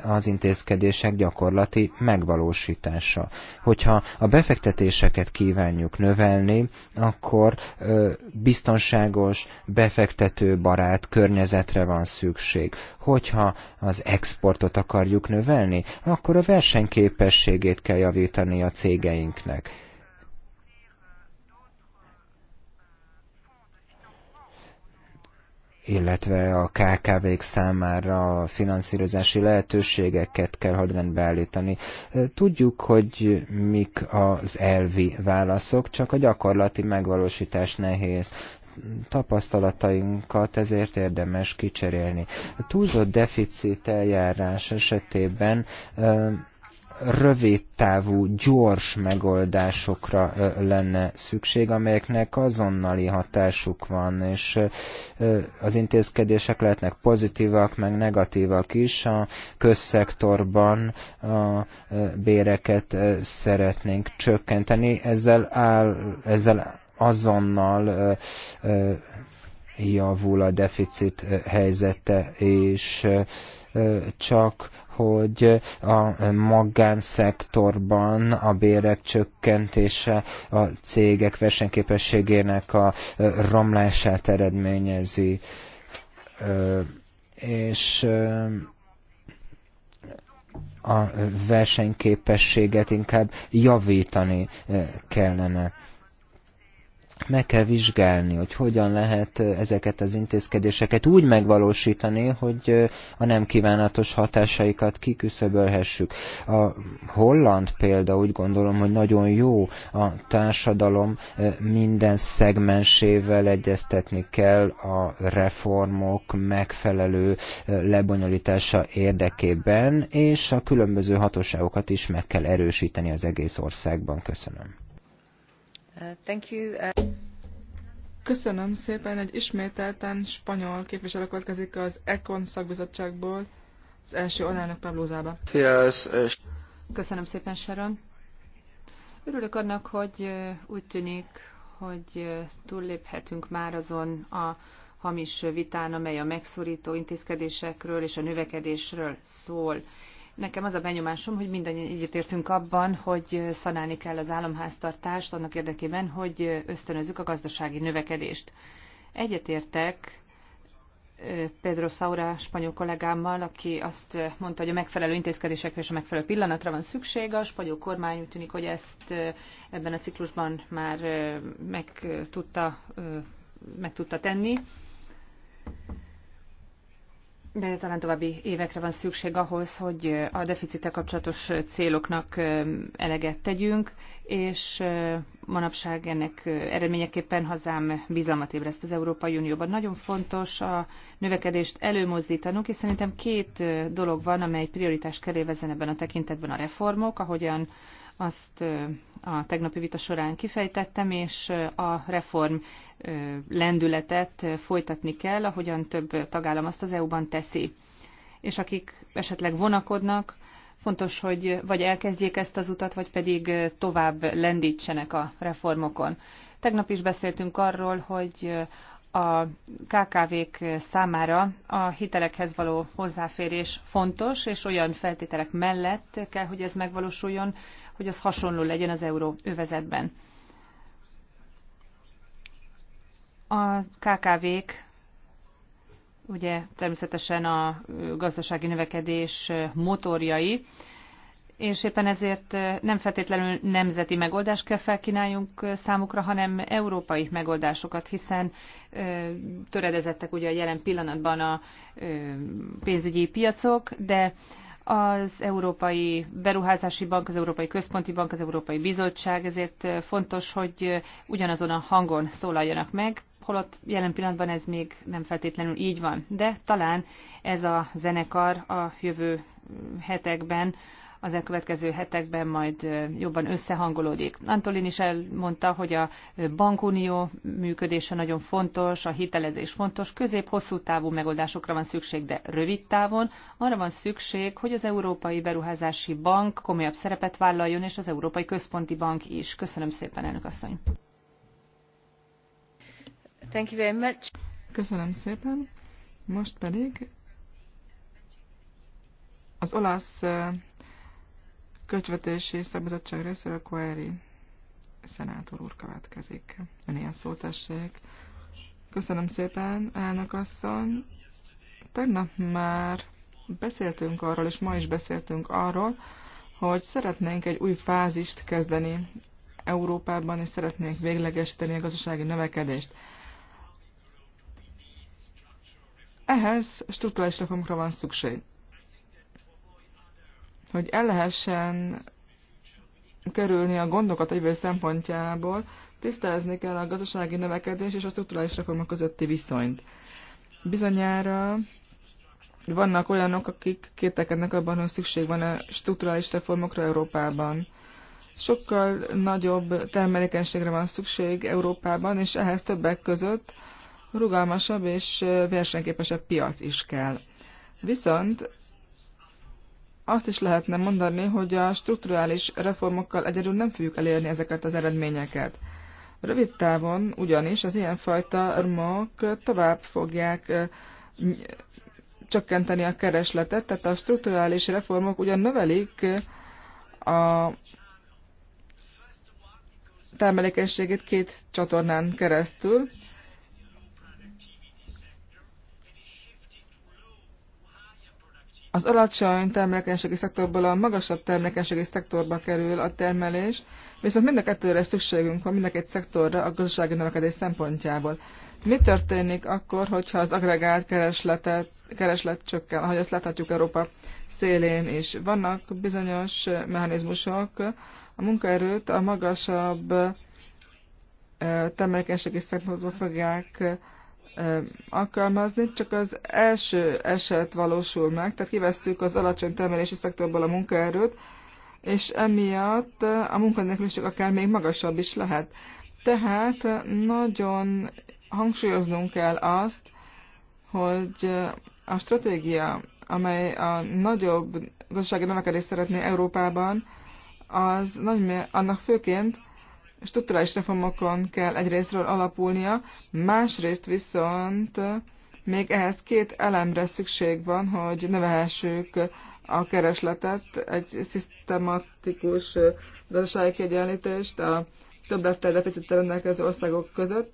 az intézkedések gyakorlati megvalósítása. Hogyha a befektetéseket kívánjuk növelni, akkor biztonságos, befektetőbarát környezetre van szükség. Hogyha az exportot akarjuk növelni, akkor a versenyképességét kell javítani a cégeinknek illetve a KKV-k számára a finanszírozási lehetőségeket kell hadrendbe állítani. Tudjuk, hogy mik az elvi válaszok, csak a gyakorlati megvalósítás nehéz tapasztalatainkat ezért érdemes kicserélni. A túlzott deficit eljárás esetében rövidtávú, gyors megoldásokra lenne szükség, amelyeknek azonnali hatásuk van, és az intézkedések lehetnek pozitívak, meg negatívak is. A közszektorban a béreket szeretnénk csökkenteni, ezzel, áll, ezzel azonnal javul a deficit helyzete, és csak hogy a magánszektorban a bérek csökkentése a cégek versenyképességének a romlását eredményezi. És a versenyképességet inkább javítani kellene meg kell vizsgálni, hogy hogyan lehet ezeket az intézkedéseket úgy megvalósítani, hogy a nem kívánatos hatásaikat kiküszöbölhessük. A holland példa úgy gondolom, hogy nagyon jó a társadalom minden szegmensével egyeztetni kell a reformok megfelelő lebonyolítása érdekében, és a különböző hatóságokat is meg kell erősíteni az egész országban. Köszönöm. Uh, Köszönöm szépen, egy ismételten spanyol képviselő következik az ECON szakbizottságból, az első alelnök Pablo Zába. Köszönöm szépen, Sharon. Örülök annak, hogy úgy tűnik, hogy túlléphetünk már azon a hamis vitán, amely a megszorító intézkedésekről és a növekedésről szól. Nekem az a benyomásom, hogy mindannyian egyetértünk abban, hogy szanálni kell az államháztartást annak érdekében, hogy ösztönözzük a gazdasági növekedést. Egyetértek Pedro Saura spanyol kollégámmal, aki azt mondta, hogy a megfelelő intézkedésekre és a megfelelő pillanatra van szükség. A spanyol kormány úgy tűnik, hogy ezt ebben a ciklusban már meg tudta, meg tudta tenni de talán további évekre van szükség ahhoz, hogy a deficite kapcsolatos céloknak eleget tegyünk, és manapság ennek eredményeképpen hazám bizalmat ébreszt az Európai Unióban. Nagyon fontos a növekedést előmozdítanunk, és szerintem két dolog van, amely prioritás kell évezzen ebben a tekintetben a reformok, ahogyan azt a tegnapi vita során kifejtettem, és a reform lendületet folytatni kell, ahogyan több tagállam azt az EU-ban teszi. És akik esetleg vonakodnak, fontos, hogy vagy elkezdjék ezt az utat, vagy pedig tovább lendítsenek a reformokon. Tegnap is beszéltünk arról, hogy a KKV-k számára a hitelekhez való hozzáférés fontos, és olyan feltételek mellett kell, hogy ez megvalósuljon, hogy az hasonló legyen az euróövezetben. A KKV-k ugye természetesen a gazdasági növekedés motorjai, és éppen ezért nem feltétlenül nemzeti megoldást kell felkínáljunk számukra, hanem európai megoldásokat, hiszen töredezettek ugye a jelen pillanatban a pénzügyi piacok, de az Európai Beruházási Bank, az Európai Központi Bank, az Európai Bizottság, ezért fontos, hogy ugyanazon a hangon szólaljanak meg, holott jelen pillanatban ez még nem feltétlenül így van. De talán ez a zenekar a jövő hetekben az elkövetkező hetekben majd jobban összehangolódik. Antolin is elmondta, hogy a bankunió működése nagyon fontos, a hitelezés fontos, közép-hosszú távú megoldásokra van szükség, de rövid távon arra van szükség, hogy az Európai Beruházási Bank komolyabb szerepet vállaljon, és az Európai Központi Bank is. Köszönöm szépen, elnök asszony! Thank you very much. Köszönöm szépen. Most pedig az olasz Költségvetési Szabadság részéről Koeri szenátor úr következik. Ön ilyen szót tessék. Köszönöm szépen, elnök asszony. Tegnap már beszéltünk arról, és ma is beszéltünk arról, hogy szeretnénk egy új fázist kezdeni Európában, és szeretnénk véglegesíteni a gazdasági növekedést. Ehhez struktúrális reformokra van szükség hogy el lehessen kerülni a gondokat a jövő szempontjából, tisztázni kell a gazdasági növekedés és a strukturális reformok közötti viszonyt. Bizonyára vannak olyanok, akik kételkednek abban, hogy szükség van a strukturális reformokra Európában. Sokkal nagyobb termelékenységre van szükség Európában, és ehhez többek között rugalmasabb és versenyképesebb piac is kell. Viszont azt is lehetne mondani, hogy a strukturális reformokkal egyedül nem fogjuk elérni ezeket az eredményeket. Rövid távon ugyanis az ilyenfajta örmök tovább fogják csökkenteni a keresletet, tehát a strukturális reformok ugyan növelik a termelékenységét két csatornán keresztül, az alacsony termelékenységi szektorból a magasabb termelékenységi szektorba kerül a termelés, viszont mind a kettőre szükségünk van, mind a két szektorra a gazdasági növekedés szempontjából. Mi történik akkor, hogyha az agregált keresletet, kereslet csökken, ahogy azt láthatjuk Európa szélén is? Vannak bizonyos mechanizmusok, a munkaerőt a magasabb termelékenységi szektorba fogják alkalmazni, csak az első eset valósul meg, tehát kivesszük az alacsony termelési szektorból a munkaerőt, és emiatt a munkanélküliség akár még magasabb is lehet. Tehát nagyon hangsúlyoznunk kell azt, hogy a stratégia, amely a nagyobb gazdasági növekedést szeretné Európában, az nagy, annak főként strukturális reformokon kell egyrésztről alapulnia, másrészt viszont még ehhez két elemre szükség van, hogy növelhessük a keresletet, egy szisztematikus gazdasági kiegyenlítést a többlettel deficittel rendelkező országok között,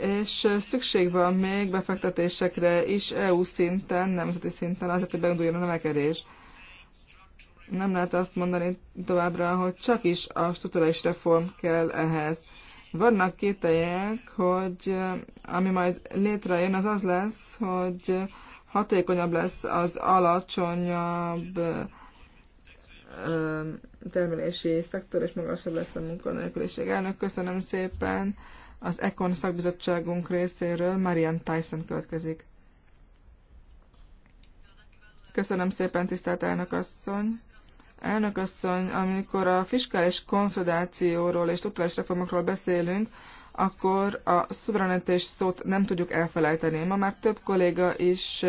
és szükség van még befektetésekre is EU szinten, nemzeti szinten, azért, hogy beinduljon a növekedés nem lehet azt mondani továbbra, hogy csak is a strukturális reform kell ehhez. Vannak kételjek, hogy eh, ami majd létrejön, az az lesz, hogy hatékonyabb lesz az alacsonyabb eh, eh, termelési szektor, és magasabb lesz a munkanélküliség. Elnök, köszönöm szépen az Econ szakbizottságunk részéről. Marian Tyson következik. Köszönöm szépen, tisztelt elnök asszony! Elnök asszony, amikor a fiskális konszolidációról és struktúrális reformokról beszélünk, akkor a szuverenitás szót nem tudjuk elfelejteni. Ma már több kolléga is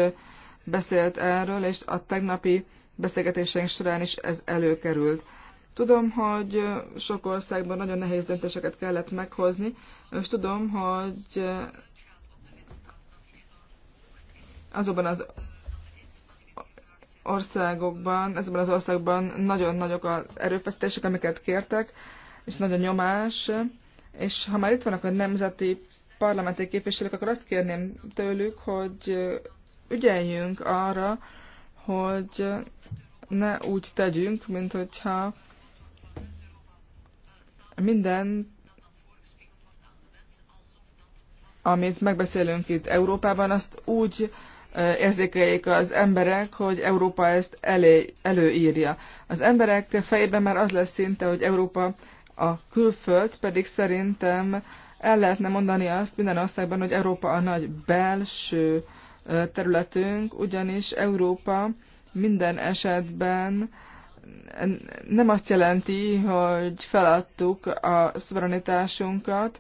beszélt erről, és a tegnapi beszélgetéseink során is ez előkerült. Tudom, hogy sok országban nagyon nehéz döntéseket kellett meghozni, és tudom, hogy azokban az országokban, ezekben az országban nagyon nagyok az erőfeszítések, amiket kértek, és nagy a nyomás, és ha már itt vannak a nemzeti parlamenti képviselők, akkor azt kérném tőlük, hogy ügyeljünk arra, hogy ne úgy tegyünk, mint hogyha minden, amit megbeszélünk itt Európában, azt úgy érzékeljék az emberek, hogy Európa ezt elé, előírja. Az emberek fejében már az lesz szinte, hogy Európa a külföld, pedig szerintem el lehetne mondani azt minden országban, hogy Európa a nagy belső területünk, ugyanis Európa minden esetben nem azt jelenti, hogy feladtuk a szuverenitásunkat,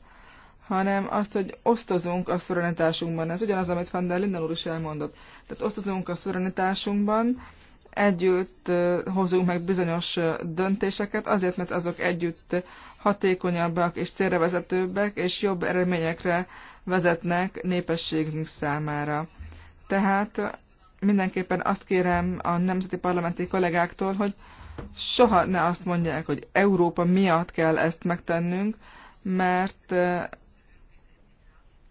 hanem azt, hogy osztozunk a szuverenitásunkban. Ez ugyanaz, amit Van der Linden úr is elmondott. Tehát osztozunk a szuverenitásunkban, együtt hozunk meg bizonyos döntéseket, azért, mert azok együtt hatékonyabbak és célrevezetőbbek, és jobb eredményekre vezetnek népességünk számára. Tehát mindenképpen azt kérem a nemzeti parlamenti kollégáktól, hogy soha ne azt mondják, hogy Európa miatt kell ezt megtennünk, mert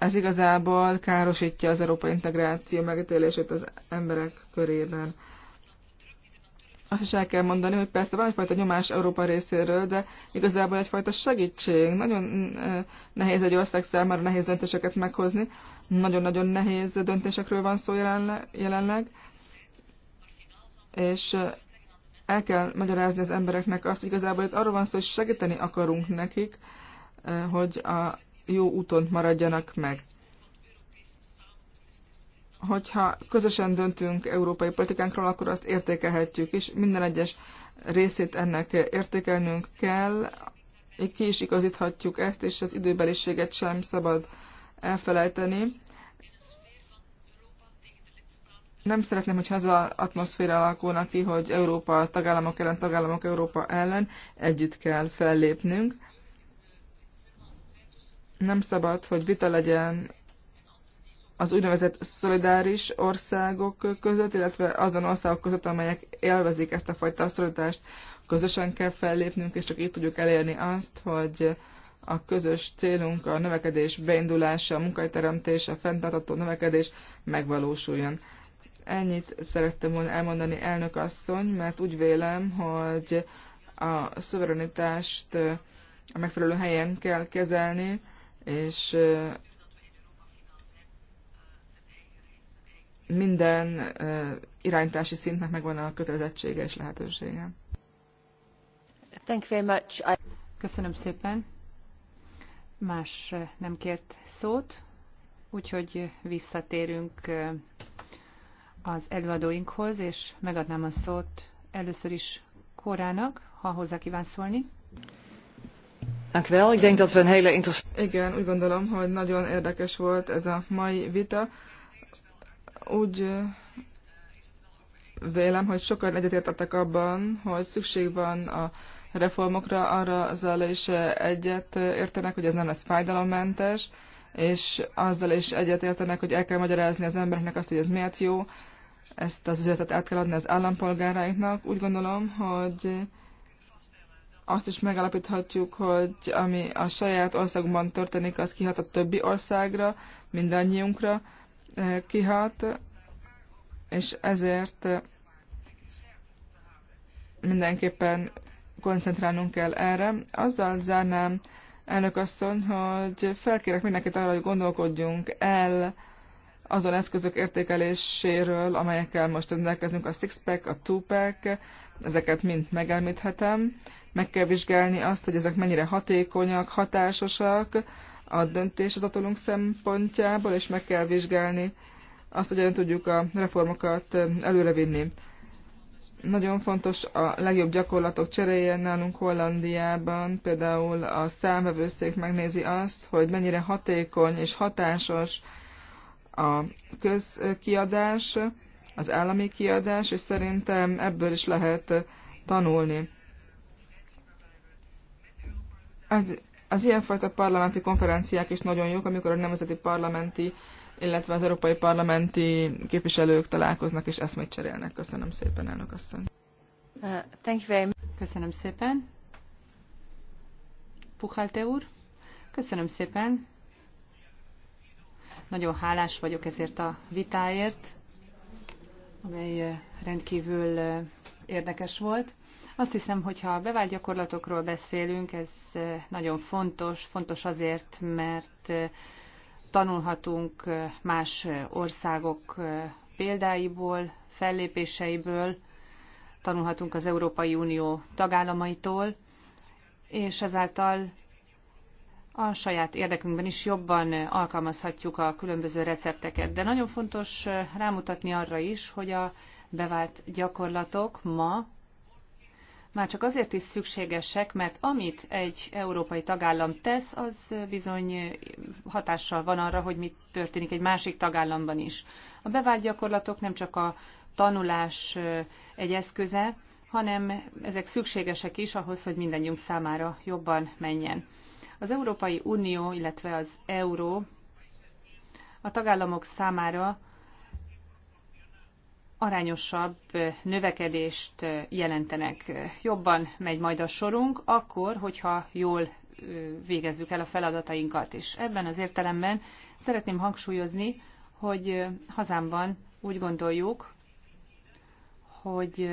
ez igazából károsítja az európai integráció megítélését az emberek körében. Azt is el kell mondani, hogy persze van egyfajta nyomás Európa részéről, de igazából egyfajta segítség. Nagyon nehéz egy ország számára nehéz döntéseket meghozni. Nagyon-nagyon nehéz döntésekről van szó jelenleg. És el kell magyarázni az embereknek azt, hogy igazából itt arról van szó, hogy segíteni akarunk nekik, hogy a jó úton maradjanak meg. Hogyha közösen döntünk európai politikánkról, akkor azt értékelhetjük is. Minden egyes részét ennek értékelnünk kell, ki is igazíthatjuk ezt, és az időbeliséget sem szabad elfelejteni. Nem szeretném, hogy ez az atmoszféra alakulna ki, hogy Európa tagállamok ellen, tagállamok Európa ellen együtt kell fellépnünk nem szabad, hogy vita legyen az úgynevezett szolidáris országok között, illetve azon országok között, amelyek élvezik ezt a fajta szolidást. Közösen kell fellépnünk, és csak így tudjuk elérni azt, hogy a közös célunk a növekedés beindulása, a munkahelyteremtés, a fenntartható növekedés megvalósuljon. Ennyit szerettem volna elmondani elnök asszony, mert úgy vélem, hogy a szuverenitást a megfelelő helyen kell kezelni, és minden iránytási szintnek megvan a kötelezettsége és lehetősége. Thank you very much. I... Köszönöm szépen. Más nem kért szót, úgyhogy visszatérünk az előadóinkhoz, és megadnám a szót először is Korának, ha hozzá kíván szólni. Dankjewel. Ik denk dat we een hele interessante... Igen, úgy gondolom, hogy nagyon érdekes volt ez a mai vita. Úgy vélem, hogy sokan egyetértettek abban, hogy szükség van a reformokra, arra azzal is egyet értenek, hogy ez nem lesz fájdalommentes, és azzal is egyet értenek, hogy el kell magyarázni az embereknek azt, hogy ez miért jó, ezt az üzletet át kell adni az állampolgárainknak. Úgy gondolom, hogy azt is megállapíthatjuk, hogy ami a saját országunkban történik, az kihat a többi országra, mindannyiunkra eh, kihat, és ezért mindenképpen koncentrálnunk kell erre. Azzal zárnám elnök asszony, hogy felkérek mindenkit arra, hogy gondolkodjunk el, azon eszközök értékeléséről, amelyekkel most rendelkezünk, a Sixpack, a Tupac, ezeket mind megelmíthetem. Meg kell vizsgálni azt, hogy ezek mennyire hatékonyak, hatásosak a döntés atolunk szempontjából, és meg kell vizsgálni azt, hogy olyan tudjuk a reformokat előrevinni. Nagyon fontos a legjobb gyakorlatok cseréje nálunk Hollandiában, például a számvevőszék megnézi azt, hogy mennyire hatékony és hatásos a közkiadás, az állami kiadás, és szerintem ebből is lehet tanulni. Az, az ilyenfajta parlamenti konferenciák is nagyon jók, amikor a nemzeti parlamenti, illetve az európai parlamenti képviselők találkoznak és eszmét cserélnek. Köszönöm szépen, elnök asszony. Uh, thank you very much. Köszönöm szépen. Puhalte úr, köszönöm szépen. Nagyon hálás vagyok ezért a vitáért, amely rendkívül érdekes volt. Azt hiszem, hogy ha bevált gyakorlatokról beszélünk, ez nagyon fontos, fontos azért, mert tanulhatunk más országok példáiból, fellépéseiből, tanulhatunk az Európai Unió tagállamaitól, és ezáltal a saját érdekünkben is jobban alkalmazhatjuk a különböző recepteket. De nagyon fontos rámutatni arra is, hogy a bevált gyakorlatok ma már csak azért is szükségesek, mert amit egy európai tagállam tesz, az bizony hatással van arra, hogy mi történik egy másik tagállamban is. A bevált gyakorlatok nem csak a tanulás egy eszköze, hanem ezek szükségesek is ahhoz, hogy mindannyiunk számára jobban menjen. Az Európai Unió, illetve az euró a tagállamok számára arányosabb növekedést jelentenek. Jobban megy majd a sorunk, akkor, hogyha jól végezzük el a feladatainkat. És ebben az értelemben szeretném hangsúlyozni, hogy hazámban úgy gondoljuk, hogy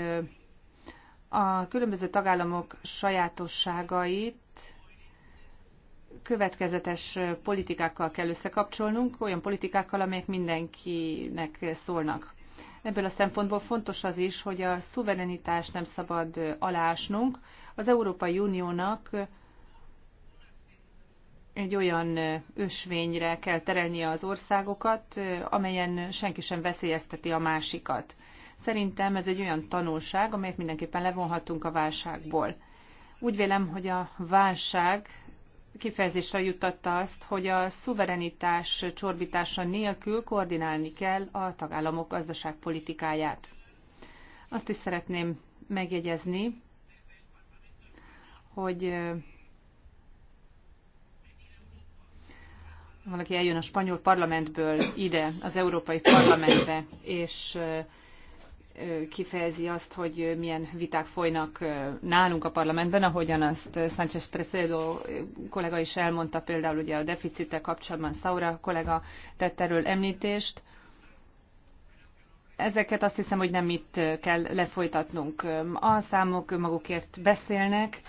a különböző tagállamok sajátosságait következetes politikákkal kell összekapcsolnunk, olyan politikákkal, amelyek mindenkinek szólnak. Ebből a szempontból fontos az is, hogy a szuverenitást nem szabad alásnunk. Az Európai Uniónak egy olyan ösvényre kell terelnie az országokat, amelyen senki sem veszélyezteti a másikat. Szerintem ez egy olyan tanulság, amelyet mindenképpen levonhatunk a válságból. Úgy vélem, hogy a válság kifejezésre jutatta azt, hogy a szuverenitás csorbítása nélkül koordinálni kell a tagállamok gazdaságpolitikáját. Azt is szeretném megjegyezni, hogy valaki eljön a spanyol parlamentből ide, az Európai Parlamentbe, és kifejezi azt, hogy milyen viták folynak nálunk a parlamentben, ahogyan azt Sánchez Presedo kollega is elmondta, például ugye a deficittel kapcsolatban Saura kollega tett erről említést. Ezeket azt hiszem, hogy nem itt kell lefolytatnunk. A számok magukért beszélnek,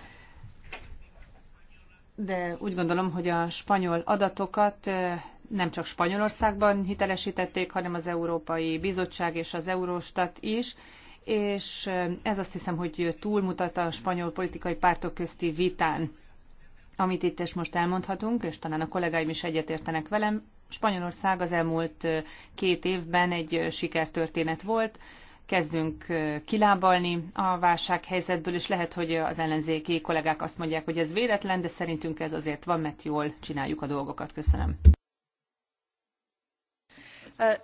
de úgy gondolom, hogy a spanyol adatokat nem csak Spanyolországban hitelesítették, hanem az Európai Bizottság és az Euróstat is, és ez azt hiszem, hogy túlmutat a spanyol politikai pártok közti vitán. Amit itt és most elmondhatunk, és talán a kollégáim is egyetértenek velem, Spanyolország az elmúlt két évben egy sikertörténet volt, kezdünk kilábalni a válsághelyzetből, és lehet, hogy az ellenzéki kollégák azt mondják, hogy ez véletlen, de szerintünk ez azért van, mert jól csináljuk a dolgokat. Köszönöm. Uh,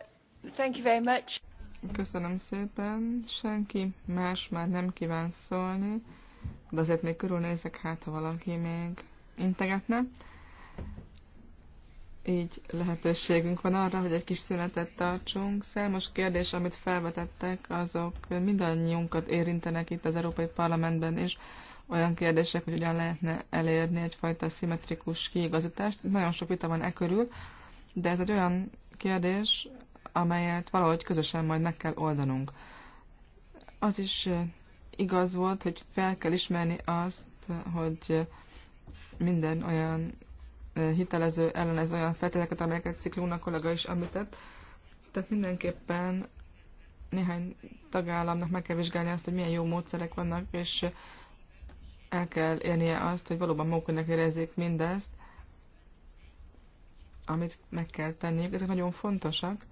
thank you very much. Köszönöm szépen. Senki más már nem kíván szólni, de azért még körülnézek, hát ha valaki még integetne. Így lehetőségünk van arra, hogy egy kis szünetet tartsunk. Számos kérdés, amit felvetettek, azok mindannyiunkat érintenek itt az Európai Parlamentben is. Olyan kérdések, hogy ugyan lehetne elérni egyfajta szimmetrikus kiigazítást. Nagyon sok vita van e körül, de ez egy olyan kérdés, amelyet valahogy közösen majd meg kell oldanunk. Az is igaz volt, hogy fel kell ismerni azt, hogy minden olyan hitelező ellenez olyan feltételeket, amelyeket Ciklónak kollega is említett. Tehát mindenképpen néhány tagállamnak meg kell vizsgálni azt, hogy milyen jó módszerek vannak, és el kell érnie azt, hogy valóban maguknak érezzék mindezt, amit meg kell tenniük, ezek nagyon fontosak,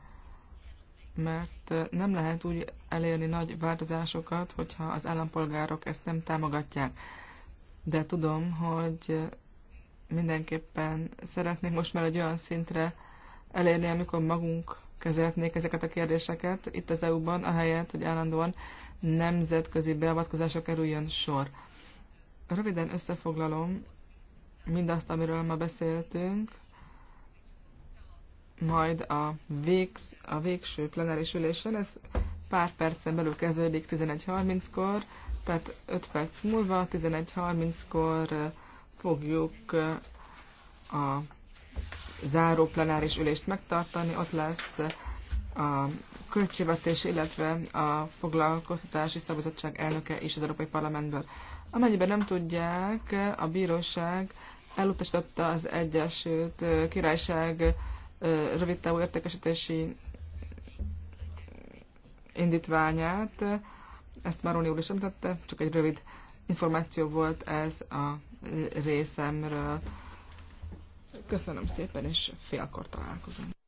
mert nem lehet úgy elérni nagy változásokat, hogyha az állampolgárok ezt nem támogatják. De tudom, hogy mindenképpen szeretnék most már egy olyan szintre elérni, amikor magunk kezelhetnék ezeket a kérdéseket itt az EU-ban, ahelyett, hogy állandóan nemzetközi beavatkozásra kerüljön sor. Röviden összefoglalom mindazt, amiről ma beszéltünk, majd a, vég, a végső plenáris ülésen, ez pár percen belül kezdődik 11.30-kor, tehát 5 perc múlva 11.30-kor fogjuk a záró plenáris ülést megtartani, ott lesz a költségvetés, illetve a foglalkoztatási szabadság elnöke is az Európai Parlamentből. Amennyiben nem tudják, a bíróság elutasította az Egyesült Királyság rövid távú értékesítési indítványát. Ezt már Róni úr is említette, csak egy rövid információ volt ez a részemről. Köszönöm szépen, és félkor találkozunk.